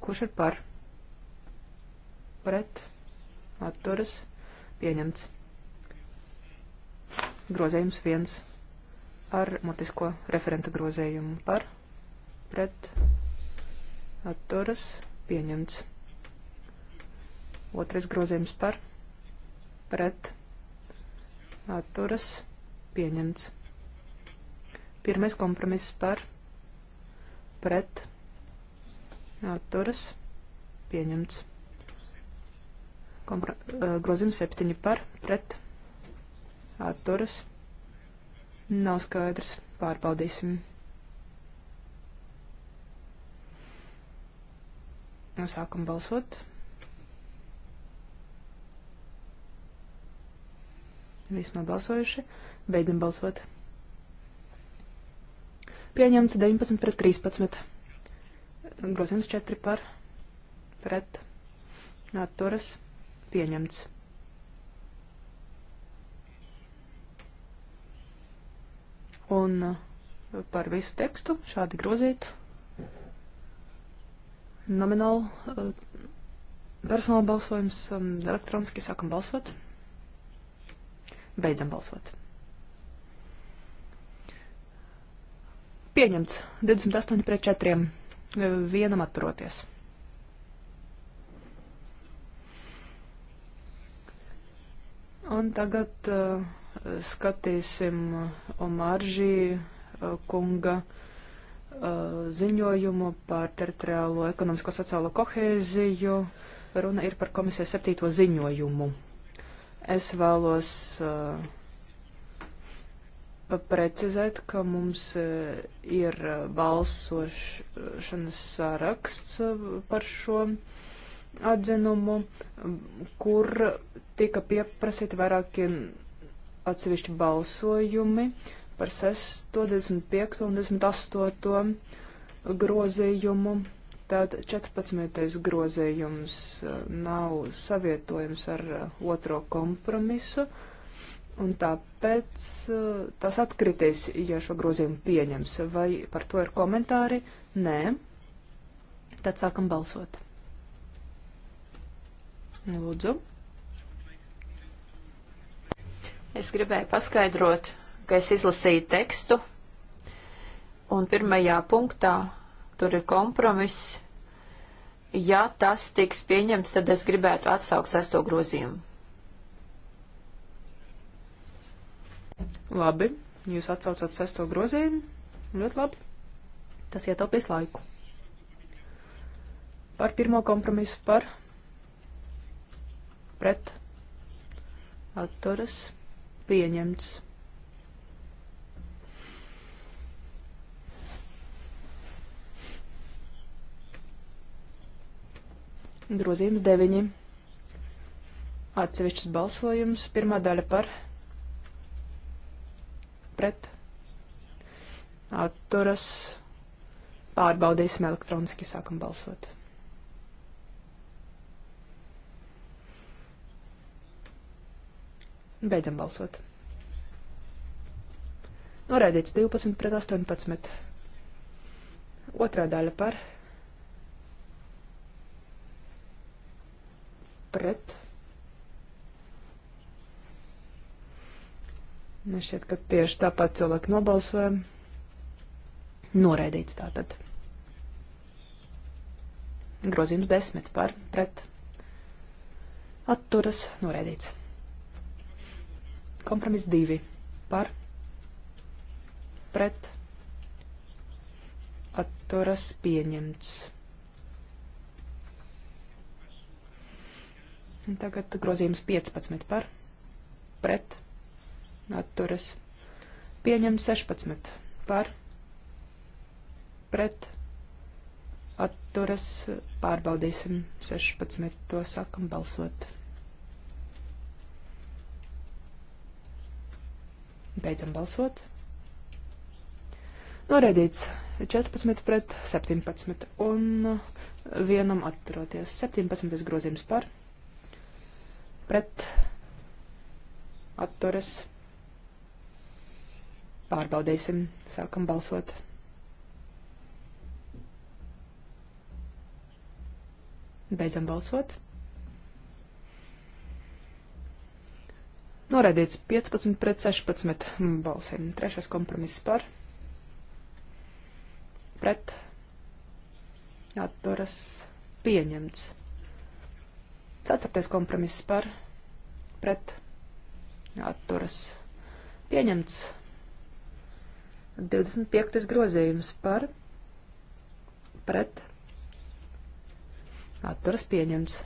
Kurš ir par? Pret? Atturas? Pieņemts. Grozījums 1 ar mutisko referenta grozējumu par pret atturas pieņemts. Otrais grozījums par pret atturas pieņemts. Pirmais kompromiss par pret atturas pieņemts. Kompro, eh, grozījums septiņi par pret atturas pieņemts. Nav skaidrs. Pārbaudīsim. Sākam balsot. Visi nobalsojuši. Beidzam balsot. Pieņemts 19 pret 13. Grozījums 4 par pret atturas pieņemts. Un uh, par visu tekstu šādi grozīt nomināli uh, personāla balsojums um, elektroniski sākam balsot. Beidzam balsot. Pieņemts 28 pret 4. Uh, vienam atturoties. Un tagad uh, skatīsim uh, Omaržī uh, kunga uh, ziņojumu par teritoriālo ekonomisko sociālo kohēziju. Runa ir par komisijas septīto ziņojumu. Es vēlos uh, precizēt, ka mums ir balsošanas saraksts par šo atzinumu, kur tika pieprasīti vairāki atsevišķi balsojumi par 6, 25 un 28 grozījumu. Tad 14. grozījums e, nav savietojams ar e, otro kompromisu, un tāpēc e, tas atkritīs, ja šo grozījumu pieņems. Vai par to ir komentāri? Nē. Tad sākam balsot. Lūdzu. Es gribēju paskaidrot, ka es izlasīju tekstu, un pirmajā punktā tur ir kompromiss. Ja tas tiks pieņemts, tad es gribētu atsaukt sesto grozījumu. Labi, jūs atsaucat sesto grozījumu. Ļoti labi. Tas ietaupīs laiku. Par pirmo kompromisu par pret atturas pieņemts. Grozījums 9. Atsevišķas balsojums. Pirmā daļa par pret atturas pārbaudīsim elektroniski sākam balsot. Beidzam balsot. Noraidīts 12 pret 18. Otrā daļa par. Pret. Man šķiet, ka tieši tāpat cilvēki nobalsoja. Noraidīts tātad. Grozījums desmit par pret. Atturas noraidīts. Kompromiss divi par pret atturas pieņemts. Un tagad grozījums 15 par pret atturas. Pieņem 16 par pret atturas. Pārbaudīsim 16. To sākam balsot. Beidzam balsot. Noraidīts 14 pret 17 un vienam atturoties. 17 grozījums par pret atturas. Pārbaudīsim, sākam balsot. Beidzam balsot. Noraidīts 15 pret 16 balsīm. Trešais kompromiss par. Pret. Atturas pieņemts. Ceturtais kompromiss par. Pret. Atturas pieņemts. 25. grozījums par. Pret. Atturas pieņemts.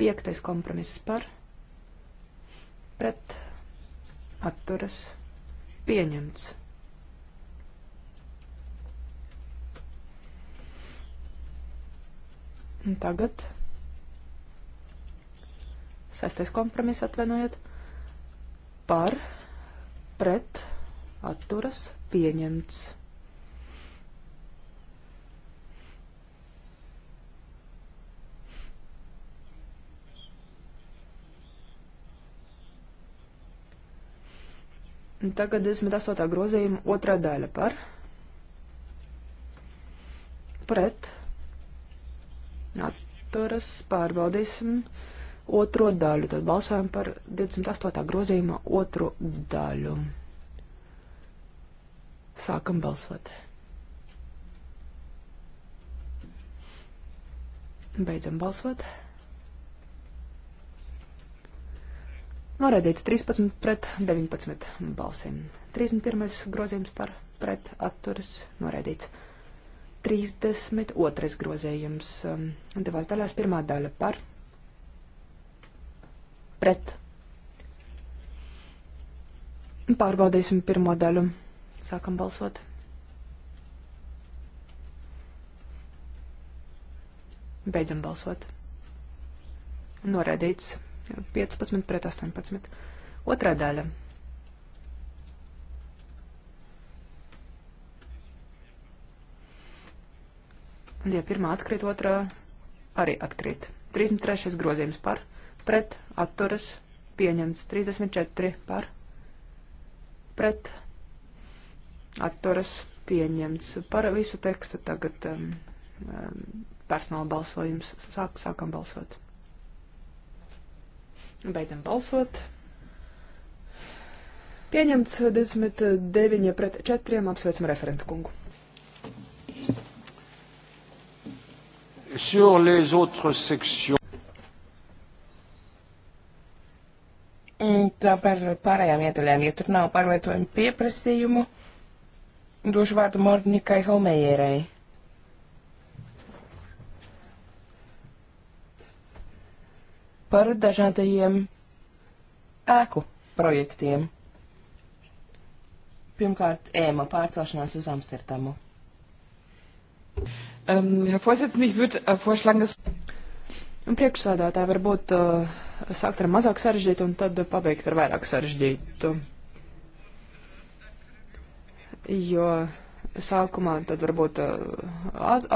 Piektais kompromiss par. Pret pret atturas pieņemts. Un tagad sestais kompromiss atvainojiet par pret atturas pieņemts. Tagad 28. grozījuma otrā daļa par pret atturas pārbaudīsim otro daļu. Tad balsojam par 28. grozījuma otro daļu. Sākam balsot. Beidzam balsot. Noraidīts 13 pret 19 balsīm. 31. grozījums par pret atturas noraidīts. 32. grozījums um, divās daļās. Pirmā daļa par pret. Pārbaudīsim pirmo daļu. Sākam balsot. Beidzam balsot. Noraidīts 15 pret 18. Otrā daļa. Un, ja pirmā atkrīt, otrā arī atkrīt. 33. grozījums par, pret, atturas, pieņemts. 34 par, pret, atturas, pieņemts. Par visu tekstu tagad um, um personāla balsojums. Sāk, sākam balsot. Beidzam balsot. Pieņemts 29 pret 4. Apsveicam referentu kungu. Sur les autres sections. Tā par pārējām ietaļām, ja tur nav pārvietojumu pieprasījumu, došu vārdu Mornikai Homejērai. par dažādajiem ēku projektiem. Pirmkārt, ēma pārcelšanās uz Amsterdamu. Um, Herr Vorsitzende, ich würde uh, äh, vorschlagen, dass. Un priekšsādātāji varbūt uh, sākt ar mazāk sarežģītu un tad pabeigt ar vairāk sarežģītu. Jo uh, sākumā, tad varbūt uh,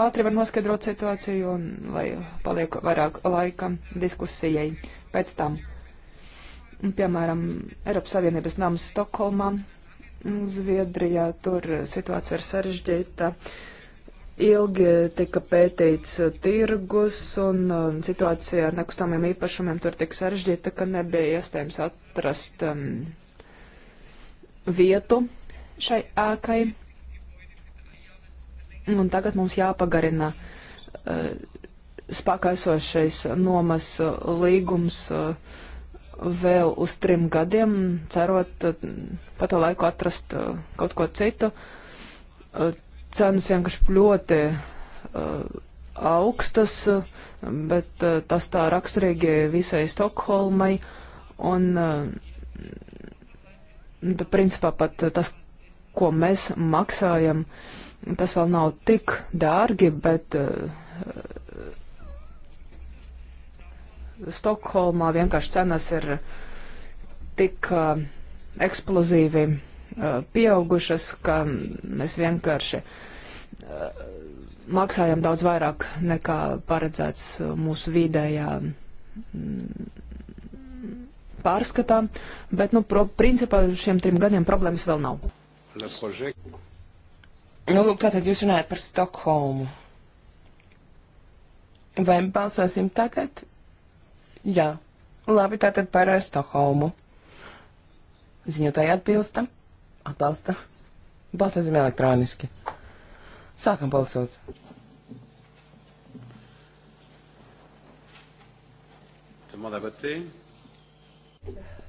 ātri var noskaidrot situāciju un lai paliek vairāk laika diskusijai pēc tam. Piemēram, Eiropas Savienības nams Stokholmā, Zviedrijā, tur situācija ir sarežģīta. Ilgi tika pētīts tirgus un situācija ar nekustamiem īpašumiem tur tik sarežģīta, ka nebija iespējams atrast um, vietu šai ēkai. Un tagad mums jāpagarina uh, spēkā esošais nomas uh, līgums uh, vēl uz trim gadiem, cerot uh, pa to laiku atrast uh, kaut ko citu. Uh, cenas vienkārši ļoti uh, augstas, uh, bet uh, tas tā raksturīgi visai Stokholmai. Un, uh, principā pat tas, ko mēs maksājam, uh, Tas vēl nav tik dārgi, bet uh, Stokholmā vienkārši cenas ir tik uh, eksplozīvi uh, pieaugušas, ka mēs vienkārši uh, maksājam daudz vairāk nekā paredzēts mūsu vidējā mm, pārskatā, bet, nu, pro, principā šiem trim gadiem problēmas vēl nav. Nu, tātad jūs runājat par Stokholmu. Vai balsosim tagad? Jā. Labi, tātad par eh, Stokholmu. Ziņotāji atbilsta. Atbalsta. Balsosim elektroniski. Sākam balsot.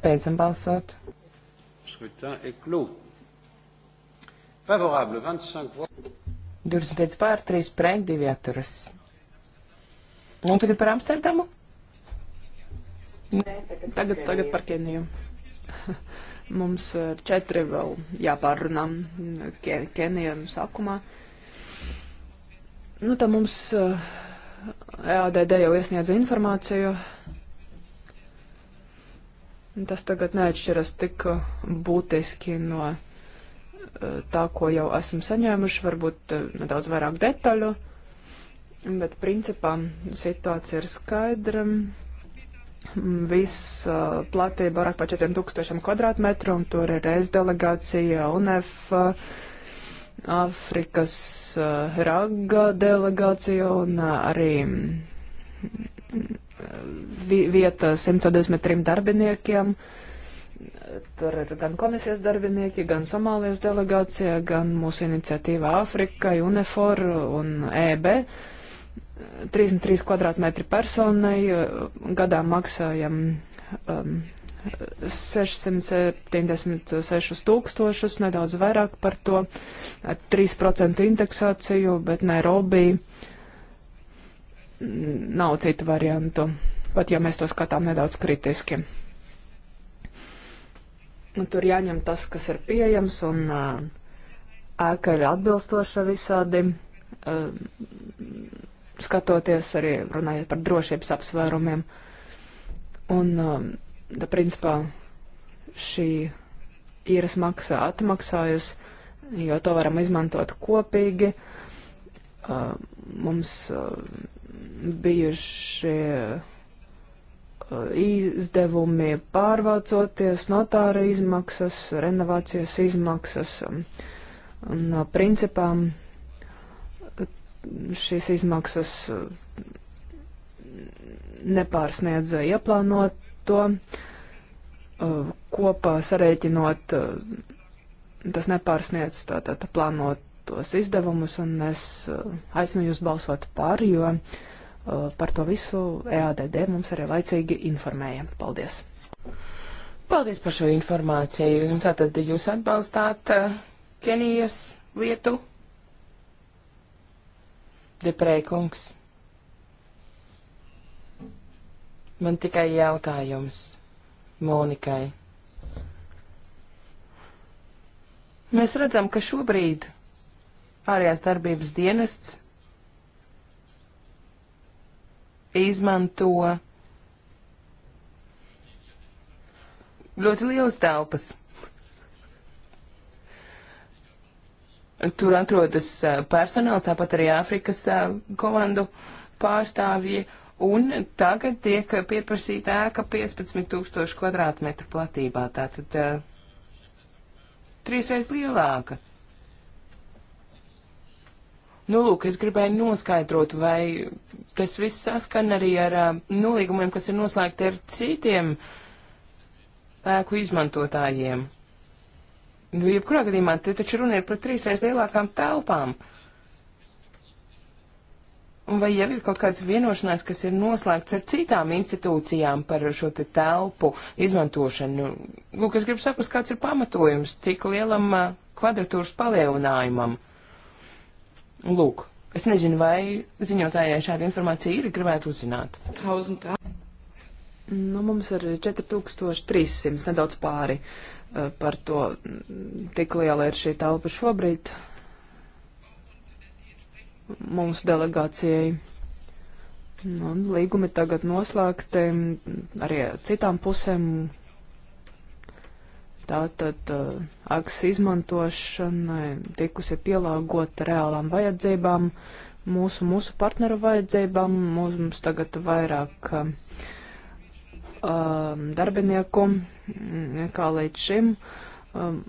Beidzam balsot. Scrutin est clos. Favorable, 25 voix. 25 pār, 3 pret, 2 atturas. Nu, un tagad par Amsterdamu? Nē, tagad, tagad, tagad par Keniju. Mums eh, četri vēl jāpārunā mm, Kenija sākumā. Nu, tā mums EADD eh, e jau iesniedz informāciju. Tas tagad neatšķiras tik eh, būtiski no tā, ko jau esam saņēmuši, varbūt eh, nedaudz vairāk detaļu, bet principā situācija ir skaidra. Viss platība vairāk par 4000 kvadrātmetru, un tur ir es delegācija, UNEF, Afrikas eh, raga delegācija un eh, arī mm, vieta 123 darbiniekiem. Uh, Tur ir gan komisijas darbinieki, gan Somālijas delegācija, gan mūsu iniciatīva Āfrikai, UNEFOR un EB. 33 kvadrātmetri personai gadā maksājam um, 676 tūkstošus, nedaudz vairāk par to, 3% indeksāciju, bet Nairobi nav citu variantu, pat ja mēs to skatām nedaudz kritiski. Nu, tur jāņem tas, kas ir pieejams un uh, ēka ir atbilstoša visādi. Uh, skatoties arī runājot par drošības apsvērumiem. Un, uh, da, principā, šī īres maksa atmaksājus, jo to varam izmantot kopīgi. Uh, mums uh, bijuši. Uh, izdevumi pārvācoties, notāra izmaksas, renovācijas izmaksas. No uh, principā šīs izmaksas uh, nepārsniedz ieplānot to, uh, kopā sareiķinot, tas nepārsniedz tātad plānot tos izdevumus, un es aicinu jūs balsot par, jo uh, Eh, par to visu EADD mums arī laicīgi informēja. Paldies! Paldies par šo informāciju. Tātad jūs atbalstāt eh, Kenijas lietu? Deprēkungs. Man tikai jautājums Monikai. Mēs redzam, ka šobrīd ārējās darbības dienests izmanto ļoti lielas telpas. Tur atrodas personāls, tāpat arī Āfrikas komandu pārstāvji, un tagad tiek pieprasīta ēka 15 tūkstošu kvadrātmetru platībā, tātad trīsreiz lielāka. Nu, lūk, es gribēju noskaidrot, vai tas viss saskan arī ar nolīgumiem, kas ir noslēgti ar citiem ēku izmantotājiem. Nu, jebkurā gadījumā te taču runa ir par trīsreiz lielākām telpām. Un vai jau ir kaut kāds vienošanās, kas ir noslēgts ar citām institūcijām par šo te telpu izmantošanu? Nu, lūk, es gribu saprast, kāds ir pamatojums tik lielam kvadratūras palielinājumam. Uh, Lūk, es nezinu, vai ziņotājai šāda informācija ir, gribētu uzzināt. Nu, mums ir 4300, nedaudz pāri eh, par to, mm, tik liela ir šī telpa šobrīd mūsu delegācijai. Nu, līgumi tagad noslēgti mm, arī citām pusēm, Tātad uh, aks izmantošanai tikusi pielāgota reālām vajadzībām, mūsu, mūsu partneru vajadzībām. Mums, mums tagad vairāk uh, um, darbinieku mm, kā līdz šim. Um,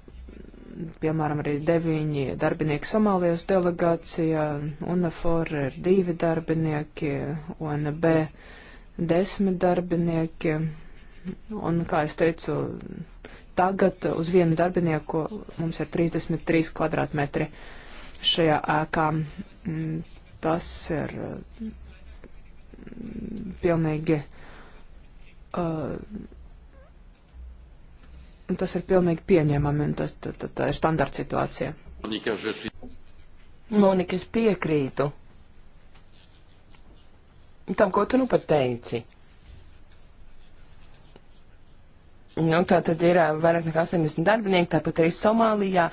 piemēram, arī deviņi darbinieki Somālijas delegācijā, UNFOR ir divi darbinieki, UNB desmit darbinieki. Un, kā es teicu, Tagad uz vienu darbinieku mums ir 33 kvadrātmetri šajā ēkā. Mm, tas ir mm, pilnīgi. Uh, tas ir pilnīgi pieņemami, un tas, tā, tā, tā ir standarta situācija. Monika, es piekrītu tam, ko tu nu pat teici. Nu, tā tad ir vairāk nekā 80 darbinieki, tāpat arī Somālijā,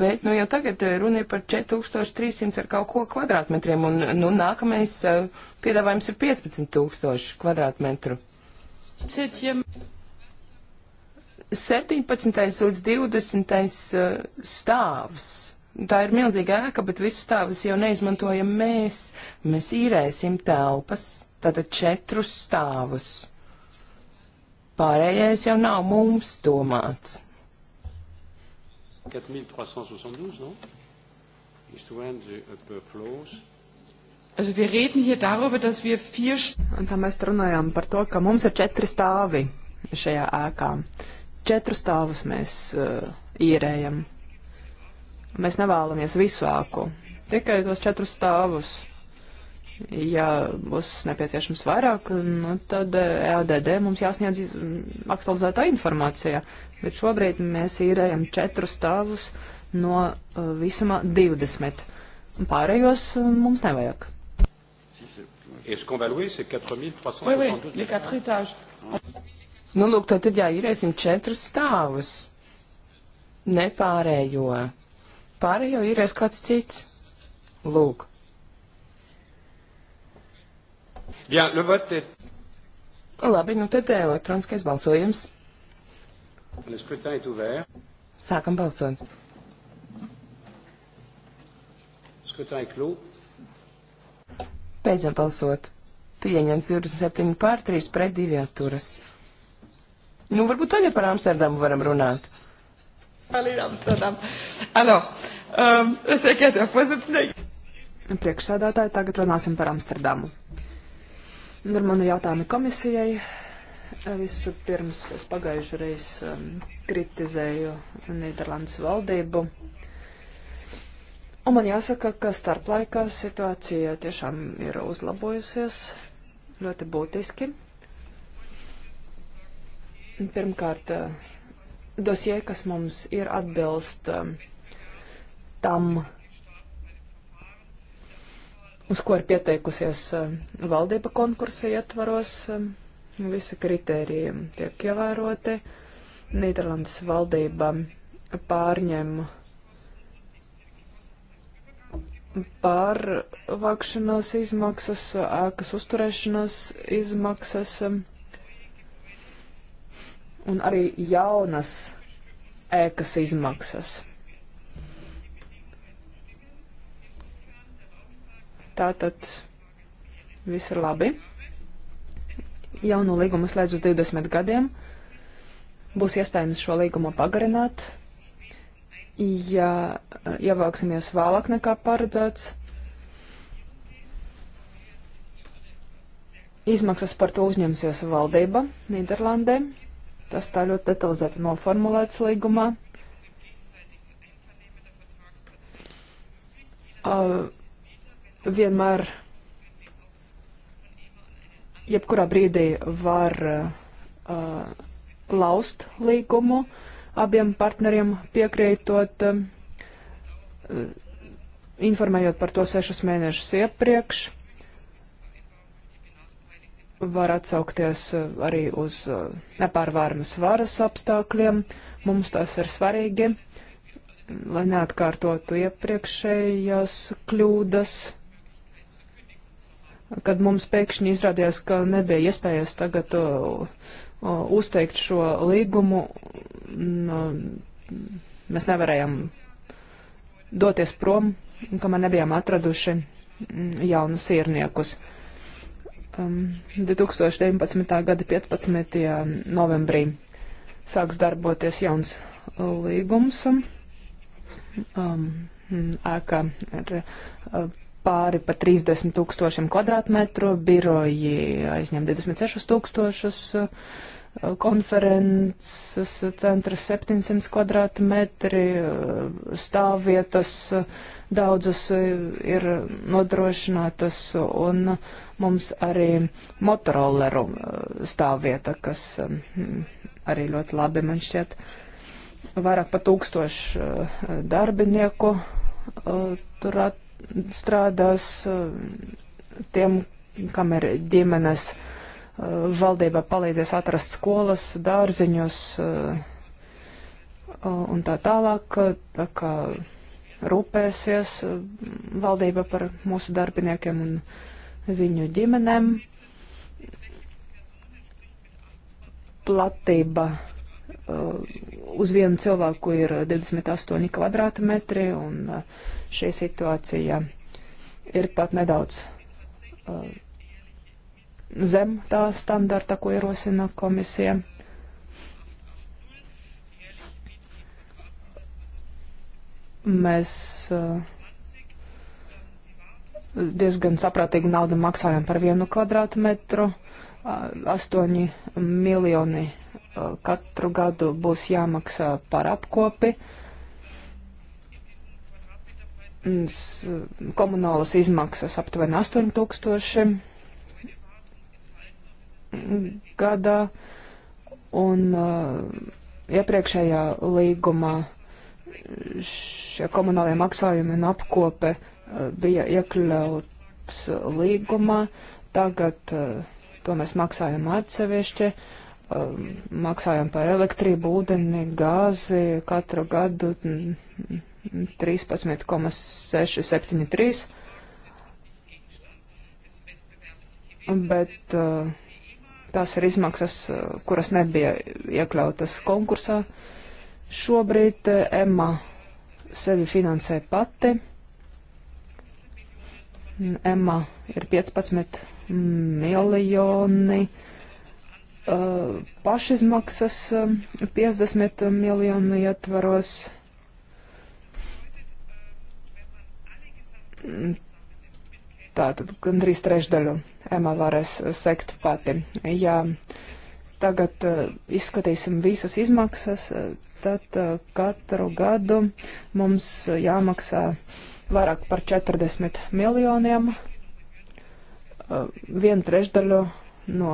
bet nu, jau tagad runa ir par 4300 ar kaut ko kvadrātmetriem, un nu, nākamais piedāvājums ir 15000 kvadrātmetru. 17. līdz 20. stāvs. Tā ir milzīga ēka, bet visu stāvus jau neizmantojam mēs. Mēs īrēsim telpas, tātad četrus stāvus. Pārējais jau nav mums domāts. 4372, no? Wir reden hier darüber, dass wir vier. Un tā mēs runājām par to, ka mums ir četri stāvi šajā ēkā. Četru stāvus mēs uh, eh, īrējam. Mēs nevēlamies visu ēku, tikai tos četrus stāvus ja būs nepieciešams vairāk, nu, tad EADD eh, e mums jāsniedz mm, aktualizētā informācija. Bet šobrīd mēs īrējam četrus stāvus no uh, visumā 20. Pārējos eh, mums nevajag. Et ce qu'on va louer, c'est 4300. Oui, oui, les quatre étages. Nu, lūk, tad jā, īrēsim četrus stāvus. Ne pārējo. Pārējo īrēs kāds cits. Lūk. Jā, nu var te. Labi, nu tad elektroniskais balsojums. Sākam balsot. Beidzam balsot. Pieņems 27 pār 3 pret 2 atturas. Nu, varbūt tagad par Amsterdamu varam runāt. Palīdz Amsterdam. Alo, um, es iekētu, ja pozitīvi. Priekšsādātāji, tagad runāsim par Amsterdamu. Uh, Ar man ir jautājumi komisijai. Visu pirms es pagājušu reizi um, kritizēju Nīderlandes valdību. Un man jāsaka, ka starp laikā situācija tiešām ir uzlabojusies ļoti būtiski. Pirmkārt, uh, dosie, kas mums ir atbilst um, tam, uz ko ir pieteikusies eh, valdība konkursa ietvaros. Eh, visi kritēriji tiek ievēroti. Nīderlandes valdība pārņem pārvākšanās izmaksas, ēkas uzturēšanās izmaksas eh, un arī jaunas ēkas izmaksas. Tātad viss ir labi. Jauno līgumu slēdz uz 20 gadiem. Būs iespējams šo līgumu pagarināt, ja ievāksimies vēlāk nekā paredzēts. Izmaksas par to uzņemsies valdība Nīderlandē. Tas tā ļoti detalizēti noformulēts līgumā. Uh, vienmēr, jebkurā brīdī var uh, laust līgumu, abiem partneriem piekrītot, um, uh, informējot par to sešus mēnešus iepriekš. Var atsaukties uh, arī uz uh, nepārvāramas varas apstākļiem. Mums tas ir svarīgi, lai neatkārtotu iepriekšējās kļūdas. Uh, kad mums pēkšņi izrādījās, ka nebija iespējas tagad uh, uh, uzteikt šo līgumu, un, uh, mēs nevarējām doties prom, kamēr nebijām atraduši jaunus ierniekus. Um, 2019. gada 15. novembrī sāks darboties jauns līgums. Um, ēka ir uh, pāri pa 30 tūkstošiem kvadrātmetru, biroji aizņem 26 tūkstošus, eh, konferences centrs 700 kvadrātmetri, eh, stāvvietas eh, daudzas ir nodrošinātas un mums arī motoroleru stāvvieta, kas arī ļoti labi man šķiet. Vairāk pa tūkstošu darbinieku tur at, strādās uh, tiem, kam ir ģimenes uh, valdība palīdzēs atrast skolas, dārziņus uh, un tā tālāk, tā kā rūpēsies valdība par mūsu darbiniekiem un viņu ģimenēm. Platība Uh, uz vienu cilvēku ir 28 kvadrātmetri, un uh, šī situācija ir pat nedaudz uh, zem tā standarta, ko ierosina komisija. Mēs diezgan saprātīgu naudu maksājam par vienu kvadrātmetru, 8 miljoni katru gadu būs jāmaksā par apkopi, komunālas izmaksas aptuveni 8000 gadā, un uh, iepriekšējā līgumā šie komunālie maksājumi un apkope uh, bija iekļauts līgumā, tagad uh, to mēs maksājam atsevišķi. Uh, um, maksājam par elektrību, ūdeni, gāzi katru gadu 13,673. Mm, mm, Bet uh, tās ir izmaksas, uh, kuras nebija iekļautas konkursā. Šobrīd uh, Emma sevi finansē pati. Emma ir 15 miljoni. Mm, Eh, pašizmaksas 50 eh, miljonu ietvaros. Mm, tātad gandrīz trešdaļu Emma varēs eh, sekt pati. Ja tagad uh, izskatīsim visas izmaksas, tad uh, katru gadu mums jāmaksā vairāk par 40 miljoniem, uh, vienu trešdaļu no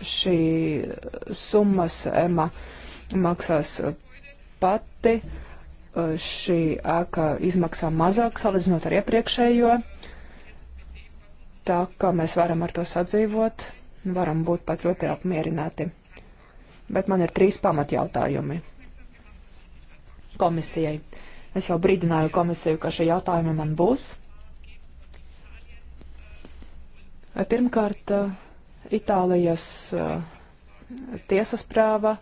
šī summas EMA maksās uh, pati. Uh, šī ēka izmaksā mazāk salīdzinot ar iepriekšējo. Tā kā mēs varam ar to sadzīvot, varam būt pat ļoti apmierināti. Bet man ir trīs pamatjautājumi komisijai. Es jau brīdināju komisiju, ka šie jautājumi man būs. Pirmkārt, uh, Itālijas uh, tiesas prāva.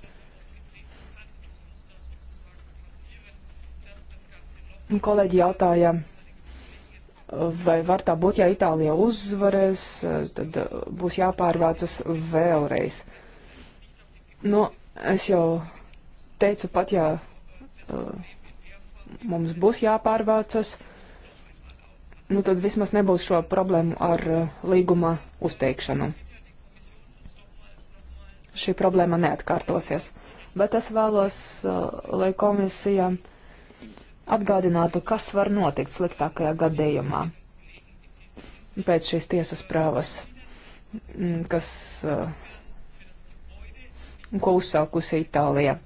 Kolēģi jautāja, vai var tā būt, ja Itālija uzvarēs, tad būs jāpārvācas vēlreiz. Nu, es jau teicu, pat ja uh, mums būs jāpārvācas, nu tad vismaz nebūs šo problēmu ar uh, līguma uzteikšanu šī problēma neatkārtosies. Bet es vēlos, uh, lai komisija atgādinātu, kas var notikt sliktākajā gadījumā pēc šīs tiesas prāvas, mm, kas, uh, ko uzsākusi Itālija.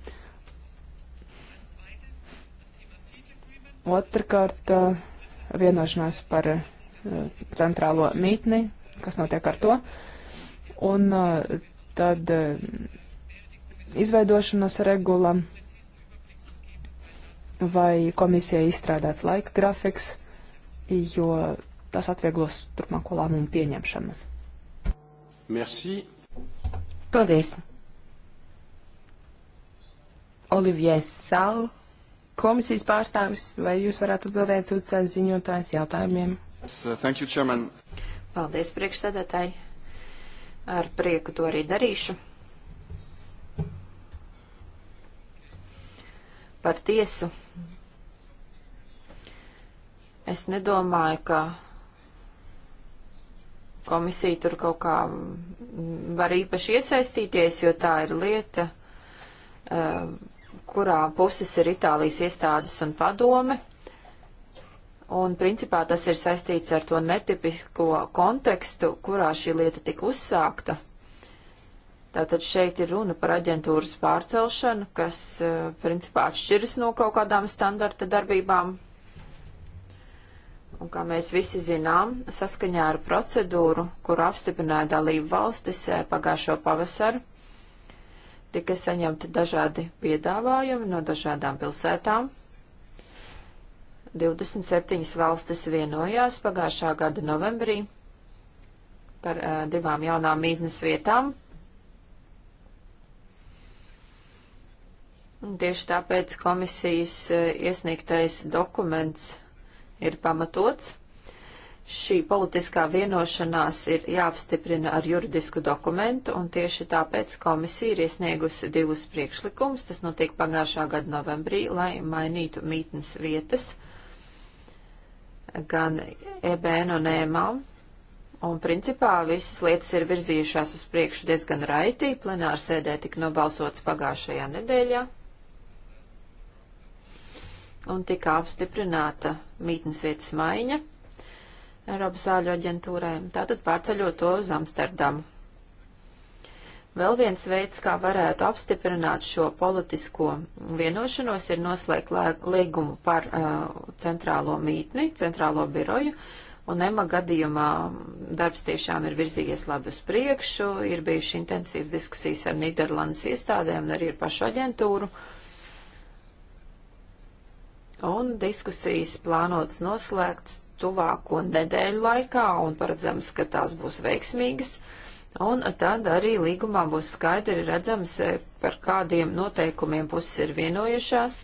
Otrakārt, uh, vienošanās par centrālo mītni, kas notiek ar to. Un tad e, izveidošanas regula vai komisijai izstrādāts laika grafiks, jo tas atvieglos turpmāko lēmumu pieņemšanu. Merci. Paldies. Olivier Sal, komisijas pārstāvis, vai jūs varētu atbildēt uz ziņotājas jautājumiem? Thank you, Chairman. Paldies, priekšsēdētāji. Ar prieku to arī darīšu. Par tiesu. Es nedomāju, ka komisija tur kaut kā var īpaši iesaistīties, jo tā ir lieta, eh, kurā puses ir Itālijas iestādes un padome, Un principā tas ir saistīts ar to netipisko kontekstu, kurā šī lieta tika uzsākta. Tātad šeit ir runa par aģentūras pārcelšanu, kas eh, principā atšķiras no kaut kādām standarta darbībām. Un kā mēs visi zinām, saskaņā ar procedūru, kuru apstiprināja dalību valstis eh, pagājušo pavasaru, tika saņemti dažādi piedāvājumi no dažādām pilsētām, 27 valstis vienojās pagājušā gada novembrī par uh, divām jaunām mītnes vietām. Un tieši tāpēc komisijas iesniegtais dokuments ir pamatots. Šī politiskā vienošanās ir jāapstiprina ar juridisku dokumentu, un tieši tāpēc komisija ir iesniegusi divus priekšlikumus. Tas notiek pagājušā gada novembrī, lai mainītu mītnes vietas. Uh, gan EBN un EMAM. Un principā visas lietas ir virzījušās uz priekšu diezgan raitī. Plenāra sēdē tika nobalsots pagājušajā nedēļā. Un tika apstiprināta mītnes vietas maiņa Eiropas zāļu aģentūrai, tātad pārceļot to uz Amsterdamu. Vēl viens veids, kā varētu apstiprināt šo politisko vienošanos, ir noslēgt līgumu par uh, centrālo mītni, centrālo biroju, un Ema gadījumā darbs tiešām ir virzījies labi uz priekšu, ir bijuši intensīvi diskusijas ar Nīderlandes iestādēm un arī ar pašu aģentūru. Un diskusijas plānotas noslēgts tuvāko nedēļu laikā un paredzams, ka tās būs veiksmīgas. Un tad arī līgumā būs skaidri redzams, eh, par kādiem noteikumiem puses ir vienojušās.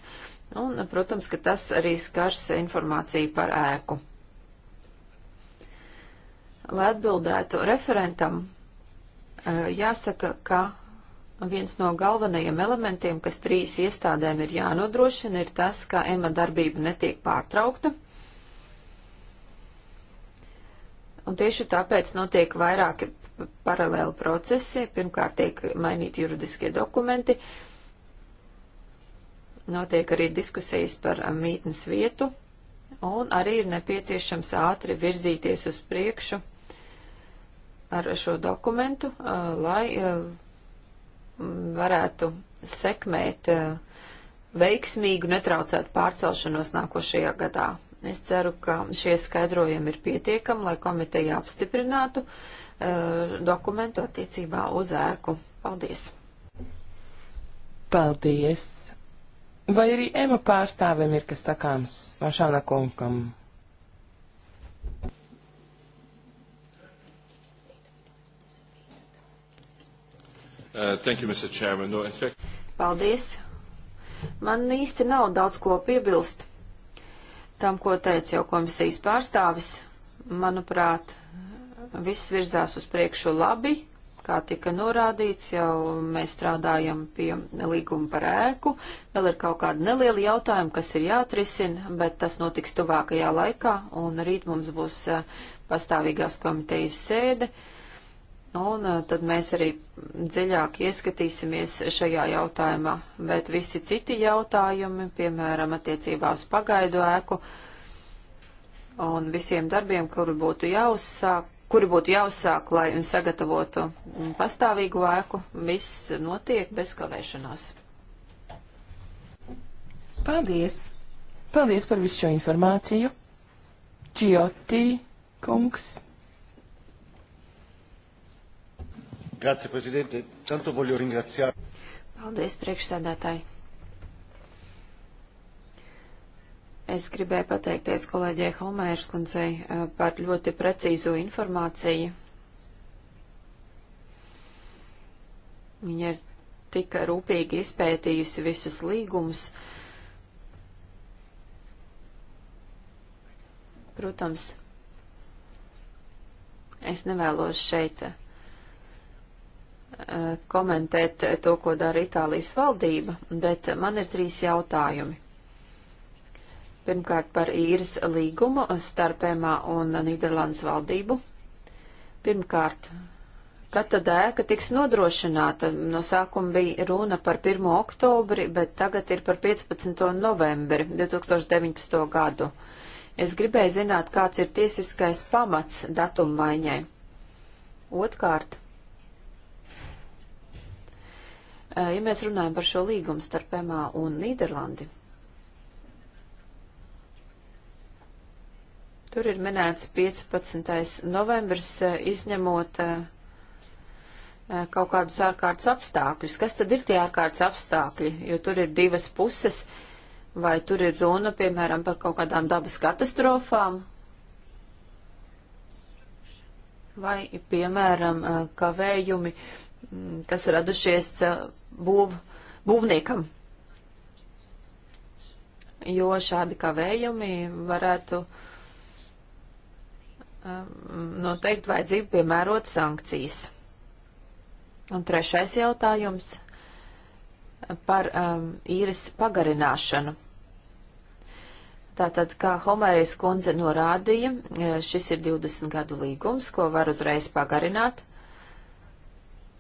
Un, protams, ka tas arī skars informāciju par ēku. Lai atbildētu referentam, eh, jāsaka, ka Viens no galvenajiem elementiem, kas trīs iestādēm ir jānodrošina, ir tas, ka EMA darbība netiek pārtraukta. Un tieši tāpēc notiek vairāki paralēli procesi. Pirmkārt tiek mainīti juridiskie dokumenti, notiek arī diskusijas par eh, mītnes vietu, un arī ir nepieciešams ātri virzīties uz priekšu ar šo dokumentu, eh, lai eh, varētu sekmēt veiksmīgu netraucētu pārcelšanos nākošajā gadā. Es ceru, ka šie skaidrojumi ir pietiekami, lai komiteja apstiprinātu Uh, dokumentu attiecībā uz ēku. Paldies! Paldies! Vai arī Ema pārstāvim ir kas sakāms Vašana kungam? Uh, thank you, Mr. Chairman. No, in fact... Paldies. Man īsti nav daudz ko piebilst tam, ko teica jau komisijas pārstāvis. Manuprāt, Viss virzās uz priekšu labi, kā tika norādīts, jau mēs strādājam pie līguma par ēku. Vēl ir kaut kādi nelieli jautājumi, kas ir jāatrisina, bet tas notiks tuvākajā laikā, un rīt mums būs eh, pastāvīgās komitejas sēde. Un eh, tad mēs arī dziļāk ieskatīsimies šajā jautājumā, bet visi citi jautājumi, piemēram, attiecībā uz pagaidu ēku un visiem darbiem, kuri būtu jāuzsāk, kuri būtu jāuzsāk, lai sagatavotu pastāvīgu ēku, viss notiek bez kavēšanās. Paldies! Paldies par visu šo informāciju! Čioti, kungs! Grazie, prezidente! Tanto voglio ringraziare. Paldies, priekšsēdētāji! Es gribēju pateikties kolēģei Holmēras kundzei eh, par ļoti precīzo informāciju. Viņa ir tik rūpīgi izpētījusi visus līgumus. Protams, es nevēlos šeit eh, komentēt to, ko dara Itālijas valdība, bet man ir trīs jautājumi. Pirmkārt par īres līgumu starp EMA un Nīderlandes valdību. Pirmkārt, kad tad ēka tiks nodrošināta? No sākuma bija runa par 1. oktobri, bet tagad ir par 15. novembri 2019. gadu. Es gribēju zināt, kāds ir tiesiskais pamats datummaiņai. Otkārt, eh, ja mēs runājam par šo līgumu starp EMA un Nīderlandi. Tur ir minēts 15. novembris, eh, izņemot eh, eh, kaut kādus ārkārtas apstākļus. Kas tad ir tie ārkārtas apstākļi? Jo tur ir divas puses, vai tur ir runa, piemēram, par kaut kādām dabas katastrofām, vai, piemēram, kavējumi, mm, kas radušies būv, būvniekam. Jo šādi kavējumi varētu uh, Ehm, noteikti vajadzību piemērot sankcijas. Un trešais jautājums par um, īres pagarināšanu. Tātad, kā Homērijas kundze norādīja, e, šis ir 20 gadu līgums, ko var uzreiz pagarināt.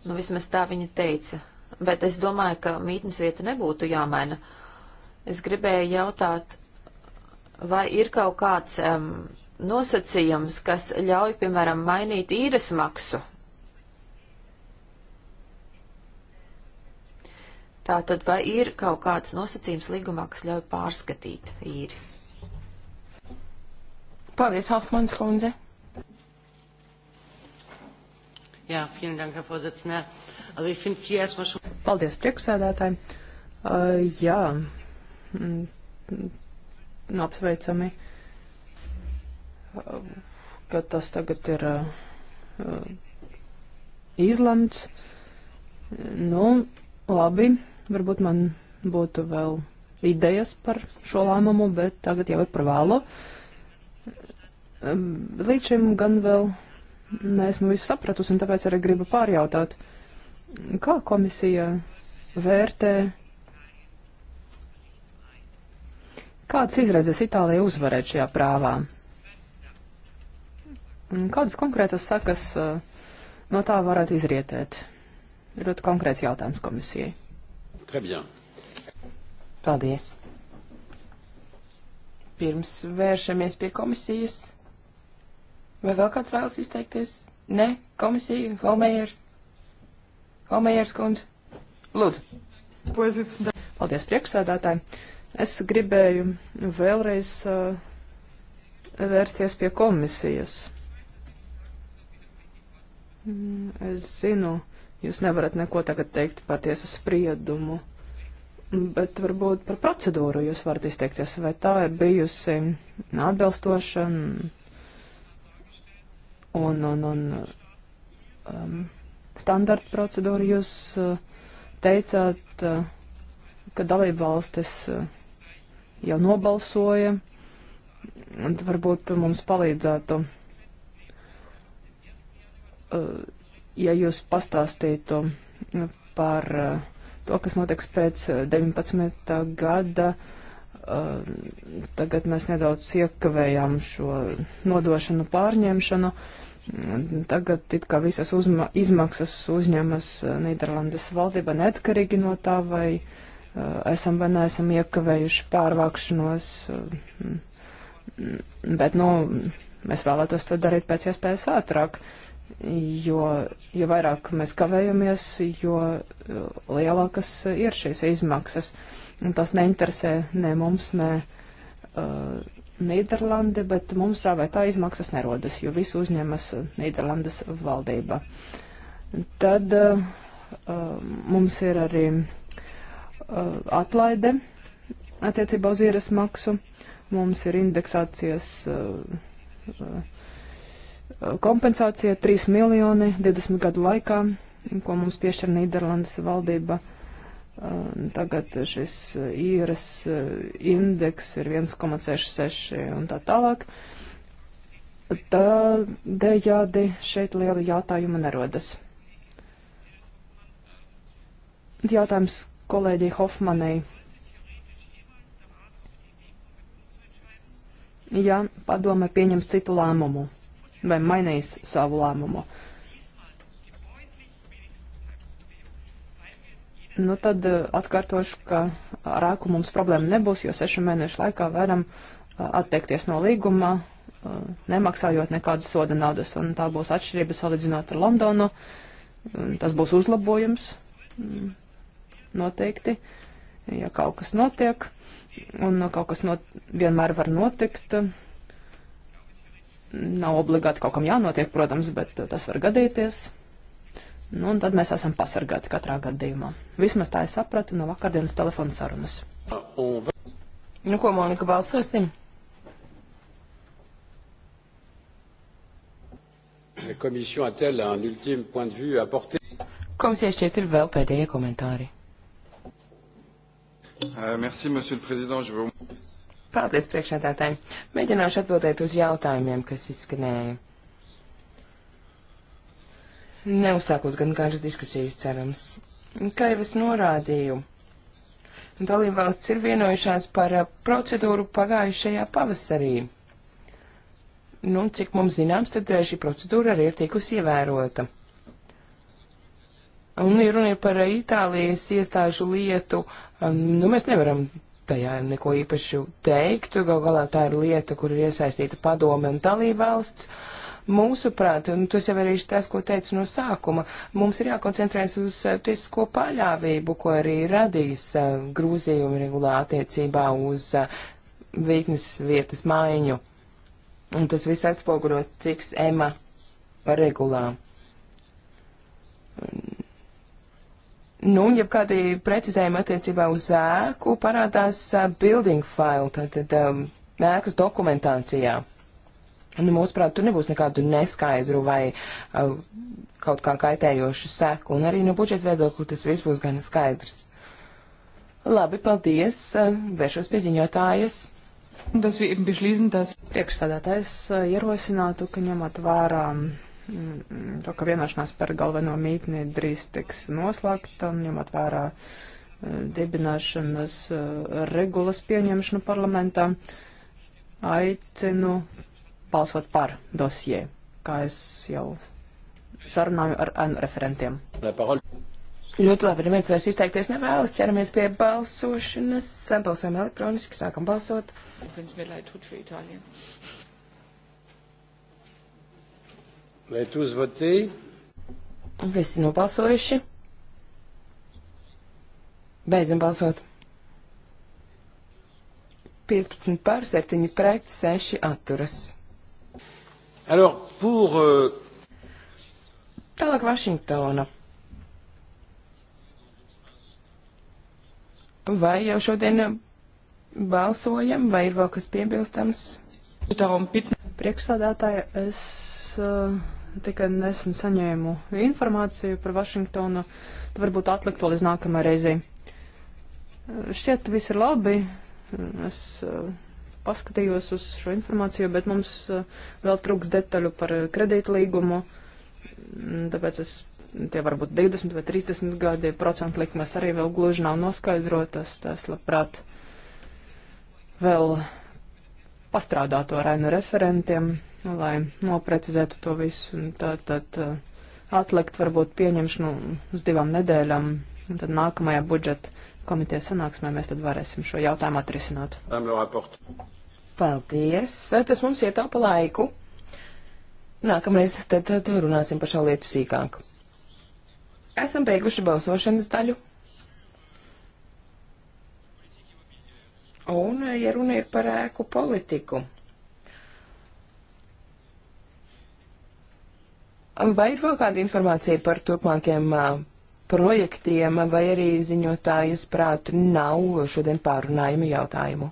Nu, vismaz tā viņa teica. Bet es domāju, ka mītnes vieta nebūtu jāmaina. Es gribēju jautāt, vai ir kaut kāds um, nosacījums, kas ļauj, piemēram, mainīt īres maksu. Tātad vai ir kaut kāds nosacījums līgumā, kas ļauj pārskatīt īri? Paldies, Hofmans Lundze. Jā, vielen dank, Herr Vorsitzender. Also ich finde Sie erstmal schon... Paldies, priekšsēdētāji. Uh, jā, mm, mm apsveicami. Uh, ka tas tagad ir eh, izlemts. Nu, labi, varbūt man būtu vēl idejas par šo lēmumu, bet tagad jau ir par vēlu. Līdz šim gan vēl neesmu visu sapratusi, un tāpēc arī gribu pārjautāt, kā komisija vērtē, kāds izredzes Itālijai uzvarēt šajā prāvā? Kādas konkrētas sakas eh, no tā varētu izrietēt? Ļoti konkrēts jautājums komisijai. Paldies. Pirms vēršamies pie komisijas. Vai vēl kāds vēlas izteikties? Nē, komisija, Holmējers. Holmējers kundze. Lūdzu. Paldies priekšsēdētāji. Es gribēju vēlreiz uh, vērsties pie komisijas. Mm, es zinu, jūs nevarat neko tagad teikt par tiesas spriedumu, bet varbūt par procedūru jūs varat izteikties, vai tā ir bijusi atbilstoša un, un, un um, standarta procedūra. Jūs uh, teicāt, uh, ka dalība valstis uh, jau nobalsoja, un varbūt mums palīdzētu Eh, ja jūs pastāstītu mm, par eh, to, kas notiks pēc 19. Eh, gada, tagad mēs nedaudz iekavējām šo nodošanu, pārņemšanu. Mm, tagad it kā visas uzma, izmaksas uzņemas Nīderlandes valdība neatkarīgi no tā, vai esam vai neesam iekavējuši pārvākšanos. Mm, bet, nu, mēs vēlētos to darīt pēc iespējas ātrāk. Uh, jo, jo vairāk mēs kavējamies, jo lielākas ir šīs izmaksas. Un tas neinteresē ne mums, ne uh, Nīderlandi, bet mums tā vai tā izmaksas nerodas, jo visu uzņemas Nīderlandes valdība. Tad uh, um, mums ir arī uh, atlaide attiecībā uz īres maksu, mums ir indeksācijas. Uh, uh, kompensācija 3 miljoni 20 gadu laikā, ko mums piešķir Nīderlandes valdība. Uh, tagad šis uh, īres uh, indeks ir 1,66 un tā tālāk. Tādējādi šeit liela jautājuma nerodas. Jautājums kolēģi Hofmanai. Ja padome pieņems citu lēmumu vai mainīs savu lēmumu. Nu, tad eh, atkārtošu, ka ar āku mums problēma nebūs, jo sešu mēnešu laikā varam eh, atteikties no līguma, eh, nemaksājot nekādas soda naudas. Un tā būs atšķirība salīdzinot ar Londonu. Tas būs uzlabojums mm, noteikti, ja kaut kas notiek. Un kaut kas not, vienmēr var notikt. Uh, Nav obligāti kaut kam jānotiek, protams, bet uh, tas var gadīties. Nu, un tad mēs esam pasargāti katrā gadījumā. Vismaz tā es sapratu no vakardienas telefona sarunas. Nu, ko, Monika, balsosim? Komisija šķiet ir vēl pēdējie komentāri. Uh, merci, monsieur le président. Je vous... Paldies priekšādātājiem. Mēģināšu atbildēt uz jautājumiem, kas izskanēja. Neuzsākot gan kādas diskusijas, cerams. Kā jau es norādīju, dalībvalsts ir vienojušās par procedūru pagājušajā pavasarī. Nu, cik mums zināms, tad šī procedūra arī ir tikusi ievērota. Un, ja runa ir par Itālijas iestāžu lietu, nu, mēs nevaram tajā neko īpašu teiktu, gal galā tā ir lieta, kur ir iesaistīta padome un dalībvalsts. Mūsuprāt, un tas jau arī ir tas, ko teicu no sākuma, mums ir jākoncentrējas uz eh, tiesisko paļāvību, ko arī radīs uh, grūzījumi regulā attiecībā uz uh, eh, vītnes vietas maiņu. Un tas viss atspoguļot tiks EMA regulā. Un Nu, un ja kādi precizējumi attiecībā uz ēku parādās uh, building file, tātad um, ēkas dokumentācijā. Nu, mūsuprāt, tur nebūs nekādu neskaidru vai uh, kaut kā kaitējošu seku, un arī no budžeta viedokļa tas viss būs gan skaidrs. Labi, paldies, uh, vēršos pie ziņotājas. Tas bija bežlīdzinās. Priekšstādātājs uh, ierosinātu, ka ņemot vērā. Um, Mm, to, ka vienošanās par galveno mītni drīz tiks noslēgta, ņemot vērā eh, dibināšanas eh, regulas pieņemšanu parlamentā, aicinu balsot par dosie, kā es jau sarunāju ar ANU referentiem. Ļoti labi, neviens vairs izteikties nevēlas, ķeramies pie balsošanas, balsojam elektroniski, sākam balsot. Wenn es mir leid tut für Italien. Vai tu uzvotīji? Visi nobalsojuši. Beidzam balsot. 15 pār 7 pret 6 atturas. Alors, pour, euh... Tālāk Vašingtona. Vai jau šodien balsojam, vai ir vēl kas piebilstams? Priekšsādātāja, es. Uh tikai nesen saņēmu informāciju par Vašingtonu, tad varbūt atlikt to līdz nākamā reizē. Šķiet, viss ir labi. Es eh, paskatījos uz šo informāciju, bet mums eh, vēl trūks detaļu par eh, kredītlīgumu, mm, tāpēc es tie varbūt 20 vai 30 gadi procentu likmes arī vēl gluži nav noskaidrotas. Tas, labprāt, vēl pastrādātu ar ainu referentiem lai noprecizētu to visu. Tad, tad uh, atlikt varbūt pieņemšanu uz divām nedēļām, un tad nākamajā budžeta komitejas sanāksmē mēs tad varēsim šo jautājumu atrisināt. Paldies! Tas mums ietaupa laiku. Nākamreiz tad, tad runāsim par šo lietu sīkāk. Esam beiguši balsošanas daļu. Un, ja runa ir par ēku politiku. Vai ir vēl kāda informācija par turpmākiem projektiem, vai arī ziņotājas prāt nav šodien pārunājumu jautājumu?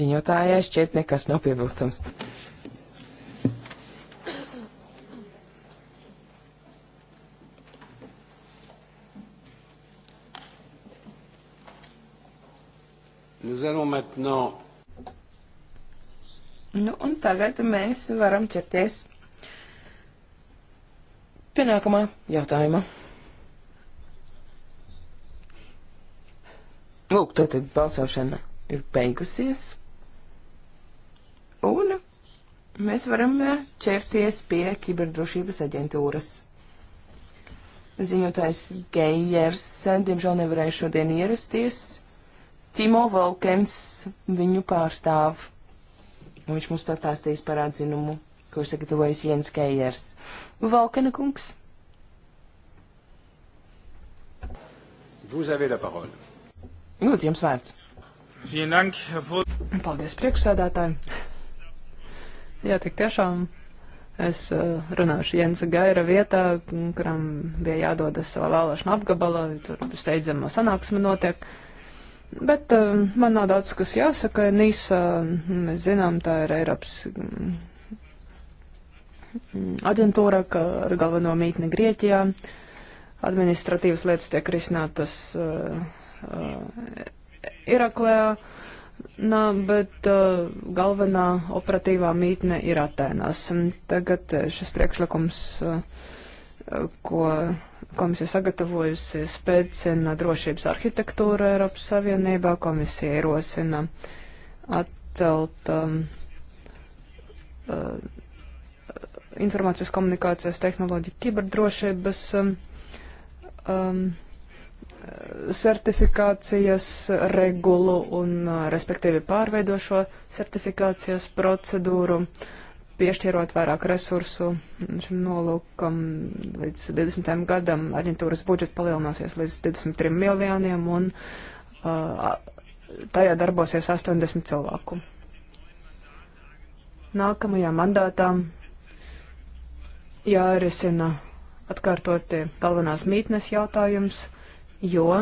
Ziņotājai šķiet nekas nav piebilstams. Nous allons maintenant Nu, un tagad mēs varam ķerties pie nākamā jautājuma. Lūk, tātad balsošana ir beigusies. Un mēs varam e, ķerties pie kiberdrošības aģentūras. Ziņotājs Geijers, diemžēl nevarēja šodien ierasties. Timo Volkens viņu pārstāv un viņš mums pastāstīs par atzinumu, ko ir sagatavojis Jens Keijers. Valkana kungs. Vous avez la parole. Lūdzu, jums vārds. Paldies priekšsēdētājiem. Jā, tik tiešām es eh, runāšu Jensa Gaira vietā, kuram bija jādodas savā vēlēšana apgabalā, tur steidzamo sanāksme notiek. Uh, Bet uh, man nav daudz, kas jāsaka. Nīsa, mm, mēs zinām, tā ir Eiropas mm, aģentūra, ka ar galveno mītni Grieķijā. Administratīvas lietas tiek risinātas uh, eh, uh, eh, Iraklējā, nā, bet uh, galvenā operatīvā mītne ir Atēnās. Tagad šis priekšlikums, uh, ko Komisija sagatavojusi spēcina drošības arhitektūru Eiropas Savienībā. Komisija ierosina atcelt um, uh, informācijas komunikācijas tehnoloģiju kiberdrošības um, um, certifikācijas regulu un, uh, respektīvi, pārveidošo certifikācijas procedūru. Uh, piešķirot vairāk resursu šim nolūkam līdz 20. gadam. Aģentūras budžets palielināsies līdz 23 miljoniem un uh, tajā darbosies 80 cilvēku. Nākamajā mandātā jārisina atkārtotie galvenās mītnes jautājums, jo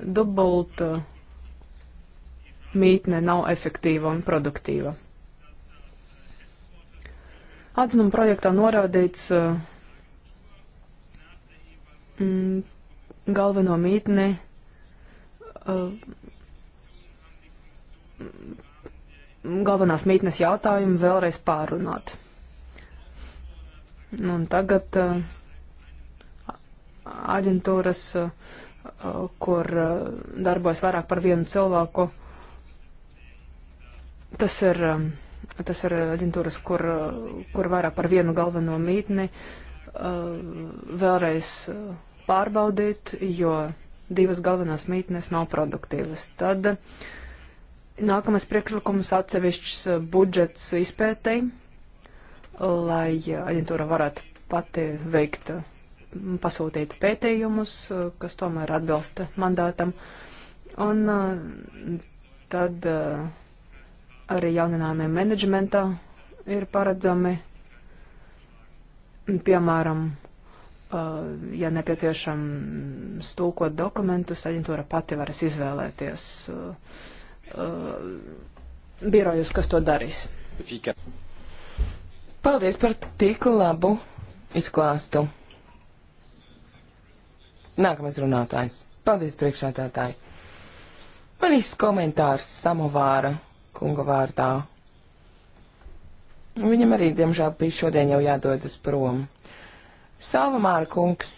dubulta mītne nav efektīva un produktīva. Atzinuma projektā norādīts uh, mm, galveno mītni uh, galvenās mītnes jautājumu vēlreiz pārunāt. Nu, un tagad uh, aģentūras, kur darbojas vairāk par vienu cilvēku, tas ir um, Tas ir aģentūras, kur, kur vairāk par vienu galveno mītni eh, vēlreiz eh, pārbaudīt, jo divas galvenās mītnes nav produktīvas. Tad nākamais priekšlikums atsevišķs budžets izpētei, lai aģentūra varētu pati veikt pasūtīt pētījumus, kas tomēr atbilst mandātam. Un eh, tad uh, Arī jauninājumiem menedžmentā ir paredzami, piemēram, ja nepieciešams tulkot dokumentus, aģentūra pati varas izvēlēties birojus, kas to darīs. Paldies par tik labu izklāstu. Nākamais runātājs. Paldies, priekšētātāji. Man īsts komentārs samovāra kunga vārdā. Viņam arī, diemžēl, bija šodien jau jādodas prom. Salvamāra kungs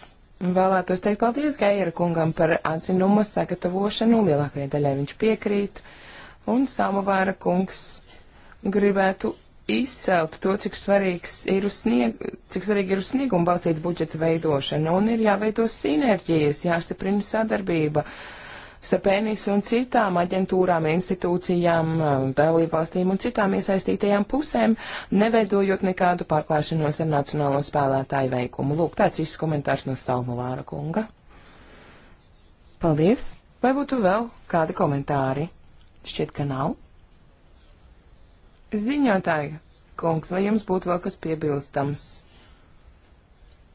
vēlētos teikt paldies Gaira kungam par atzinumu sagatavošanu, lielākajai daļai viņš piekrīt, un Samavāra kungs gribētu izcelt to, cik svarīgs ir uz snieg, cik svarīgi ir uz sniegumu balstīt budžeta veidošana, un ir jāveido sinerģijas, jāstiprina sadarbība starp ENIS un citām aģentūrām, institūcijām, eh, dalībvalstīm un citām iesaistītajām pusēm, neveidojot nekādu pārklāšanos ar nacionālo spēlētāju veikumu. Lūk, tāds viss komentārs no Stalmovāra kunga. Paldies! Vai būtu vēl kādi komentāri? Šķiet, ka nav. Ziņotāji, kungs, vai jums būtu vēl kas piebilstams?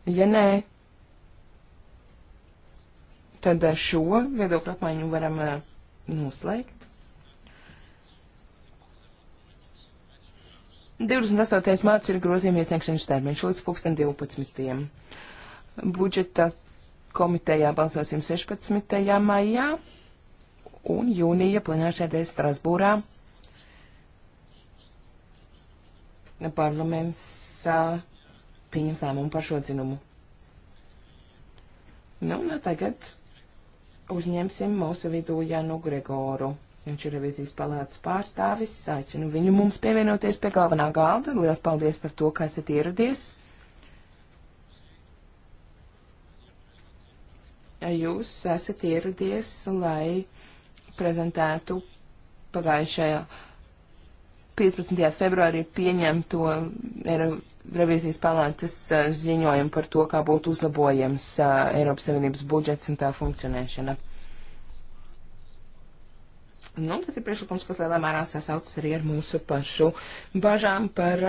Ja nē, Tad šo viedokļu apmaiņu varam eh, noslēgt. 28. mārts ir grozījuma iesniegšanas termiņš līdz 2012. Budžeta komitejā balsosim 16. maijā un jūnija plenāršēdē Strasbūrā. Parlaments pieņems lēmumu par šo dzinumu. Nu, nu, tagad uzņemsim mūsu vidū Janu Gregoru. Viņš ir revizijas palātas pārstāvis. Aicinu viņu mums pievienoties pie galvenā galda. Lielas paldies par to, ka esat ieradies. Jūs esat ieradies, lai prezentētu pagājušajā 15. februārī pieņemto revizijas palātas ziņojumu par to, kā būtu uzlabojams Eiropas Savienības budžets un tā funkcionēšana. Nu, tas ir priekšlikums, kas lielā mērā sasaucas arī ar mūsu pašu bažām par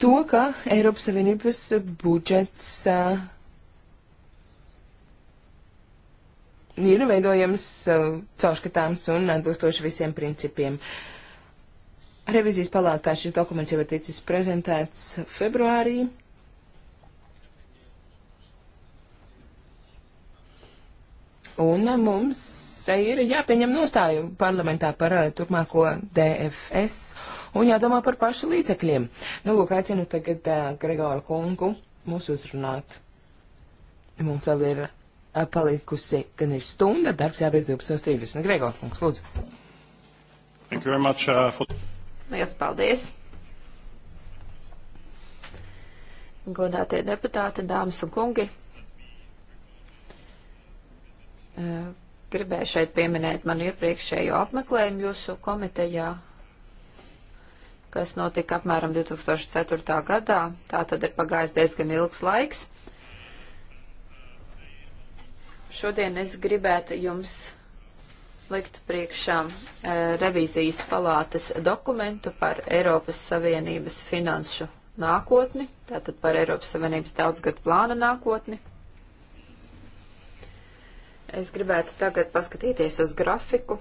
to, ka Eiropas Savienības budžets ir veidojams caurskatāms un atbilstoši visiem principiem. Uh, Revizijas palātā šis dokuments jau ir ticis prezentēts februārī. Un mums ir jāpieņem nostāju parlamentā par uh, turpmāko DFS un jādomā par pašu līdzekļiem. Nu, lūk, aicinu tagad uh, eh, Gregoru kungu mūs uzrunāt. Mums vēl ir uh, palikusi gan ir stunda, darbs jābeidz 12.30. Gregor kungs, lūdzu. Thank you very much, uh, for... Lielas paldies! Godātie deputāti, dāmas un kungi! Eh, gribēju šeit pieminēt manu iepriekšējo apmeklējumu jūsu komitejā, kas notika apmēram 2004. gadā. Tā tad ir pagājis diezgan ilgs laiks. Šodien es gribētu jums likt priekšā eh, revīzijas palātes dokumentu par Eiropas Savienības finanšu nākotni, tātad par Eiropas Savienības daudzgadu plāna nākotni. Es gribētu tagad paskatīties uz grafiku.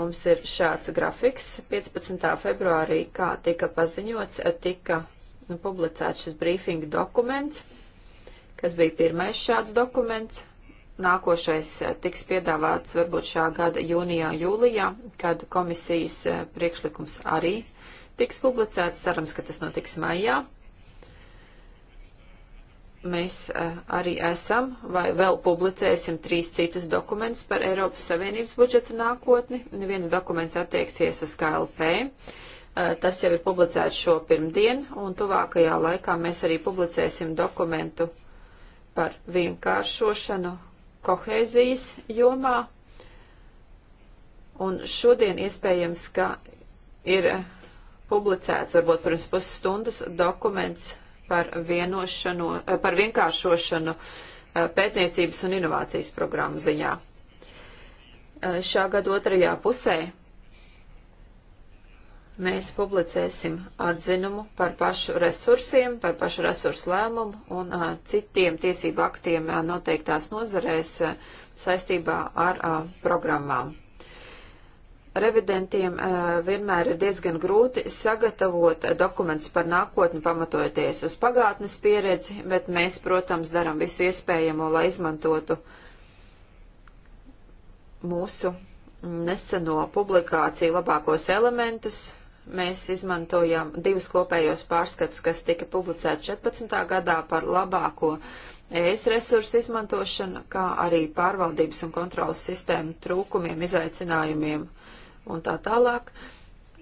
Mums ir šāds grafiks. 15. februārī, kā tika paziņots, tika nu, publicēts šis brīfinga dokuments, kas bija pirmais šāds dokuments. Nākošais eh, tiks piedāvāts varbūt šā gada jūnijā, jūlijā, kad komisijas eh, priekšlikums arī tiks publicēts. Cerams, ka tas notiks maijā. Mēs eh, arī esam vai vēl publicēsim trīs citus dokumentus par Eiropas Savienības budžeta nākotni. Viens dokuments attieksies uz KLP. Tas jau ir publicēts šo pirmdienu, un tuvākajā laikā mēs arī publicēsim dokumentu par vienkāršošanu, kohēzijas jomā. Un šodien iespējams, ka ir publicēts, varbūt pirms pusstundas, dokuments par, eh, par vienkāršošanu eh, pētniecības un inovācijas programmu ziņā. Eh, šā gada otrajā pusē mēs publicēsim atzinumu par pašu resursiem, par pašu resursu lēmumu un uh, citiem tiesību aktiem uh, noteiktās nozarēs uh, saistībā ar uh, programmām. Revidentiem uh, vienmēr ir diezgan grūti sagatavot dokumentus par nākotni, pamatojoties uz pagātnes pieredzi, bet mēs, protams, darām visu iespējamo, lai izmantotu mūsu neseno publikāciju labākos elementus, mēs izmantojam divus kopējos pārskatus, kas tika publicēti 14. gadā par labāko ES resursu izmantošanu, kā arī pārvaldības un kontrolas sistēmu trūkumiem, izaicinājumiem un tā tālāk.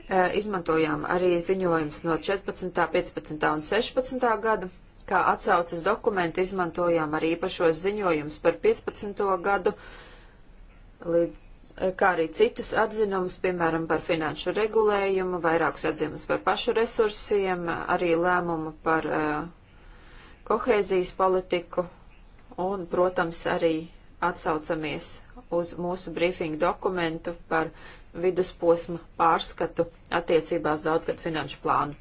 E, izmantojām arī ziņojumus no 14., 15. un 16. gada, kā atsaucas dokumentu izmantojām arī īpašos ziņojumus par 15. gadu līdz kā arī citus atzinumus, piemēram, par finanšu regulējumu, vairākus atzinumus par pašu resursiem, arī lēmumu par uh, kohēzijas politiku un, protams, arī atsaucamies uz mūsu brīfingu dokumentu par vidusposma pārskatu attiecībās daudzgad finanšu plānu.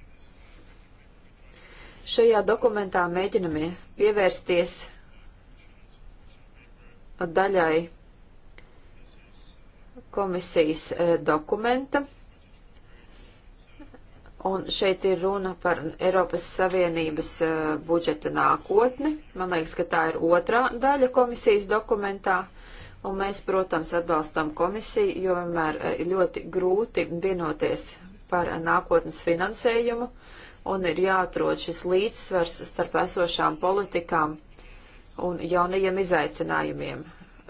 Šajā dokumentā mēģinamie pievērsties daļai komisijas eh, dokumenta. Un šeit ir runa par Eiropas Savienības eh, budžeta nākotni. Man liekas, ka tā ir otrā daļa komisijas dokumentā. Un mēs, protams, atbalstam komisiju, jo vienmēr ir eh, ļoti grūti vienoties par nākotnes finansējumu un ir jāatrod šis līdzsvars starp esošām politikām un jaunajiem izaicinājumiem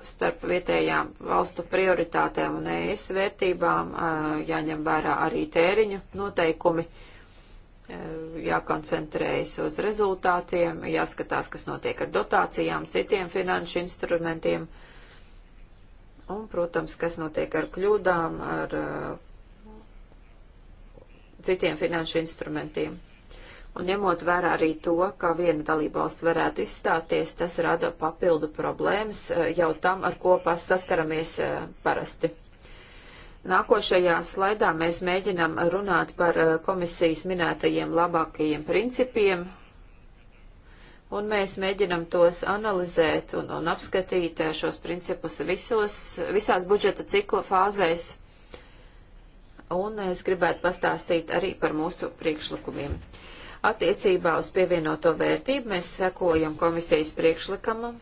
starp vietējām valstu prioritātēm un ES vērtībām, jāņem vērā arī tēriņu noteikumi, jākoncentrējas uz rezultātiem, jāskatās, kas notiek ar dotācijām, citiem finanšu instrumentiem un, protams, kas notiek ar kļūdām, ar citiem finanšu instrumentiem. Un ņemot vērā arī to, ka viena dalībvalsts varētu izstāties, tas rada papildu problēmas e, jau tam, ar ko saskaramies e, parasti. Nākošajā slaidā mēs mēģinām runāt par e, komisijas minētajiem labākajiem principiem, un mēs mēģinam tos analizēt un, un apskatīt šos principus visos, visās budžeta cikla fāzēs. Un es gribētu pastāstīt arī par mūsu priekšlikumiem. Uh, Attiecībā uz pievienoto vērtību mēs sekojam komisijas priekšlikumam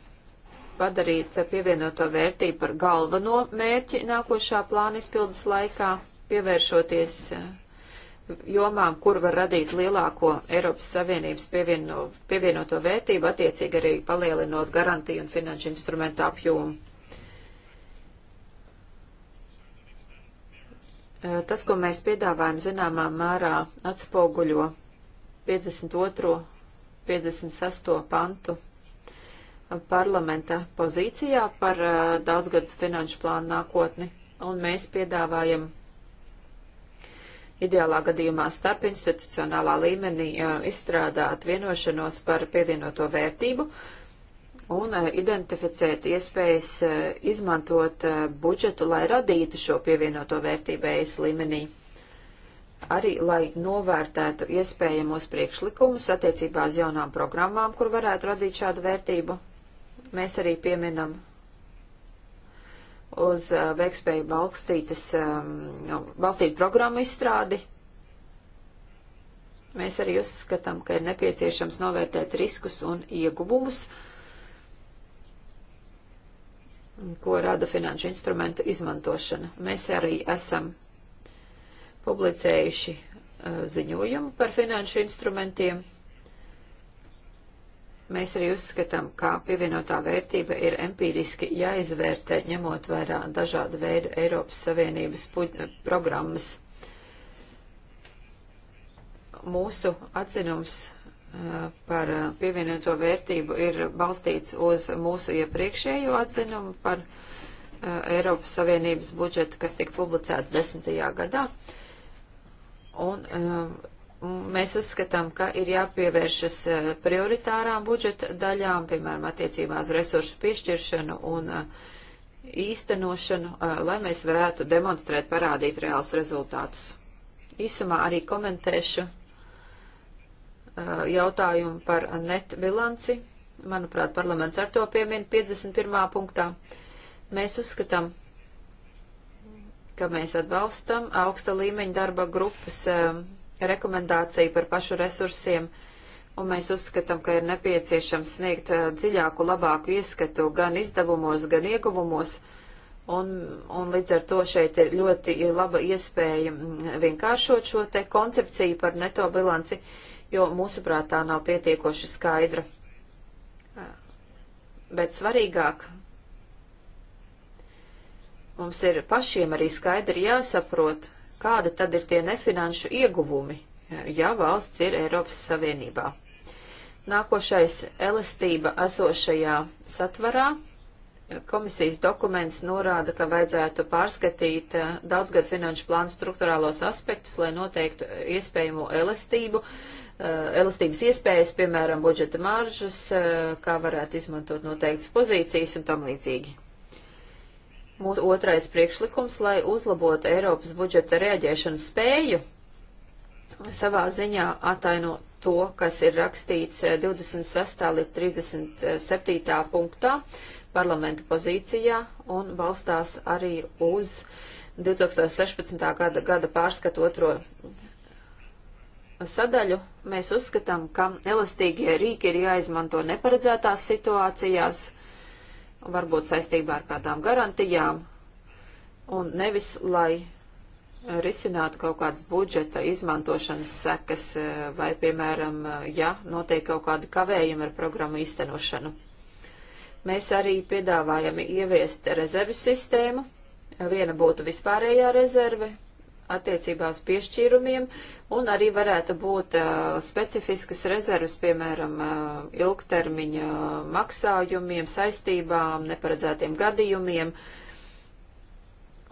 padarīt pievienoto vērtību par galveno mērķi nākošā plāna izpildes laikā, pievēršoties eh, jomām, kur var radīt lielāko Eiropas Savienības pievieno, pievienoto vērtību, attiecīgi arī palielinot garantiju un finanšu instrumentu apjomu. Eh, tas, ko mēs piedāvājam, zināmā mērā atspoguļo 52. 56. pantu parlamenta pozīcijā par uh, daudzgadus finanšu plānu nākotni, un mēs piedāvājam ideālā gadījumā starp institucionālā līmenī uh, izstrādāt vienošanos par pievienoto vērtību un uh, identificēt iespējas uh, izmantot uh, budžetu, lai radītu šo pievienoto vērtību ES līmenī. Uh, arī, lai novērtētu iespējamos priekšlikumus attiecībā uz jaunām programmām, kur varētu radīt šādu vērtību. Mēs arī pieminam uz uh, veikspēju balstītas, um, nu, balstītu programmu izstrādi. Mēs arī uzskatām, ka ir nepieciešams novērtēt riskus un ieguvumus, ko rada finanšu instrumentu izmantošana. Mēs arī esam publicējuši uh, ziņojumu par finanšu instrumentiem. Mēs arī uzskatām, ka pievienotā vērtība ir empīriski jāizvērtē, ņemot vērā dažādu veidu Eiropas Savienības uh, programmas. Mūsu atzinums uh, par pievienoto vērtību ir balstīts uz mūsu iepriekšējo atzinumu par Eiropas Savienības budžetu, kas tika publicēts desmitajā gadā. Uh, Un eh, mēs uzskatām, ka ir jāpievēršas eh, prioritārām budžeta daļām, piemēram, attiecībā uz resursu piešķiršanu un eh, īstenošanu, lai mēs varētu demonstrēt, parādīt reālus rezultātus. Īsumā arī komentēšu jautājumu par net bilanci. Manuprāt, parlaments ar to piemin 51. punktā. Mēs uzskatām, ka mēs atbalstam augsta līmeņa darba grupas um, rekomendāciju par pašu resursiem, un mēs uzskatām, ka ir nepieciešams sniegt uh, dziļāku, labāku ieskatu gan izdevumos, gan ieguvumos, un, un līdz ar to šeit ir ļoti laba iespēja mm, vienkāršot šo te koncepciju par neto bilanci, jo mūsuprāt tā nav pietiekoši skaidra. Uh, bet svarīgāk Mums ir pašiem arī skaidri jāsaprot, kāda tad ir tie nefinanšu ieguvumi, ja valsts ir Eiropas Savienībā. Nākošais elastība esošajā satvarā. Komisijas dokuments norāda, ka vajadzētu pārskatīt eh, daudzgad finanšu plānu struktūrālos aspektus, lai noteiktu iespējamo elastību, eh, elastības iespējas, piemēram, budžeta maržas, eh, kā varētu izmantot noteiktas pozīcijas un tam līdzīgi. Mūsu otrais priekšlikums, lai uzlabotu Eiropas budžeta reaģēšanas spēju, savā ziņā ataino to, kas ir rakstīts 26. Eh, līdz 37. punktā parlamenta pozīcijā un balstās arī uz 2016. gada, gada pārskatu otro sadaļu. Mēs uzskatām, ka elastīgie rīki ir jāizmanto neparedzētās situācijās varbūt saistībā ar kādām garantijām, un nevis, lai risinātu kaut kādas budžeta izmantošanas sekas, eh, vai, piemēram, eh, ja notiek kaut kāda kavējuma ar programmu īstenošanu. Mēs arī piedāvājam ieviest rezervu sistēmu. Viena būtu vispārējā rezerve, attiecībā uz piešķīrumiem, un arī varētu būt uh, specifiskas rezervas, piemēram, uh, ilgtermiņa maksājumiem, saistībām, neparedzētiem gadījumiem.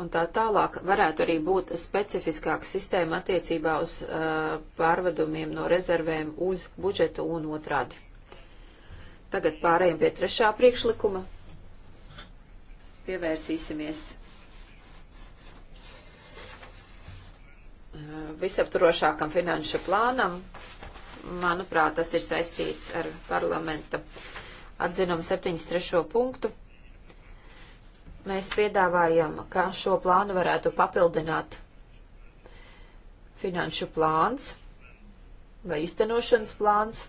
Un tā tālāk varētu arī būt specifiskāka sistēma attiecībā uz uh, pārvedumiem no rezervēm uz budžetu un otrādi. Tagad pārējiem pie trešā priekšlikuma. Pievērsīsimies visapturošākam finanšu plānam. Manuprāt, tas ir saistīts ar parlamenta atzinumu 73. punktu. Mēs piedāvājam, ka šo plānu varētu papildināt finanšu plāns vai iztenošanas plāns,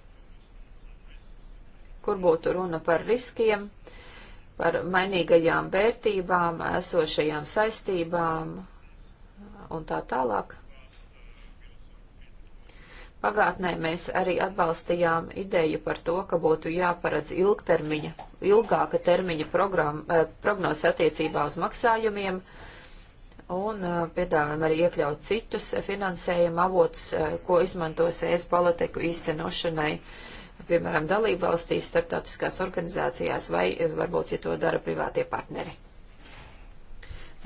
kur būtu runa par riskiem, par mainīgajām vērtībām, esošajām saistībām un tā tālāk. Pagātnē mēs arī atbalstījām ideju par to, ka būtu jāparedz ilgtermiņa, ilgāka termiņa programma, eh, prognozes attiecībā uz maksājumiem un eh, piedāvājam arī iekļaut citus eh, finansējuma avotus, ko izmantos ES politiku īstenošanai, piemēram, dalībvalstīs, starptautiskās organizācijās vai varbūt, ja to dara privātie partneri.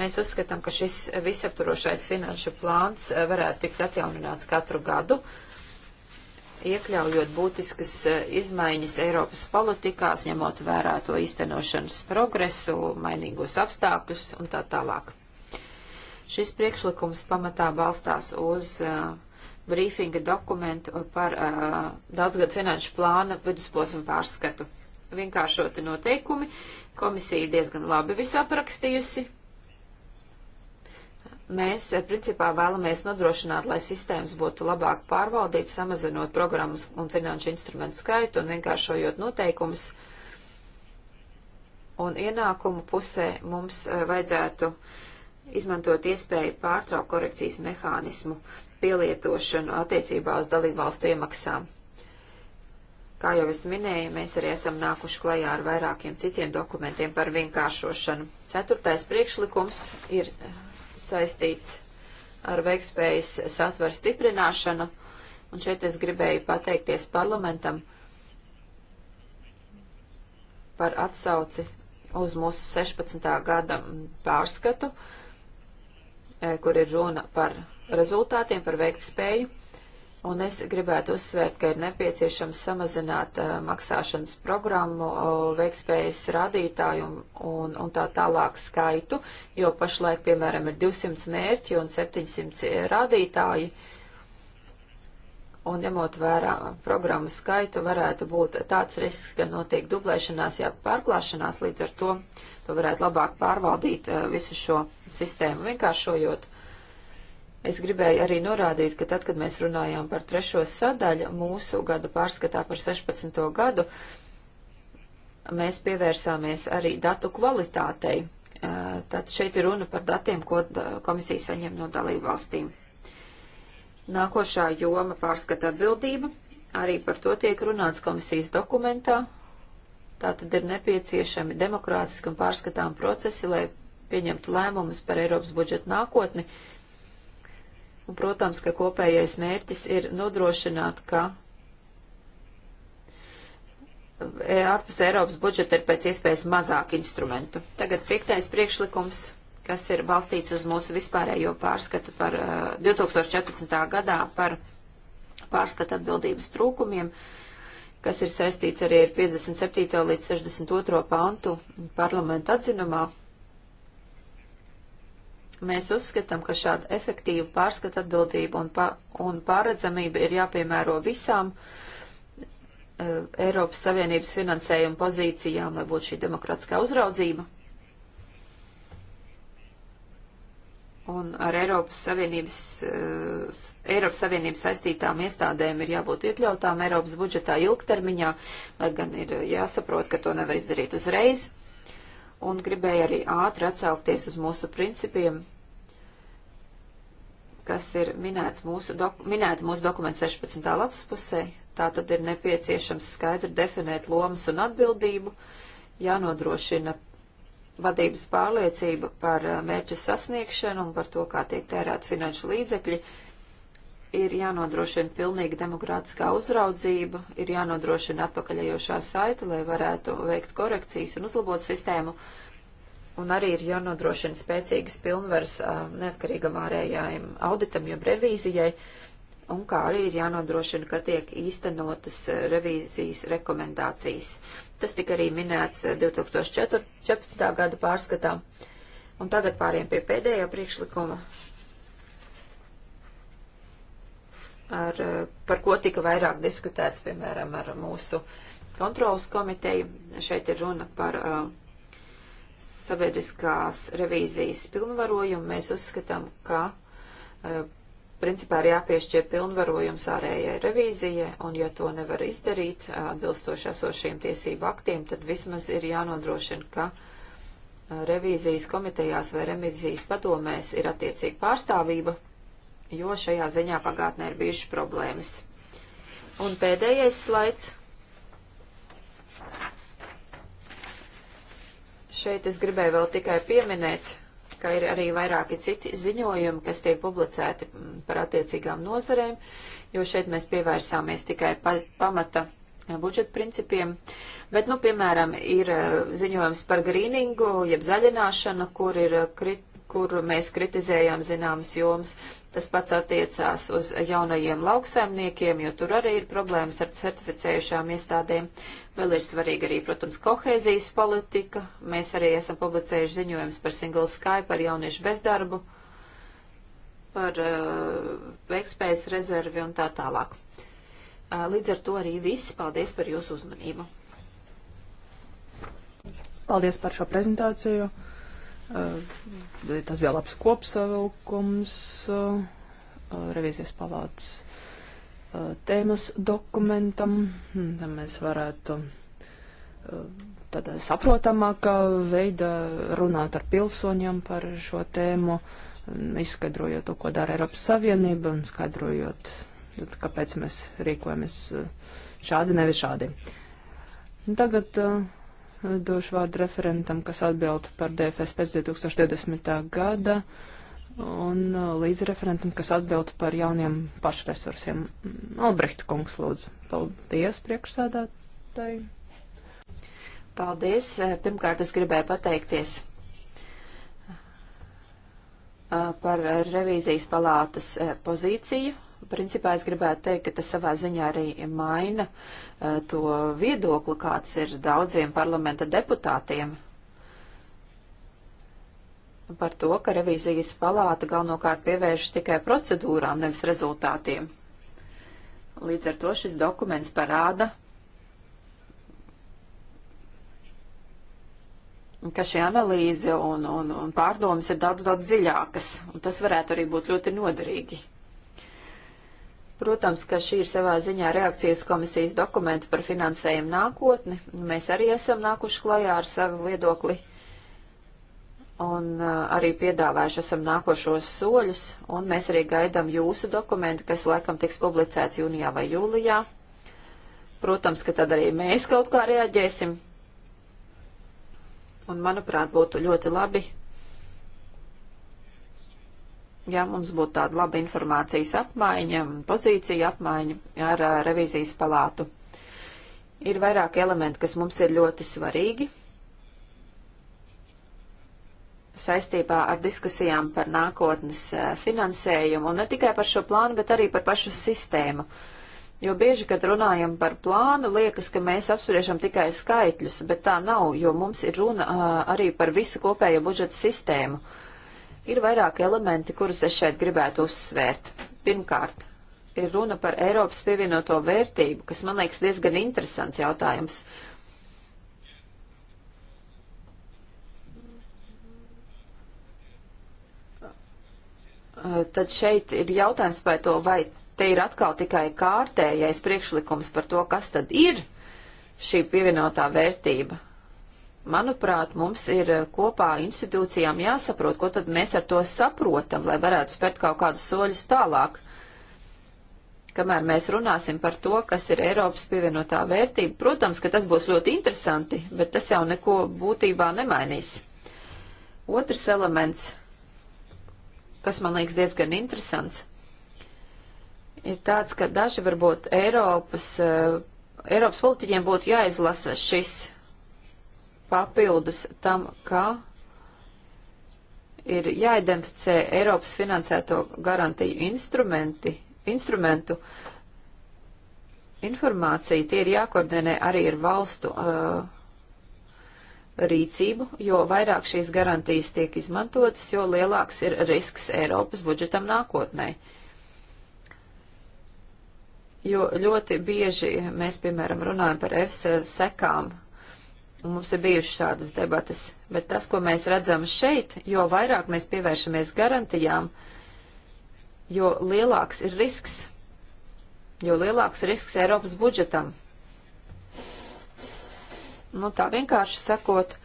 Mēs uzskatām, ka šis visaptvarošais finanšu plāns varētu tikt atjaunināts katru gadu. Uh, iekļaujot būtiskas e, izmaiņas Eiropas politikās, ņemot vērā to īstenošanas progresu, mainīgos apstākļus un tā tālāk. Šis priekšlikums pamatā balstās uz uh, brīfinga dokumentu par uh, daudzgad finanšu plāna vidusposmu pārskatu. Vienkāršoti noteikumi, komisija diezgan labi visu aprakstījusi, Mēs, eh, principā, vēlamies nodrošināt, lai sistēmas būtu labāk pārvaldītas, samazinot programmas un finanšu instrumentu skaitu un vienkāršojot noteikumus. Un ienākumu pusē mums eh, vajadzētu izmantot iespēju pārtraukt korekcijas mehānismu pielietošanu attiecībā uz dalībvalstu iemaksām. Kā jau es minēju, mēs arī esam nākuši klajā ar vairākiem citiem dokumentiem par vienkāršošanu. Ceturtais priekšlikums ir eh, saistīts ar veikspējas satveru stiprināšanu. Un šeit es gribēju pateikties parlamentam par atsauci uz mūsu 16. gada pārskatu, eh, kur ir runa par rezultātiem, par veiktspēju. Un es gribētu uzsvērt, ka ir nepieciešams samazināt uh, maksāšanas programmu, uh, veikspējas rādītāju un, un, un tā tālāk skaitu, jo pašlaik, piemēram, ir 200 mērķi un 700 rādītāji. Un ņemot vērā programmu skaitu, varētu būt tāds risks, ka notiek dublēšanās, jā, pārklāšanās, līdz ar to to varētu labāk pārvaldīt uh, visu šo sistēmu, vienkāršojot. Es gribēju arī norādīt, ka tad, kad mēs runājām par trešo sadaļu mūsu gada pārskatā par 16. gadu, mēs pievērsāmies arī datu kvalitātei. Tad šeit ir runa par datiem, ko komisija saņem no dalību valstīm. Nākošā joma pārskata atbildība. Arī par to tiek runāts komisijas dokumentā. Tā tad ir nepieciešami demokrātiski un pārskatām procesi, lai pieņemtu lēmumus par Eiropas budžetu nākotni, uh, Un, protams, ka kopējais mērķis ir nodrošināt, ka e, ārpus Eiropas budžeta ir pēc iespējas mazāk instrumentu. Tagad piektais priekšlikums, kas ir balstīts uz mūsu vispārējo pārskatu par 2014. E, gadā par pārskatu atbildības trūkumiem, kas ir saistīts arī ar 57. līdz 62. pantu parlamenta atzinumā, Mēs uzskatām, ka šāda efektīva pārskata atbildība un, pa, un pārredzamība ir jāpiemēro visām uh, Eiropas Savienības finansējuma pozīcijām, lai būtu šī demokrātiskā uzraudzība. Un ar Eiropas Savienības, uh, Eiropas Savienības saistītām iestādēm ir jābūt iekļautām Eiropas budžetā ilgtermiņā, lai gan ir eh, jāsaprot, ka to nevar izdarīt uzreiz un gribēju arī ātri atsaukties uz mūsu principiem, kas ir minēts mūsu, dok minēta mūsu dokumentu 16. lapas pusē. Tā tad ir nepieciešams skaidri definēt lomas un atbildību, jānodrošina vadības pārliecība par uh, mērķu sasniegšanu un par to, kā tiek tērēt finanšu līdzekļi, uh, ir jānodrošina pilnīga demokrātiskā uzraudzība, ir jānodrošina atpakaļējošā saita, lai varētu veikt korekcijas un uzlabot sistēmu, un arī ir jānodrošina spēcīgas pilnvers neatkarīgam ārējājiem auditam, jeb revīzijai, un kā arī ir jānodrošina, ka tiek īstenotas revīzijas rekomendācijas. Tas tika arī minēts 2014. gada pārskatā. Un tagad pāriem pie pēdējā priekšlikuma, ar, par ko tika vairāk diskutēts, piemēram, ar mūsu kontrolas komiteju. Šeit ir runa par uh, sabiedriskās revīzijas pilnvarojumu. Mēs uzskatām, ka uh, principā ir jāpiešķir pilnvarojums ārējai revīzijai, un ja to nevar izdarīt uh, atbilstoši esošiem tiesību aktiem, tad vismaz ir jānodrošina, ka uh, revīzijas komitejās vai revīzijas padomēs ir attiecīga pārstāvība jo šajā ziņā pagātnē ir bijušas problēmas. Un pēdējais slaids. Šeit es gribēju vēl tikai pieminēt, ka ir arī vairāki citi ziņojumi, kas tiek publicēti mm, par attiecīgām nozarēm, jo šeit mēs pievērsāmies tikai pa pamata budžeta principiem. Bet, nu, piemēram, ir eh, ziņojums par grīningu, jeb zaļināšanu, kur ir krit kur mēs kritizējām zināmas jomas. Tas pats attiecās uz jaunajiem lauksaimniekiem, jo tur arī ir problēmas ar certificējušām iestādēm. Vēl ir svarīga arī, protams, kohēzijas politika. Mēs arī esam publicējuši ziņojums par Single Sky, par jauniešu bezdarbu, par uh, veikspējas rezervi un tā tālāk. Uh, līdz ar to arī viss. Paldies par jūsu uzmanību. Paldies par šo prezentāciju. Eh, tas bija labs kopsavilkums eh, eh, revīzijas palātas tēmas dokumentam. Hmm, tad mēs varētu tādā saprotamākā veidā runāt ar pilsoņiem par šo tēmu, mm, izskaidrojot to, ko dara Eiropas Savienība un skaidrojot, kāpēc mēs rīkojamies šādi, nevis šādi. Tagad uh, došu vārdu referentam, kas atbild par DFS pēc 2020. gada, un uh, līdz referentam, kas atbild par jauniem pašresursiem. Albrehta kungs, lūdzu. Paldies, priekšsēdātāji. Paldies. Eh, pirmkārt, es gribēju pateikties eh, par revīzijas palātas eh, pozīciju Principā es gribētu teikt, ka tas savā ziņā arī maina eh, to viedokli, kāds ir daudziem parlamenta deputātiem par to, ka revīzijas palāta galvenokārt pievērš tikai procedūrām, nevis rezultātiem. Līdz ar to šis dokuments parāda, ka šī analīze un, un, un pārdomas ir daudz, daudz dziļākas, un tas varētu arī būt ļoti noderīgi. Protams, ka šī ir savā ziņā reakcijas komisijas dokumenta par finansējumu nākotni. Mēs arī esam nākuši klajā ar savu viedokli un uh, arī piedāvājuši esam nākošos soļus, un mēs arī gaidām jūsu dokumentu, kas laikam tiks publicēts jūnijā vai jūlijā. Protams, ka tad arī mēs kaut kā reaģēsim. Un, manuprāt, būtu ļoti labi, ja mums būtu tāda laba informācijas apmaiņa, pozīcija apmaiņa ar, ar revīzijas palātu. Ir vairāk elementi, kas mums ir ļoti svarīgi saistībā ar diskusijām par nākotnes finansējumu, un ne tikai par šo plānu, bet arī par pašu sistēmu. Jo bieži, kad runājam par plānu, liekas, ka mēs apspriežam tikai skaitļus, bet tā nav, jo mums ir runa arī par visu kopējo budžeta sistēmu. Uh, Ir vairāki elementi, kurus es šeit gribētu uzsvērt. Pirmkārt, ir runa par Eiropas pievienoto vērtību, kas man liekas diezgan interesants jautājums. Tad šeit ir jautājums par to, vai te ir atkal tikai kārtējais priekšlikums par to, kas tad ir šī pievienotā vērtība. Manuprāt, mums ir eh, kopā institūcijām jāsaprot, ko tad mēs ar to saprotam, lai varētu spērt kaut kādus soļus tālāk. Kamēr mēs runāsim par to, kas ir Eiropas pievienotā vērtība, protams, ka tas būs ļoti interesanti, bet tas jau neko būtībā nemainīs. Otrs elements, kas man liekas diezgan interesants, ir tāds, ka daži varbūt Eiropas, eh, Eiropas politiķiem būtu jāizlasa šis papildus tam, ka ir jāidentificē Eiropas finansēto garantiju instrumenti, instrumentu informācija, tie ir jākoordinē arī ar valstu uh, rīcību, jo vairāk šīs garantijas tiek izmantotas, jo lielāks ir risks Eiropas budžetam nākotnē. Jo ļoti bieži mēs, piemēram, runājam par EFSA sekām Un mums ir bijušas šādas debatas, bet tas, ko mēs redzam šeit, jo vairāk mēs pievēršamies garantijām, jo lielāks ir risks, jo lielāks risks Eiropas budžetam. Nu, tā vienkārši sakot,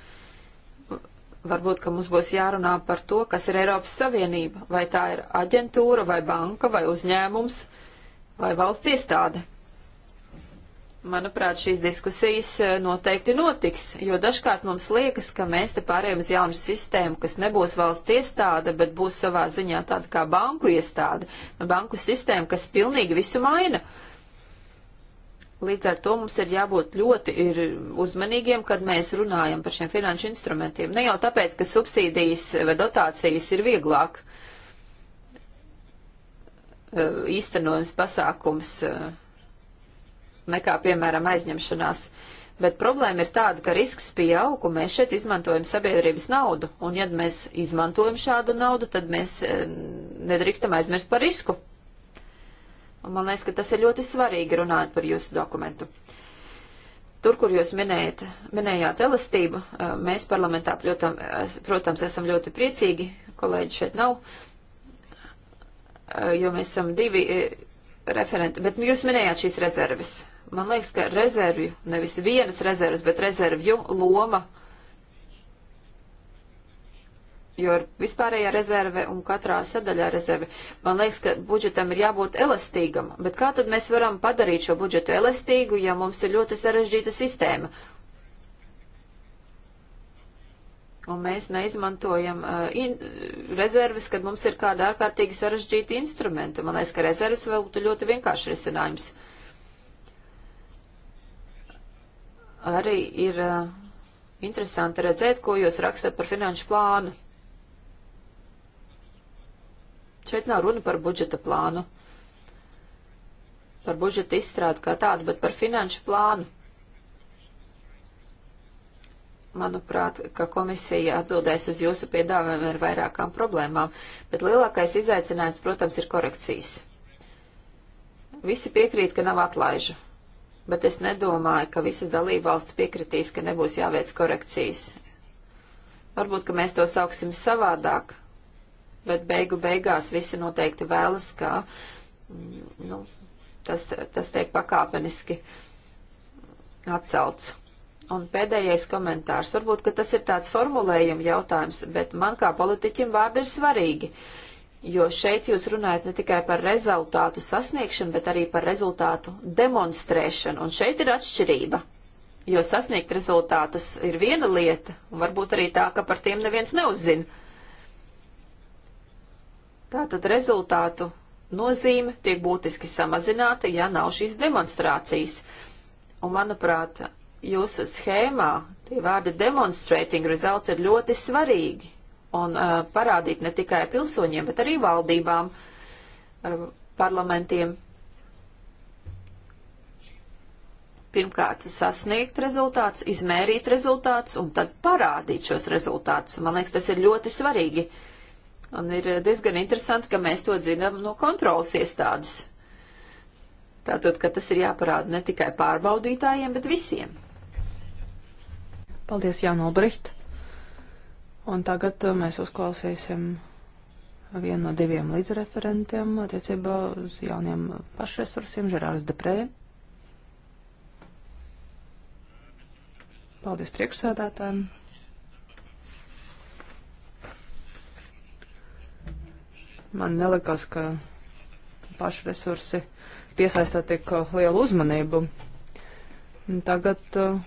varbūt, ka mums būs jārunā par to, kas ir Eiropas Savienība, vai tā ir aģentūra, vai banka, vai uzņēmums, vai valsts iestāde. Manuprāt, šīs diskusijas eh, noteikti notiks, jo dažkārt mums liekas, ka mēs te pārējām uz jaunu sistēmu, kas nebūs valsts iestāde, bet būs savā ziņā tāda kā banku iestāde, nu, banku sistēma, kas pilnīgi visu maina. Līdz ar to mums ir jābūt ļoti ir uzmanīgiem, kad mēs runājam par šiem finanšu instrumentiem. Ne jau tāpēc, ka subsīdijas vai dotācijas ir vieglāk eh, īstenojums pasākums eh, nekā, piemēram, aizņemšanās. Bet problēma ir tāda, ka risks pieaug, un mēs šeit izmantojam sabiedrības naudu. Un, ja mēs izmantojam šādu naudu, tad mēs eh, nedrīkstam aizmirst par risku. Un man liekas, ka tas ir ļoti svarīgi runājot par jūsu dokumentu. Tur, kur jūs minējat, minējāt elastību, eh, mēs parlamentā, ļotam, eh, protams, esam ļoti priecīgi, kolēģi šeit nav, jo mēs esam divi referenti, bet jūs minējāt šīs rezerves. Man liekas, ka rezervju, nevis vienas rezervas, bet rezervju loma, jo ir vispārējā rezerve un katrā sadaļā rezerve. Man liekas, ka budžetam ir jābūt elastīgam, bet kā tad mēs varam padarīt šo budžetu elastīgu, ja mums ir ļoti sarežģīta sistēma? Un mēs neizmantojam uh, in, rezerves, kad mums ir kāda ārkārtīgi sarežģīta instrumenta. Man liekas, ka rezerves vēl būtu ļoti vienkārši risinājums. Uh, arī ir uh, interesanti redzēt, ko jūs rakstat par finanšu plānu. Šeit nav runa par budžeta plānu, par budžeta izstrādi kā tādu, bet par finanšu plānu. Manuprāt, ka komisija atbildēs uz jūsu piedāvājumiem ar vairākām problēmām, bet lielākais izaicinājums, protams, ir korekcijas. Visi piekrīt, ka nav atlaižu bet es nedomāju, ka visas dalībvalsts piekritīs, ka nebūs jāveic korekcijas. Varbūt, ka mēs to sauksim savādāk, bet beigu beigās visi noteikti vēlas, ka mm, nu, tas, tas tiek pakāpeniski atcelts. Un pēdējais komentārs. Varbūt, ka tas ir tāds formulējuma jautājums, bet man kā politiķim vārdi ir svarīgi. Uh, jo šeit jūs runājat ne tikai par rezultātu sasniegšanu, bet arī par rezultātu demonstrēšanu, un šeit ir atšķirība. Jo sasniegt rezultātus ir viena lieta, un varbūt arī tā, ka par tiem neviens neuzzina. Tātad rezultātu nozīme tiek būtiski samazināta, ja nav šīs demonstrācijas. Un, manuprāt, jūsu schēmā tie vārdi demonstrating results ir ļoti svarīgi, un uh, parādīt ne tikai pilsoņiem, bet arī valdībām, uh, parlamentiem. Pirmkārt, sasniegt rezultātus, izmērīt rezultātus un tad parādīt šos rezultātus. Man liekas, tas ir ļoti svarīgi. Un ir diezgan interesanti, ka mēs to dzirdam no kontrolas iestādes. Tātad, ka tas ir jāparāda ne tikai pārbaudītājiem, bet visiem. Paldies, Jāna Albrecht. Un tagad uh, mēs uzklausīsim vienu no diviem līdzreferentiem attiecībā uz jauniem pašresursiem, Žerārs Deprē. Paldies priekšsēdētājiem. Man nelikās, ka pašresursi piesaistā tik uh, lielu uzmanību. Tagad uh,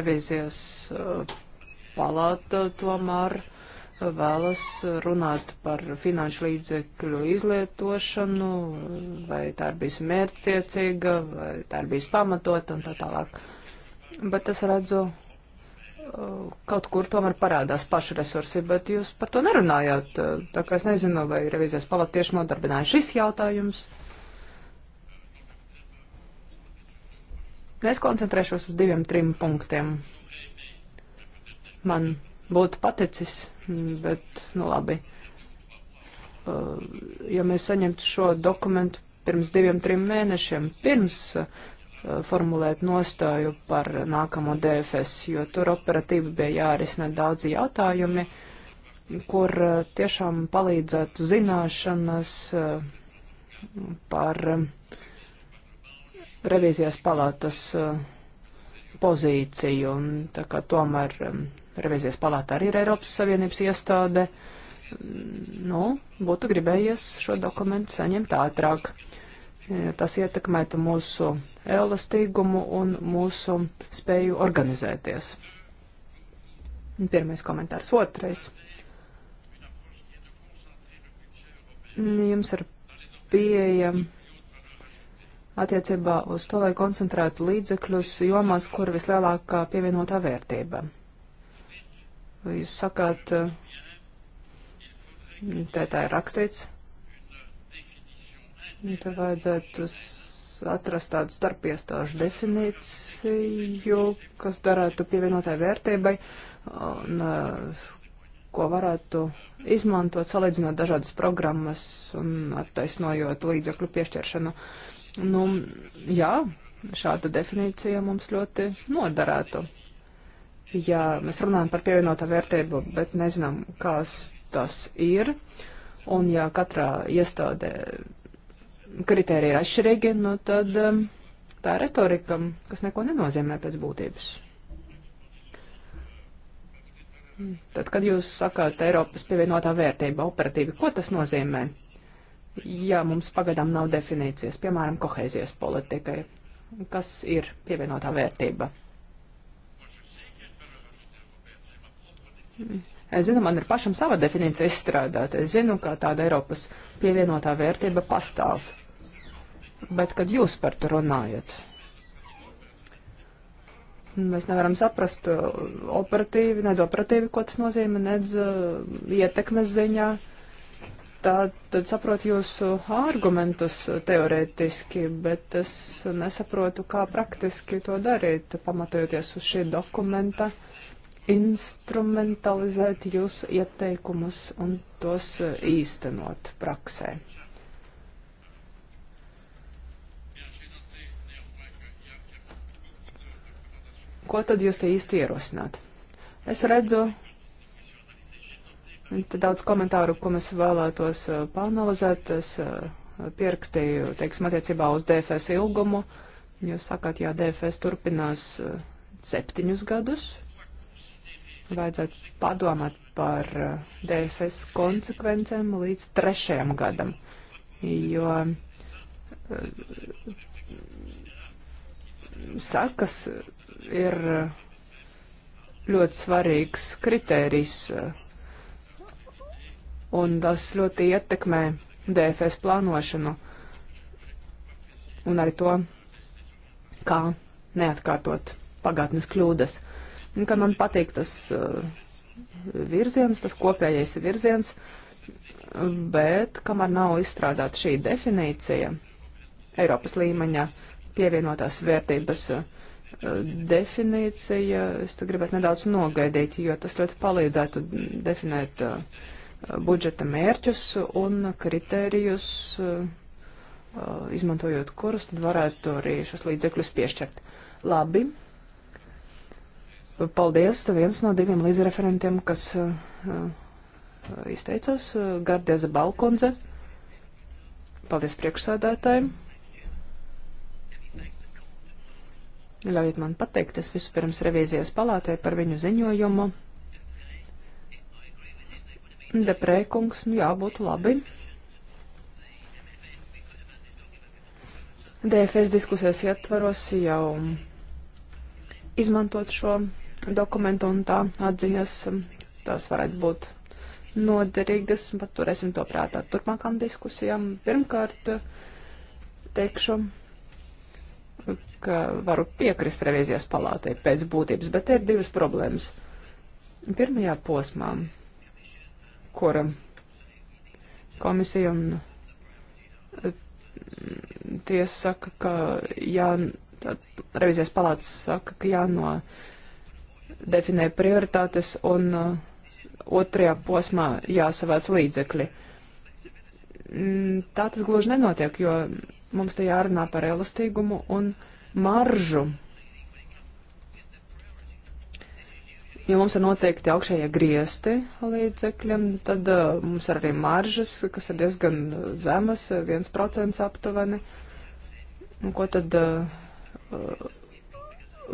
revīzijas uh, palāta tomēr vēlas runāt par finanšu līdzekļu izlietošanu, vai tā ir bijusi mērķtiecīga, vai tā ir bijusi pamatota un tā tālāk. Bet es redzu, kaut kur tomēr parādās pašresursi, bet jūs par to nerunājāt. Tā kā es nezinu, vai revizijas palata tieši nodarbināja šis jautājums. Es koncentrēšos uz diviem, trim punktiem man būtu paticis, bet, nu labi, uh, ja mēs saņemtu šo dokumentu pirms diviem, trim mēnešiem, pirms uh, formulēt nostāju par nākamo DFS, jo tur operatīvi bija jārisina daudzi jautājumi, kur uh, tiešām palīdzētu zināšanas par um, revīzijas palātas pozīciju. Un, tā kā tomēr um, Revizijas palāta arī ir Eiropas Savienības iestāde. Nu, būtu gribējies šo dokumentu saņemt ātrāk. E, tas ietekmētu mūsu elastīgumu un mūsu spēju organizēties. Pirmais komentārs. Otrais. Jums ir pieeja attiecībā uz to, lai koncentrētu līdzekļus jomās, kur vislielākā pievienotā vērtība. Jūs sakāt, eh, te tā ir rakstīts, nu, te vajadzētu atrast tādu starpiestāžu definīciju, kas darētu pievienotāju vērtībai un eh, ko varētu izmantot, salīdzinot dažādas programmas un attaisnojot līdzekļu piešķiršanu. Nu, jā, šāda definīcija mums ļoti noderētu ja mēs runājam par pievienotā vērtību, bet nezinām, kas tas ir, un ja katrā iestādē kriteriji ir atšķirīgi, nu tad um, tā ir retorika, kas neko nenozīmē pēc būtības. Tad, kad jūs sakāt Eiropas pievienotā vērtība operatīvi, ko tas nozīmē? Ja mums pagaidām nav definīcijas, piemēram, kohēzijas politikai, kas ir pievienotā vērtība? Es zinu, man ir pašam sava definīcija izstrādāta. Es zinu, kā tāda Eiropas pievienotā vērtība pastāv. Bet, kad jūs par to runājat, mēs nevaram saprast uh, operatīvi, nedz operatīvi, ko tas nozīmē, nedz uh, ietekmes ziņā. Tā, tad saprotu jūsu argumentus teorētiski, bet es nesaprotu, kā praktiski to darīt, pamatojoties uz šī dokumenta. Uh, instrumentalizēt jūsu ieteikumus un tos eh, īstenot praksē. Ko tad jūs te īsti ierosināt? Es redzu daudz komentāru, ko mēs vēlētos eh, panalizēt. Es eh, pierakstīju, teiksim, attiecībā uz DFS ilgumu. Jūs sakāt, jā, DFS turpinās septiņus gadus, vajadzētu padomāt par eh, DFS konsekvencēm līdz trešajam gadam, jo eh, sakas ir ļoti svarīgs kritērijs, eh, un tas ļoti ietekmē DFS plānošanu un arī to, kā neatkārtot pagātnes kļūdas. Un, ka man patīk tas uh, virziens, tas kopējais virziens, bet kamēr nav izstrādāta šī definīcija Eiropas līmeņa pievienotās vērtības uh, definīcija, es te gribētu nedaudz nogaidīt, jo tas ļoti palīdzētu definēt uh, budžeta mērķus un kritērijus, uh, izmantojot kurus, tad varētu arī šos līdzekļus piešķirt. Labi, Paldies viens no diviem līdzreferentiem, kas uh, uh, izteicās, uh, Gardieza Balkundze. Paldies priekšsādātājiem. Ļaujiet man pateikt, es vispirms revīzijas palātē par viņu ziņojumu. Deprēkungs, nu jā, būtu labi. DFS diskusijas ietvaros jau izmantot šo dokumentu un tā atziņas, um, tās varētu būt noderīgas, bet turēsim to prātā turpmākām diskusijām. Pirmkārt, teikšu, ka varu piekrist revīzijas palātei pēc būtības, bet ir divas problēmas. Pirmajā posmā, kura komisija un uh, tiesa saka, ka jā, revizijas palāca saka, ka jāno definē prioritātes un uh, otrajā posmā jāsavāc līdzekļi. Mm, tā tas gluži nenotiek, jo mums te jārunā par elastīgumu un maržu. Ja mums ir noteikti augšējie griesti līdzekļiem, tad uh, mums ir arī maržas, kas ir diezgan zemas, 1% aptuveni. Un ko tad uh,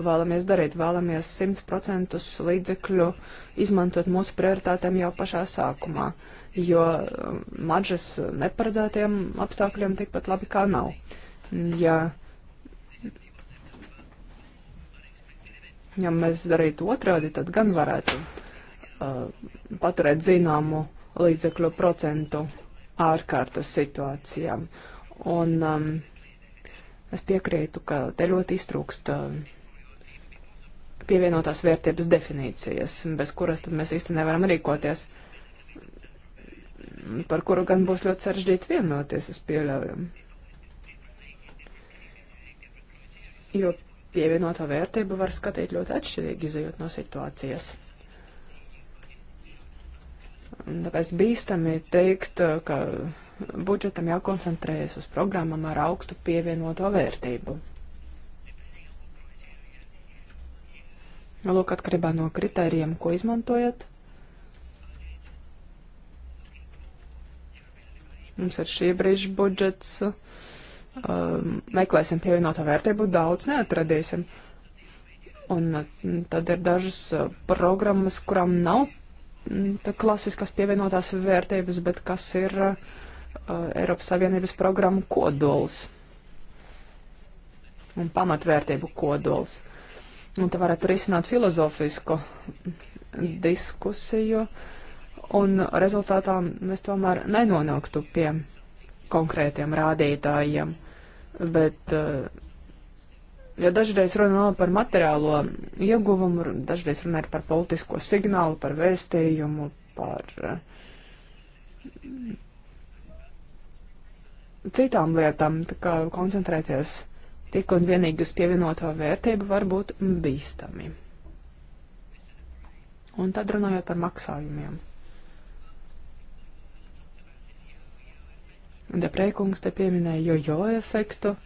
vēlamies darīt. Vēlamies 100% līdzekļu izmantot mūsu prioritātēm jau pašā sākumā, jo um, maržas neparedzētiem apstākļiem tikpat labi kā nav. Ja, ja mēs darītu otrādi, tad gan varētu uh, paturēt zināmu līdzekļu procentu ārkārtas situācijām. Un um, es piekrītu, ka te ļoti iztrūkst uh, pievienotās vērtības definīcijas, bez kuras tad mēs īsti nevaram rīkoties, par kuru gan būs ļoti sarežģīti vienoties, es pieļauju. Jo pievienotā vērtība var skatīt ļoti atšķirīgi, izējot no situācijas. Tāpēc bīstami teikt, ka budžetam jākoncentrējas uz programmām ar augstu pievienoto vērtību. Nu, lūk, atkarībā no kritērijiem, ko izmantojat. Mums ir šī brīža budžets. Um, meklēsim pievienoto vērtību, daudz neatradīsim. Un mm, tad ir dažas uh, programmas, kurām nav mm, klasiskas pievienotās vērtības, bet kas ir uh, Eiropas Savienības programmu kodols un pamatvērtību kodols. Uh, Un te varētu risināt filozofisku diskusiju, un rezultātā mēs tomēr nenonāktu pie konkrētiem rādītājiem. Bet, eh, ja dažreiz runā par materiālo ieguvumu, dažreiz runā par politisko signālu, par vēstījumu, par eh, citām lietām, tā kā koncentrēties tik un vienīgi uz pievienoto vērtību var būt bīstami. Un tad runājot par maksājumiem. Deprēkungs te pieminēja jojo efektu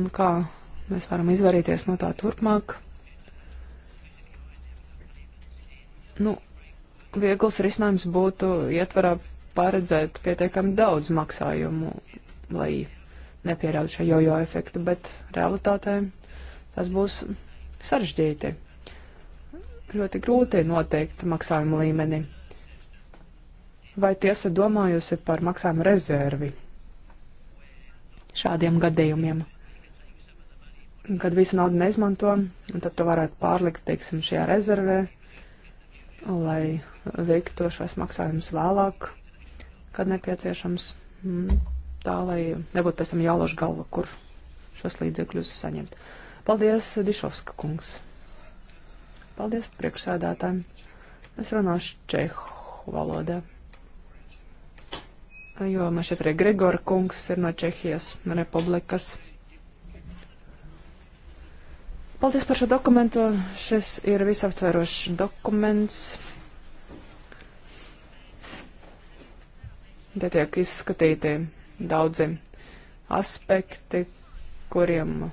un kā mēs varam izvairīties no tā turpmāk. Nu, viegls risinājums būtu ietvarā paredzēt pietiekami daudz maksājumu, lai nepierādu šo jojo efektu, bet realitātē tas būs sarežģīti. Ļoti grūti noteikt maksājumu līmeni. Vai tiesa domājusi par maksājumu rezervi šādiem gadījumiem? Kad visu naudu neizmanto, tad to varētu pārlikt, teiksim, šajā rezervē, lai veiktu šos maksājumus vēlāk, kad nepieciešams. Mm tā lai nebūtu pēc tam jālož galva, kur šos līdzekļus saņemt. Paldies, Dišovska kungs. Paldies priekšsēdētājiem. Es runāšu čehu valodā. Jo man šeit arī Gregora kungs ir no Čehijas republikas. Paldies par šo dokumentu. Šis ir visaptverošs dokuments. Te tiek izskatīti daudzi aspekti, kuriem uh,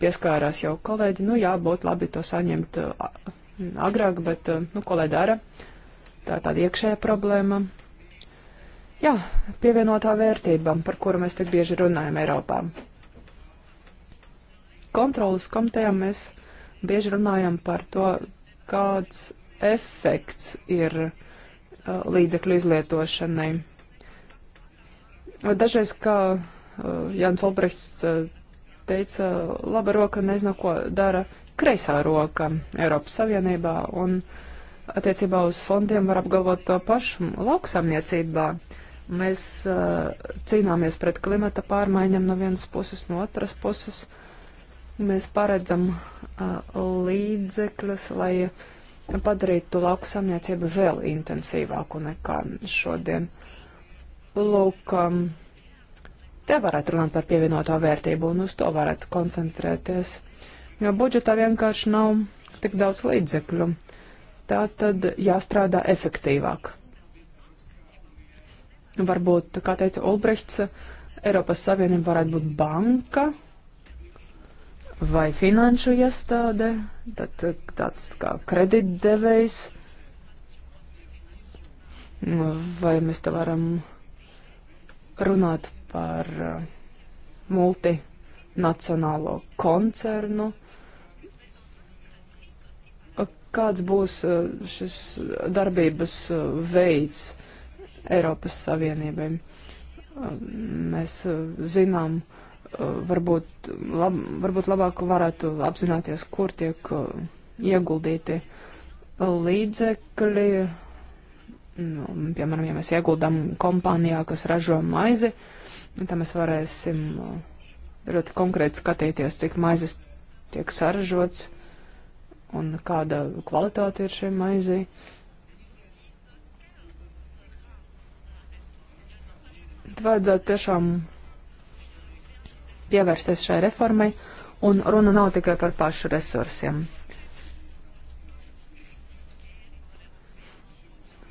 pieskārās jau kolēģi. Nu, jā, būtu labi to saņemt uh, agrāk, bet, uh, nu, ko lai dara? Tā ir tāda iekšēja problēma. Jā, pievienotā vērtībām, par kuru mēs tik bieži runājam Eiropā. Kontrolas komitejā mēs bieži runājam par to, kāds efekts ir uh, līdzekļu izlietošanai. Dažreiz, kā uh, Jānis Olbrehts uh, teica, laba roka nezina, ko dara kreisā roka Eiropas Savienībā, un attiecībā uz fondiem var apgalvot to pašu lauksamniecībā. Mēs uh, cīnāmies pret klimata pārmaiņām no vienas puses, no otras puses. Mēs paredzam uh, līdzekļus, lai padarītu lauksamniecību vēl intensīvāku nekā šodien. Uh, Lūk, um, te varat runāt par pievienoto vērtību un uz to varat koncentrēties, jo budžetā vienkārši nav tik daudz līdzekļu. Tā tad jāstrādā efektīvāk. Varbūt, kā teica Olbrehts, Eiropas Savienība varētu būt banka vai finanšu iestāde, tad eh, tāds kā kreditdevējs. Vai mēs te varam uh, runāt par uh, multinacionālo koncernu. Kāds būs uh, šis darbības uh, veids Eiropas Savienībai? Mēs zinām, varbūt, lab, varbūt labāk varētu apzināties, kur tiek ieguldīti līdzekļi Nu, piemēram, ja mēs ieguldam kompānijā, kas ražo maizi, tad mēs varēsim uh, ļoti konkrēti skatīties, cik maizes tiek saražots un kāda kvalitāte ir šai maizei. Tad vajadzētu tiešām pievērsties šai reformai, un runa nav tikai par pašu resursiem.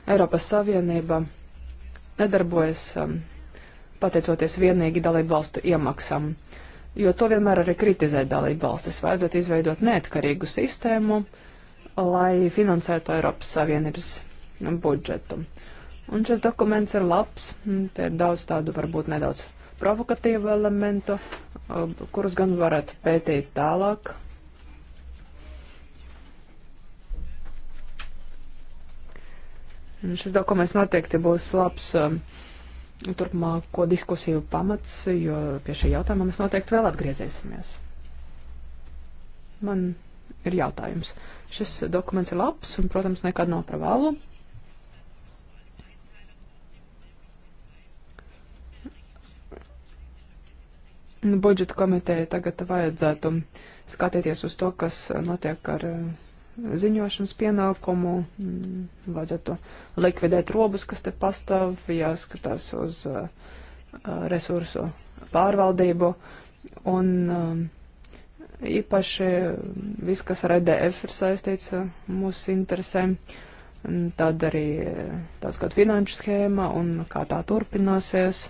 Eiropas Savienība nedarbojas um, pateicoties vienīgi dalību valstu iemaksām, jo to vienmēr arī kritizē dalību valstis. Vajadzētu izveidot neatkarīgu sistēmu, lai finansētu Eiropas Savienības budžetu. Un šis dokuments ir labs, te ir daudz tādu varbūt nedaudz provokatīvu elementu, uh, kurus gan varētu pētīt tālāk, Šis dokuments noteikti būs labs um, turpmāko diskusiju pamats, jo pie šī jautājuma mēs noteikti vēl atgriezīsimies. Man ir jautājums. Šis dokuments ir labs un, protams, nekad nav par vēlu. Budžeta komiteja tagad vajadzētu skatīties uz to, kas notiek ar uh, ziņošanas pienākumu, mm, vajadzētu likvidēt robus, kas te pastāv, jāskatās uz uh, uh, resursu pārvaldību un um, īpaši viss, kas ar EDF ir saistīts uh, mūsu interesēm, tad arī tāds kā finanšu schēma un kā tā turpināsies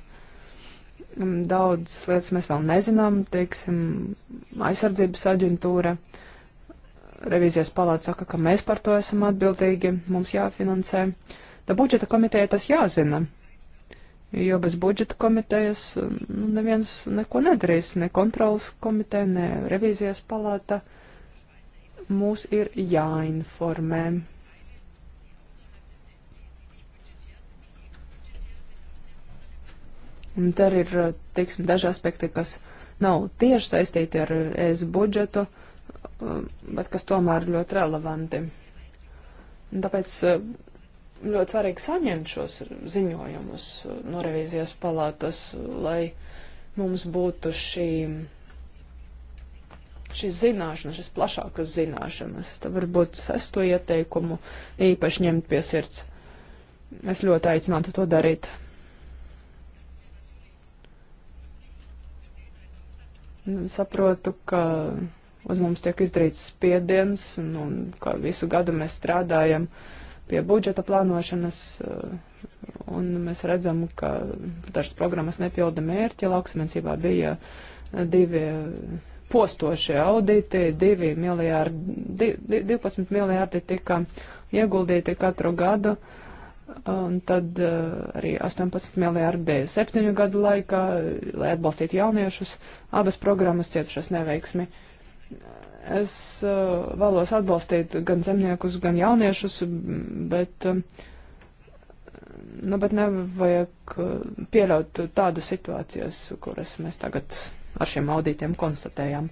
daudz lietas mēs vēl nezinām, teiksim, aizsardzības aģentūra revīzijas palāca saka, ka mēs par to esam atbildīgi, mums jāfinansē. Tā budžeta komiteja tas jāzina, jo bez budžeta komitejas um, nu, neviens neko nedarīs, ne kontrolas komiteja, ne revīzijas palāta. Mūs ir jāinformē. Un te ir, uh, teiksim, daži aspekti, kas nav tieši saistīti ar uh, ES budžetu. Uh, Um, bet kas tomēr ir ļoti relevanti. Un tāpēc uh, ļoti svarīgi saņemt šos ziņojumus no revīzijas palātas, lai mums būtu šī, šī zināšana, šis plašākas zināšanas. Tā varbūt sesto ieteikumu īpaši ņemt pie sirds. Es ļoti aicinātu to darīt. Saprotu, ka uz mums tiek izdarīts spiediens, un, un kā visu gadu mēs strādājam pie budžeta plānošanas, uh, un mēs redzam, ka dažas programmas nepilda mērķi. Lauksamensībā bija uh, divi uh, postošie audīti, divi miljārdi, 12 miljārdi tika ieguldīti katru gadu. Un tad uh, arī 18 miljārdi septiņu gadu laikā, lai atbalstītu jauniešus, abas programmas cietušas neveiksmi. Uh, Es uh, vēlos atbalstīt gan zemniekus, gan jauniešus, bet, um, nu, bet nevajag uh, pieļaut tādas situācijas, kuras mēs tagad ar šiem audītiem konstatējam.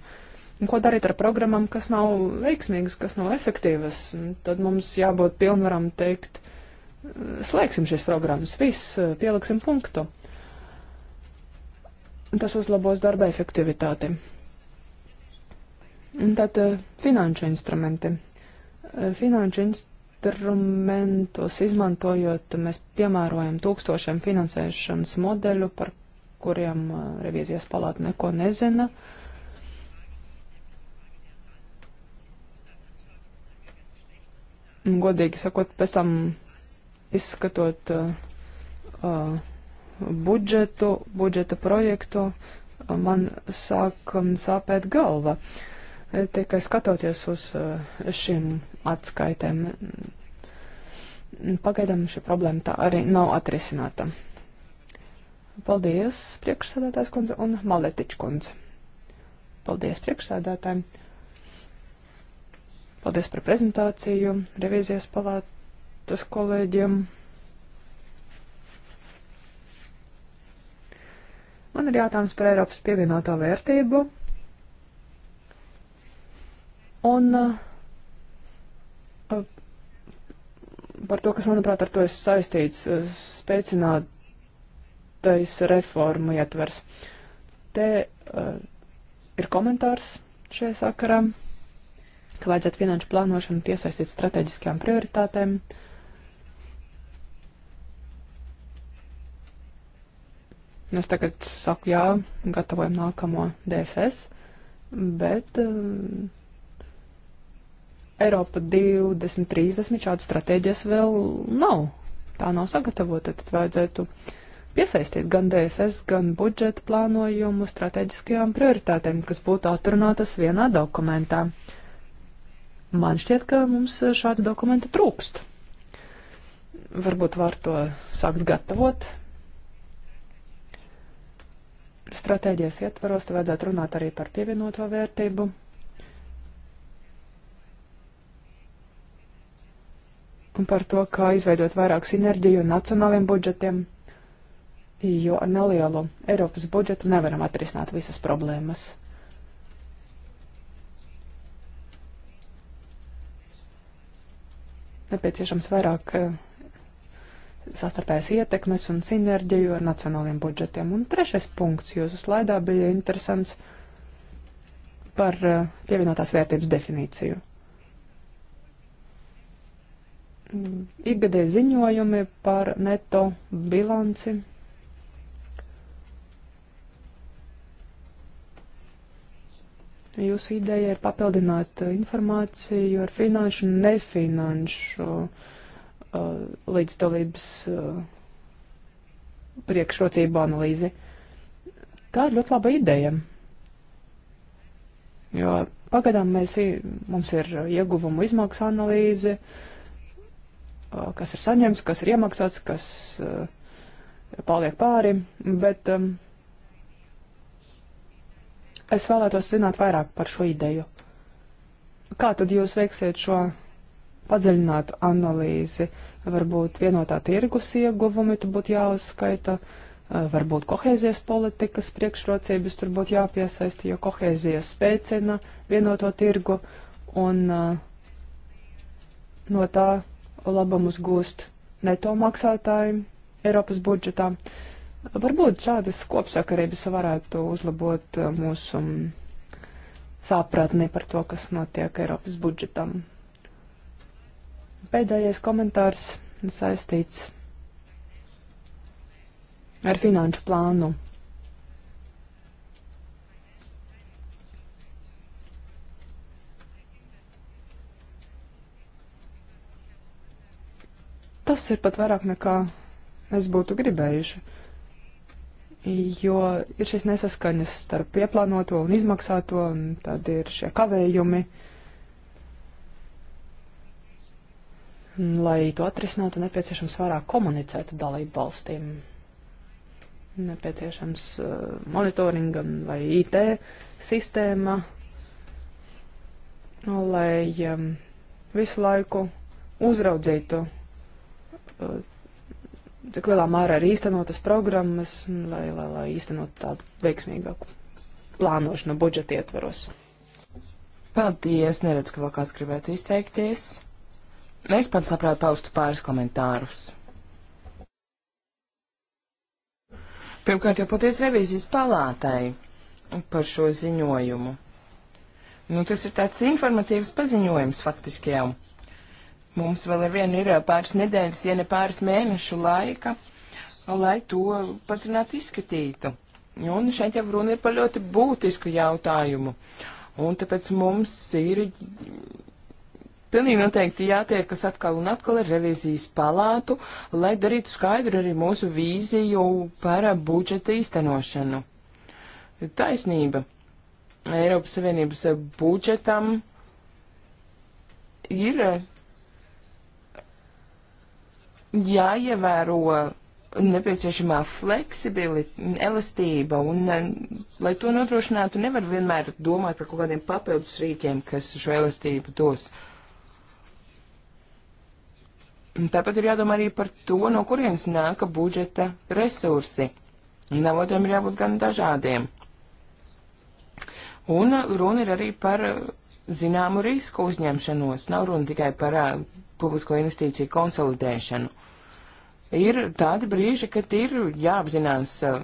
Un ko darīt ar programmām, kas nav veiksmīgas, kas nav efektīvas? Tad mums jābūt pilnvaram teikt, uh, slēgsim šīs programmas, viss, uh, pieliksim punktu. Tas uzlabos darba efektivitāti. Tad eh, finanšu instrumenti. Eh, finanšu instrumentus izmantojot, mēs piemērojam tūkstošiem finansēšanas modeļu, par kuriem eh, revīzijas palāta neko nezina. Godīgi sakot, pēc tam izskatot uh, budžetu, budžeta projektu, man sāk mm, sāpēt galva. Uh, Tikai skatoties uz eh, šīm atskaitēm, pagaidām šī problēma tā arī nav atrisināta. Paldies, priekšsēdētājs kundze un Maletič kundze. Paldies priekšsēdētājiem. Paldies par prezentāciju revīzijas palātas kolēģiem. Man ir jātājums par Eiropas pievienoto vērtību. Un uh, par to, kas, manuprāt, ar to ir saistīts, uh, spēcinātais reformu ietvers. Te uh, ir komentārs šajā sakarā, ka vajadzētu finanšu plānošanu piesaistīt strateģiskajām prioritātēm. Nu, es tagad saku, jā, gatavojam nākamo DFS, bet uh, Eiropa 2030 šādas stratēģijas vēl nav. Tā nav sagatavota, tad vajadzētu piesaistīt gan DFS, gan budžeta plānojumu strateģiskajām prioritātēm, kas būtu atrunātas vienā dokumentā. Man šķiet, ka mums šāda dokumenta trūkst. Varbūt var to sākt gatavot. Stratēģijas ietvaros te vajadzētu runāt arī par pievienoto vērtību un par to, kā izveidot vairāk sinerģiju nacionāliem budžetiem, jo ar nelielu Eiropas budžetu nevaram atrisināt visas problēmas. Nepieciešams vairāk eh, sastarpējas ietekmes un sinerģiju ar nacionāliem budžetiem. Un trešais punkts jūsu slaidā bija interesants par eh, pievienotās vērtības definīciju ikgadēji ziņojumi par neto bilanci. Jūsu ideja ir papildināt informāciju ar finanšu un nefinanšu uh, līdzdalības uh, priekšrocību analīzi. Tā ir ļoti laba ideja. Jo pagaidām mēs, mums ir ieguvumu izmaksu analīze, uh, kas ir saņemts, kas ir iemaksāts, kas paliek pāri, bet um, es vēlētos zināt vairāk par šo ideju. Kā tad jūs veiksiet šo padziļinātu analīzi? Varbūt vienotā tirgus ieguvumi tur būtu jāuzskaita, varbūt kohēzijas politikas priekšrocības tur būtu jāpiesaista, jo kohēzija spēcina vienoto tirgu un uh, no tā labumus gūst neto maksātāji Eiropas budžetā. Varbūt šādas kopsakarības varētu uzlabot uh, mūsu mm, sāpratni par to, kas notiek Eiropas budžetam. Pēdējais komentārs saistīts ar finanšu plānu Tas ir pat vairāk nekā es būtu gribējuši, jo ir šis nesaskaņas starp pieplānoto un izmaksāto, un tad ir šie kavējumi. Lai to atrisinātu, nepieciešams vairāk komunicēt dalību valstīm nepieciešams uh, monitoringam vai IT sistēma, lai um, visu laiku uzraudzītu cik uh, lielā mērā ir īstenotas programmas, lai, lai, lai īstenot tādu veiksmīgāku plānošanu budžeta ietvaros. Paldies, neredzu, ka vēl kāds gribētu izteikties. Es pats labprāt paustu pāris komentārus. Pirmkārt, jau paties revīzijas palātai par šo ziņojumu. Nu, tas ir tāds informatīvs paziņojums faktiski jau. Mums vēl ar vienu ir pāris nedēļas, ja ne pāris mēnešu laika, lai to padziļināti izskatītu. Un šeit jau runa ir par ļoti būtisku jautājumu. Un tāpēc mums ir pilnīgi noteikti jātiekas atkal un atkal ar revizijas palātu, lai darītu skaidru arī mūsu vīziju par budžeta īstenošanu. Taisnība. Eiropas Savienības budžetam ir jāievēro nepieciešamā fleksibilitāte, elastība, un, eh, lai to nodrošinātu, nevar vienmēr domāt par kaut kādiem papildus rīķiem, kas šo elastību dos. Tāpat ir jādomā arī par to, no kurienes nāka budžeta resursi. Navodiem ir jābūt gan dažādiem. Un eh, runa ir arī par eh, zināmu risku uzņemšanos. Nav runa tikai par uh, publisko investīciju konsolidēšanu ir tādi brīži, kad ir jāapzinās uh,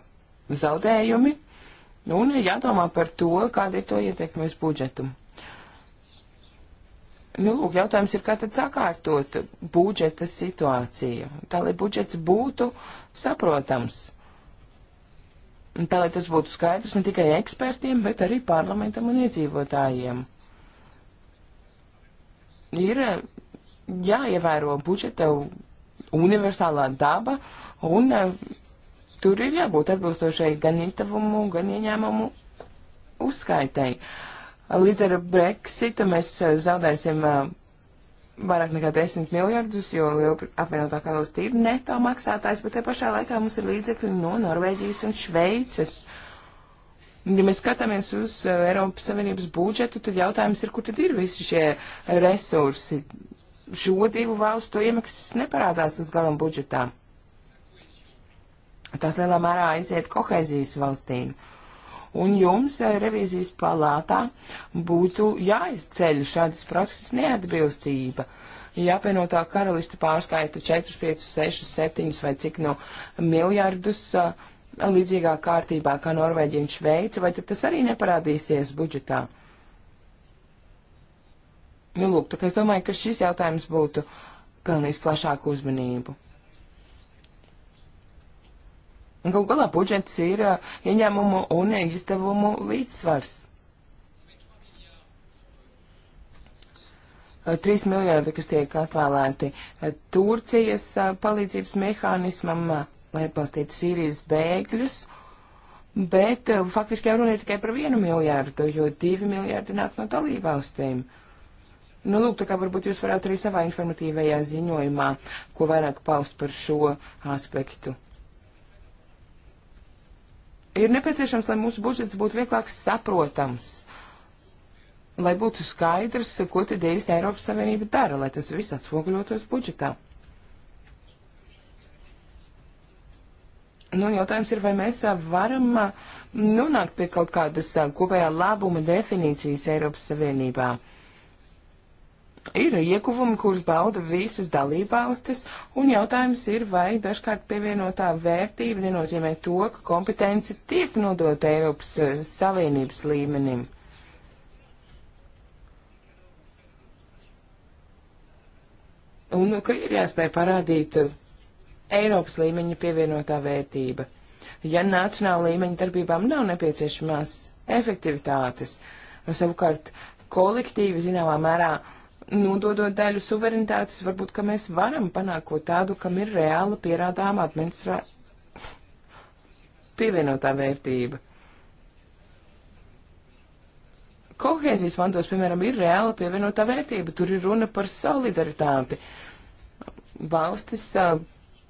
zaudējumi un jādomā par to, kāda ir to ietekme uz budžetu. Nu, lūk, jautājums ir, kā tad sakārtot budžeta situāciju, tā lai budžets būtu saprotams. Un tā lai tas būtu skaidrs ne tikai ekspertiem, bet arī parlamentam un iedzīvotājiem. Ir uh, jāievēro budžeta universālā daba, un eh, tur ir jābūt atbilstošai gan izdevumu, gan ieņēmumu uzskaitēji. Līdz ar Brexitu mēs eh, zaudēsim eh, vairāk nekā 10 miljardus, jo liela apvienotā karalistē ir neto maksātājs, bet te pašā laikā mums ir līdzekļi no Norvēģijas un Šveices. Ja mēs skatāmies uz Eiropas Savienības budžetu, tad jautājums ir, kur tad ir visi šie resursi šo divu valstu iemaksas neparādās uz galam budžetā. Tas lielā mērā aiziet kohēzijas valstīm. Un jums eh, revīzijas palātā būtu jāizceļ šādas prakses neatbilstība. Ja apvienotā karalista pārskaita 4, 5, 6, 7 vai cik no miljardus eh, līdzīgā kārtībā kā Norvēģija un Šveica, vai tad tas arī neparādīsies budžetā? Nu, lūk, tā kā es domāju, ka šis jautājums būtu pelnījis plašāku uzmanību. Galu galā budžets ir uh, ieņēmumu un izdevumu līdzsvars. 3 uh, miljardi, kas tiek atvēlēti uh, Turcijas uh, palīdzības mehānismam, lai atbalstītu Sīrijas bēgļus, bet faktiski jau runa ir tikai par 1 miljardu, jo 2 miljardi nāk no dalībvalstīm. valstīm. Nu, lūk, tā kā varbūt jūs varētu arī savā informatīvajā ziņojumā, ko vairāk paust par šo aspektu. Ir nepieciešams, lai mūsu budžets būtu vieglāk saprotams, lai būtu skaidrs, ko tad īsti Eiropas Savienība dara, lai tas viss atspoguļotos budžetā. Nu, jautājums ir, vai mēs varam mm, nonākt pie kaut kādas kopējā labuma definīcijas Eiropas Savienībā ir ieguvumi, kurus bauda visas dalībvalstis, un jautājums ir, vai dažkārt pievienotā vērtība nenozīmē to, ka kompetence tiek nodota Eiropas eh, Savienības līmenim. Un nu, ka ir jāspēj parādīt eh, Eiropas līmeņa pievienotā vērtība. Ja nacionāla līmeņa darbībām nav nepieciešamās efektivitātes, savukārt kolektīvi zināmā mērā uh, nododot daļu suverenitātes, varbūt, ka mēs varam panākt ko tādu, kam ir reāla pierādāma administrā pievienotā vērtība. Kohēzijas fondos, piemēram, ir reāla pievienotā vērtība, tur ir runa par solidaritāti. Valstis uh,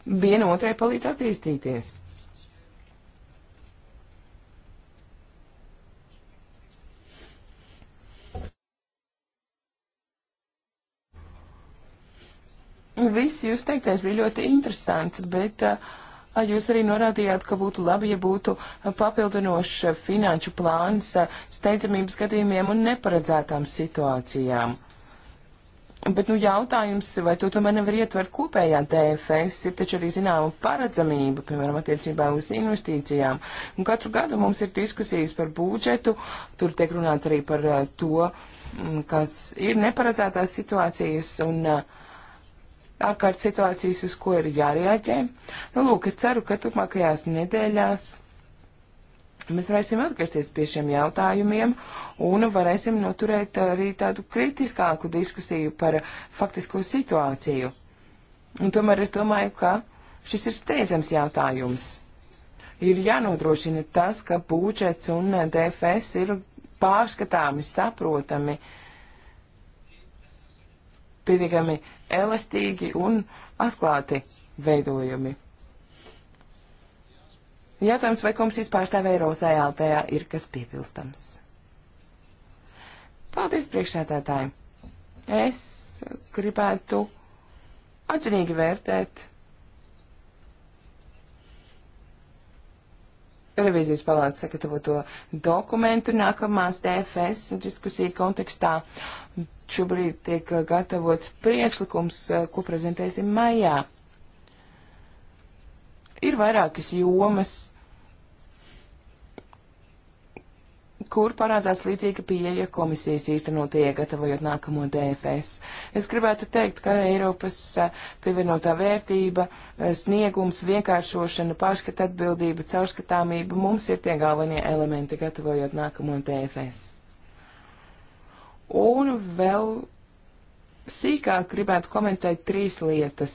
viena otrai palīdz attīstīties. Viss jūs teiktais bija ļoti interesants, bet jūs arī norādījāt, ka būtu labi, ja būtu papildinošs finanšu plāns steidzamības gadījumiem un neparedzētām situācijām. Bet nu, jautājums, vai to tomēr nevar ietvert kopējā DFS, ir taču arī zināma paredzamība, piemēram, attiecībā uz investīcijām. Un katru gadu mums ir diskusijas par budžetu, tur tiek runāts arī par to, mm, kas ir neparedzētās situācijas, un uh, ārkārtas situācijas, uz ko ir jārēģē. Nu, lūk, es ceru, ka turpmākajās nedēļās mēs varēsim atgriezties pie šiem jautājumiem un varēsim noturēt arī tādu kritiskāku diskusiju par faktisko situāciju. Un tomēr es domāju, ka šis ir steidzams jautājums. Ir jānodrošina tas, ka būčets un DFS ir pārskatāmi, saprotami, pietiekami elastīgi un atklāti veidojumi. Jautājums, vai komisijas pārstāvēja Rozajā Altējā ir kas piebilstams? Paldies priekšsētētāji. Es gribētu atzinīgi vērtēt revizijas palāca sagatavoto dokumentu nākamās DFS diskusiju kontekstā. Uh, šobrīd tiek gatavots priekšlikums, ko prezentēsim maijā. Ir vairākas jomas, kur parādās līdzīga pieeja komisijas īstenotie, gatavojot nākamo DFS. Es gribētu teikt, ka Eiropas pievienotā vērtība, sniegums, vienkāršošana, pārskata atbildība, caurskatāmība mums ir tie galvenie elementi, gatavojot nākamo DFS. Un vēl sīkāk gribētu komentēt trīs lietas.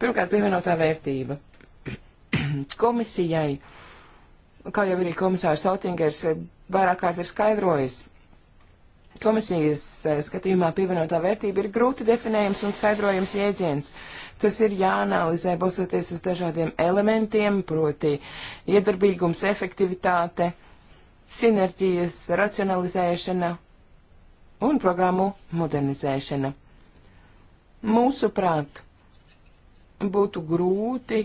Pirmkārt, pievienotā vērtība. Komisijai, kā jau arī komisārs Sautingers vairāk kārt ir skaidrojis, Komisijas eh, skatījumā pievienotā vērtība ir grūti definējams un skaidrojams jēdziens. Tas ir jāanalizē balstoties uz dažādiem elementiem, proti iedarbīgums, efektivitāte, uh, sinerģijas racionalizēšana un programmu modernizēšana. Mūsuprāt, būtu grūti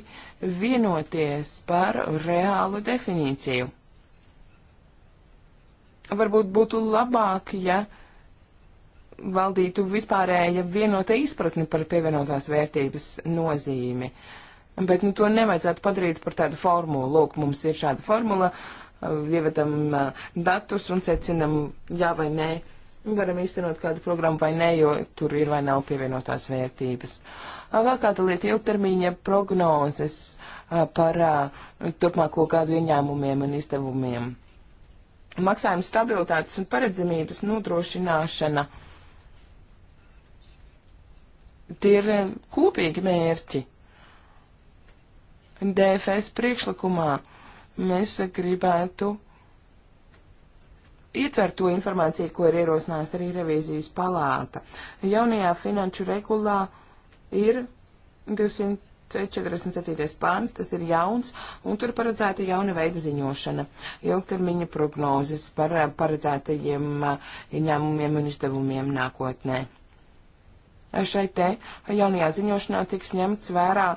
vienoties par reālu definīciju. Varbūt būtu labāk, ja valdītu vispārēja vienota izpratne par pievienotās vērtības nozīmi. Bet nu, to nevajadzētu padarīt par tādu formulu. Lūk, mums ir šāda formula, uh, ievedam datus un secinam jā vai nē. Varam īstenot kādu programmu vai nē, jo tur ir vai nav pievienotās vērtības. Vēl kāda lieta ilgtermiņa prognozes par turpmāko gadu ieņēmumiem un izdevumiem. Maksājuma stabilitātes un paredzamības nodrošināšana. Tie ir kopīgi mērķi. DFS priekšlikumā uh, mēs gribētu ietvert to informāciju, ko ir ierosinājusi arī revīzijas palāta. Jaunajā finanšu regulā ir 247. pāns, tas ir jauns, un tur paredzēta jauna veida ziņošana, ilgtermiņa prognozes par paredzētajiem ieņēmumiem eh, un izdevumiem nākotnē. Šai te jaunajā ziņošanā tiks ņemts vērā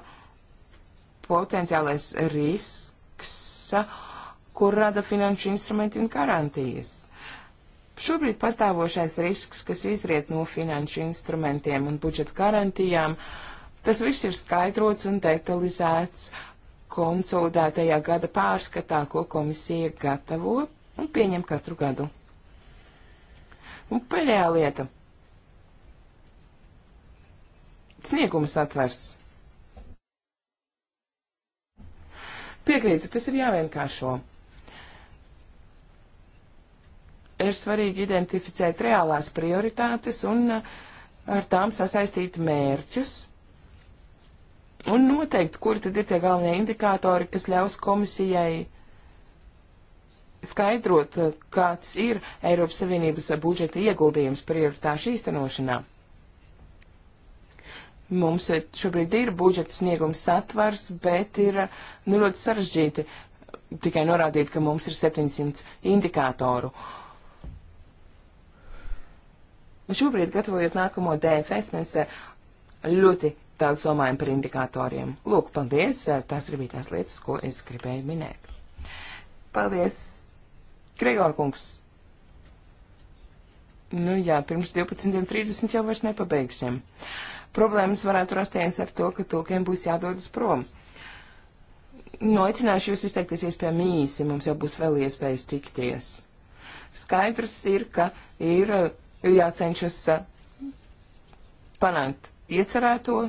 potenciālais risks prasa, kur rada finanšu instrumenti un garantijas. Šobrīd pastāvošais risks, kas izriet no finanšu instrumentiem un budžeta garantijām, tas viss ir skaidrots un detalizēts konsolidētajā gada pārskatā, ko komisija gatavo un pieņem katru gadu. Un pēdējā lieta. Sniegums atvers. Piekrītu, tas ir jāvienkāršo. Ir svarīgi identificēt reālās prioritātes un uh, ar tām sasaistīt mērķus. Un noteikt, kur tad ir tie galvenie indikātori, kas ļaus komisijai skaidrot, uh, kāds ir Eiropas Savienības budžeta ieguldījums prioritāšu īstenošanā. Mums šobrīd ir budžeta sniegums satvars, bet ir nu, ļoti sarežģīti tikai norādīt, ka mums ir 700 indikātoru. Šobrīd, gatavojot nākamo DFS, mēs eh, ļoti daudz domājam par indikatoriem. Lūk, paldies, eh, tās ir bija tās lietas, ko es gribēju minēt. Paldies, Gregor kungs! Nu jā, pirms 12.30 jau vairs nepabeigsim. Problēmas varētu rasties ar to, ka tūkiem būs jādodas prom. Nu, aicināšu jūs izteikties iespējami īsi, mums jau būs vēl iespējas tikties. Skaidrs ir, ka ir jācenšas eh, panākt iecerēto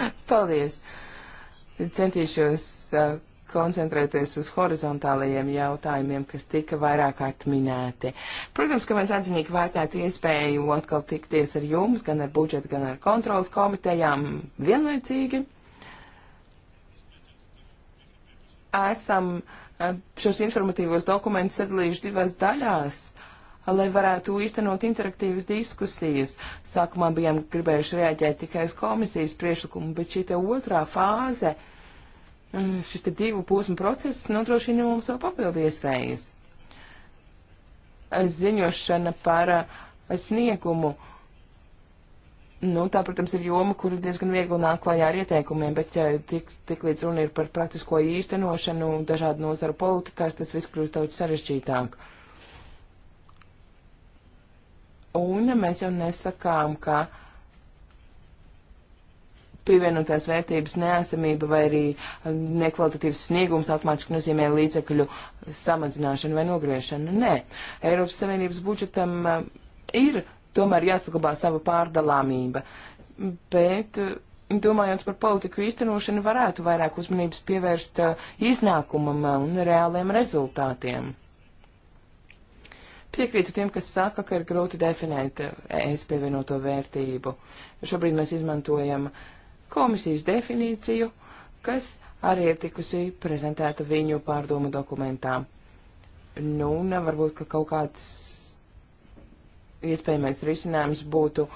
Paldies! Centīšos uh, koncentrēties uz horizontālajiem jautājumiem, kas tika vairāk kārt minēti. Protams, ka mēs atzinīgi vērtētu iespēju atkal tikties ar jums, gan ar budžetu, gan ar kontrolas komitejām vienlaicīgi. Esam uh, šos informatīvos dokumentus sadalījuši divās daļās lai varētu īstenot interaktīvas diskusijas. Sākumā bijām gribējuši reaģēt tikai uz komisijas priešlikumu, bet šī otrā fāze, mm, šis divu posmu process nodrošina mums vēl papildu iespējas. Ziņošana par eh, sniegumu. Nu, tā, protams, ir joma, kur ir diezgan viegli nākt klajā ar ieteikumiem, bet ja tik, tik līdz runa ir par praktisko īstenošanu dažādu nozaru politikās, tas viss kļūst daudz sarežģītāk. Uh, Un mēs jau nesakām, ka pievienotās vērtības neesamība vai arī nekvalitatīvs sniegums automātiski nozīmē līdzekļu samazināšanu vai nogriešanu. Nē, Eiropas Savienības budžetam uh, ir tomēr jāsaglabā sava pārdalāmība, bet uh, domājot par politiku īstenošanu varētu vairāk uzmanības pievērst uh, iznākumam un reāliem rezultātiem. Piekrītu tiem, kas saka, ka ir grūti definēt es pievienoto vērtību. Šobrīd mēs izmantojam komisijas definīciju, kas arī ir tikusi prezentēta viņu pārdomu dokumentā. Nu, un varbūt, ka kaut kāds iespējamais risinājums būtu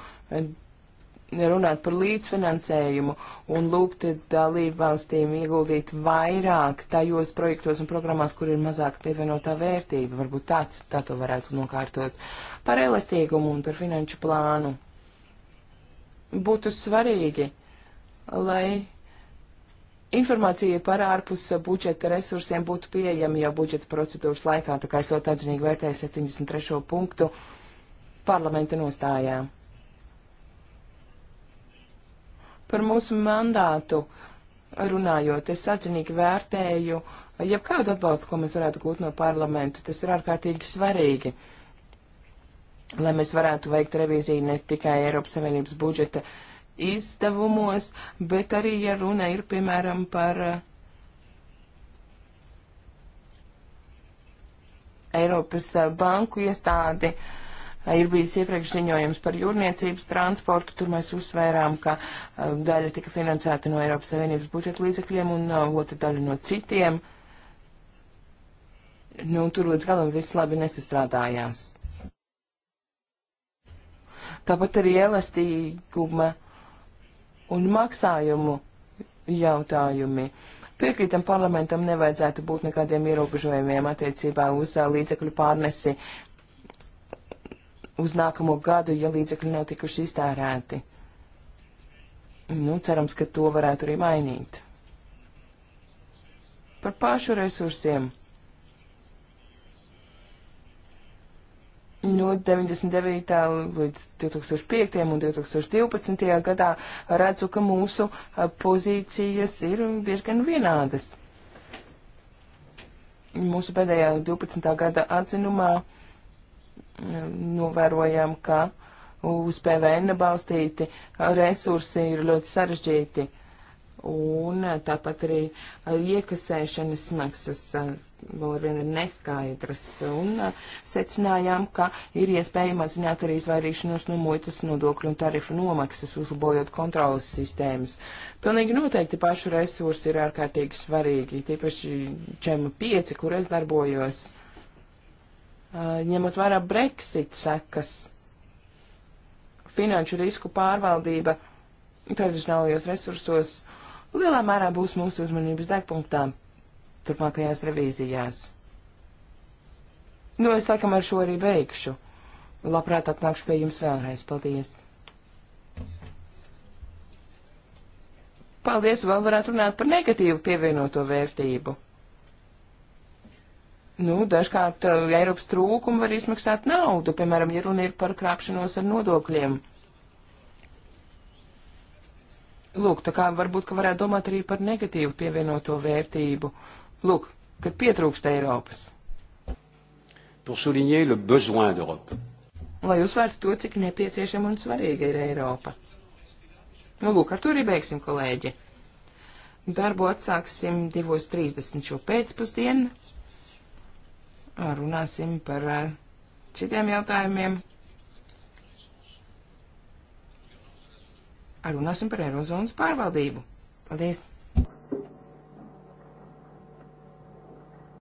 runāt par līdzfinansējumu un lūgt dalību valstīm ieguldīt vairāk tajos projektos un programmās, kur ir mazāk pievienotā vērtība. Varbūt tāds, tā to varētu nokārtot. Par elastīgumu un par finanšu plānu. Būtu svarīgi, lai informācija par ārpus budžeta resursiem būtu pieejama jau budžeta procedūras laikā, tā kā es ļoti atzinīgi vērtēju 73. punktu parlamenta nostājā. Par mūsu mandātu runājot, es atzinīgi vērtēju jebkādu atbalstu, ko mēs varētu gūt no parlamentu. Tas ir ārkārtīgi svarīgi, lai mēs varētu veikt revīziju ne tikai Eiropas Savienības budžeta izdevumos, bet arī, ja runa ir, piemēram, par eh, Eiropas eh, banku iestādi, uh, Ir bijis iepriekš ziņojums par jūrniecības transportu, tur mēs uzsvērām, ka uh, daļa tika finansēta no Eiropas Savienības budžeta līdzekļiem un uh, otra daļa no citiem. Nu, tur līdz galam viss labi nesastrādājās. Tāpat arī elastīguma un maksājumu jautājumi. Piekrītam parlamentam nevajadzētu būt nekādiem ierobežojumiem attiecībā uz uh, līdzekļu pārnesi uz nākamo gadu, ja līdzekļi nav tikuši iztērēti. Nu, cerams, ka to varētu arī mainīt. Par pašu resursiem. Nu, no 99. līdz 2005. un 2012. gadā redzu, ka mūsu pozīcijas ir diezgan vienādas. Mūsu pēdējā 12. gada atzinumā uh, novērojam, ka uz PVN balstīti resursi ir ļoti sarežģīti. Un tāpat arī iekasēšanas maksas vēl ar vienu ir neskaidras. Un secinājām, ka ir iespēja mazināt arī izvairīšanos no muitas nodokļu un tarifu nomaksas, uzlabojot kontrolas sistēmas. Pilnīgi noteikti pašu resursi ir ārkārtīgi svarīgi, tīpaši ČEM5, kur es darbojos Eh, ņemot vērā Brexit sekas, finanšu risku pārvaldība tradicionālajos resursos lielā mērā būs mūsu uzmanības degpunktā turpmākajās revīzijās. Nu, es laikam ar šo arī beigšu. Labprāt atnākšu pie jums vēlreiz. Paldies! Paldies, vēl varētu runāt par negatīvu pievienoto vērtību. Nu, dažkārt eh, Eiropas trūkumu var izmaksāt naudu, piemēram, ja runa ir par krāpšanos ar nodokļiem. Lūk, tā kā varbūt, ka varētu domāt arī par negatīvu pievienoto vērtību. Lūk, kad pietrūkst Eiropas. Pour souligner le besoin d'Europe. Lai uzsvērtu to, cik nepieciešama un svarīga ir Eiropa. Nu, lūk, ar to arī beigsim, kolēģi. Darbu atsāksim 2.30 šo pēcpusdienu runāsim par eh, citiem jautājumiem. Runāsim par Eirozonas pārvaldību. Paldies!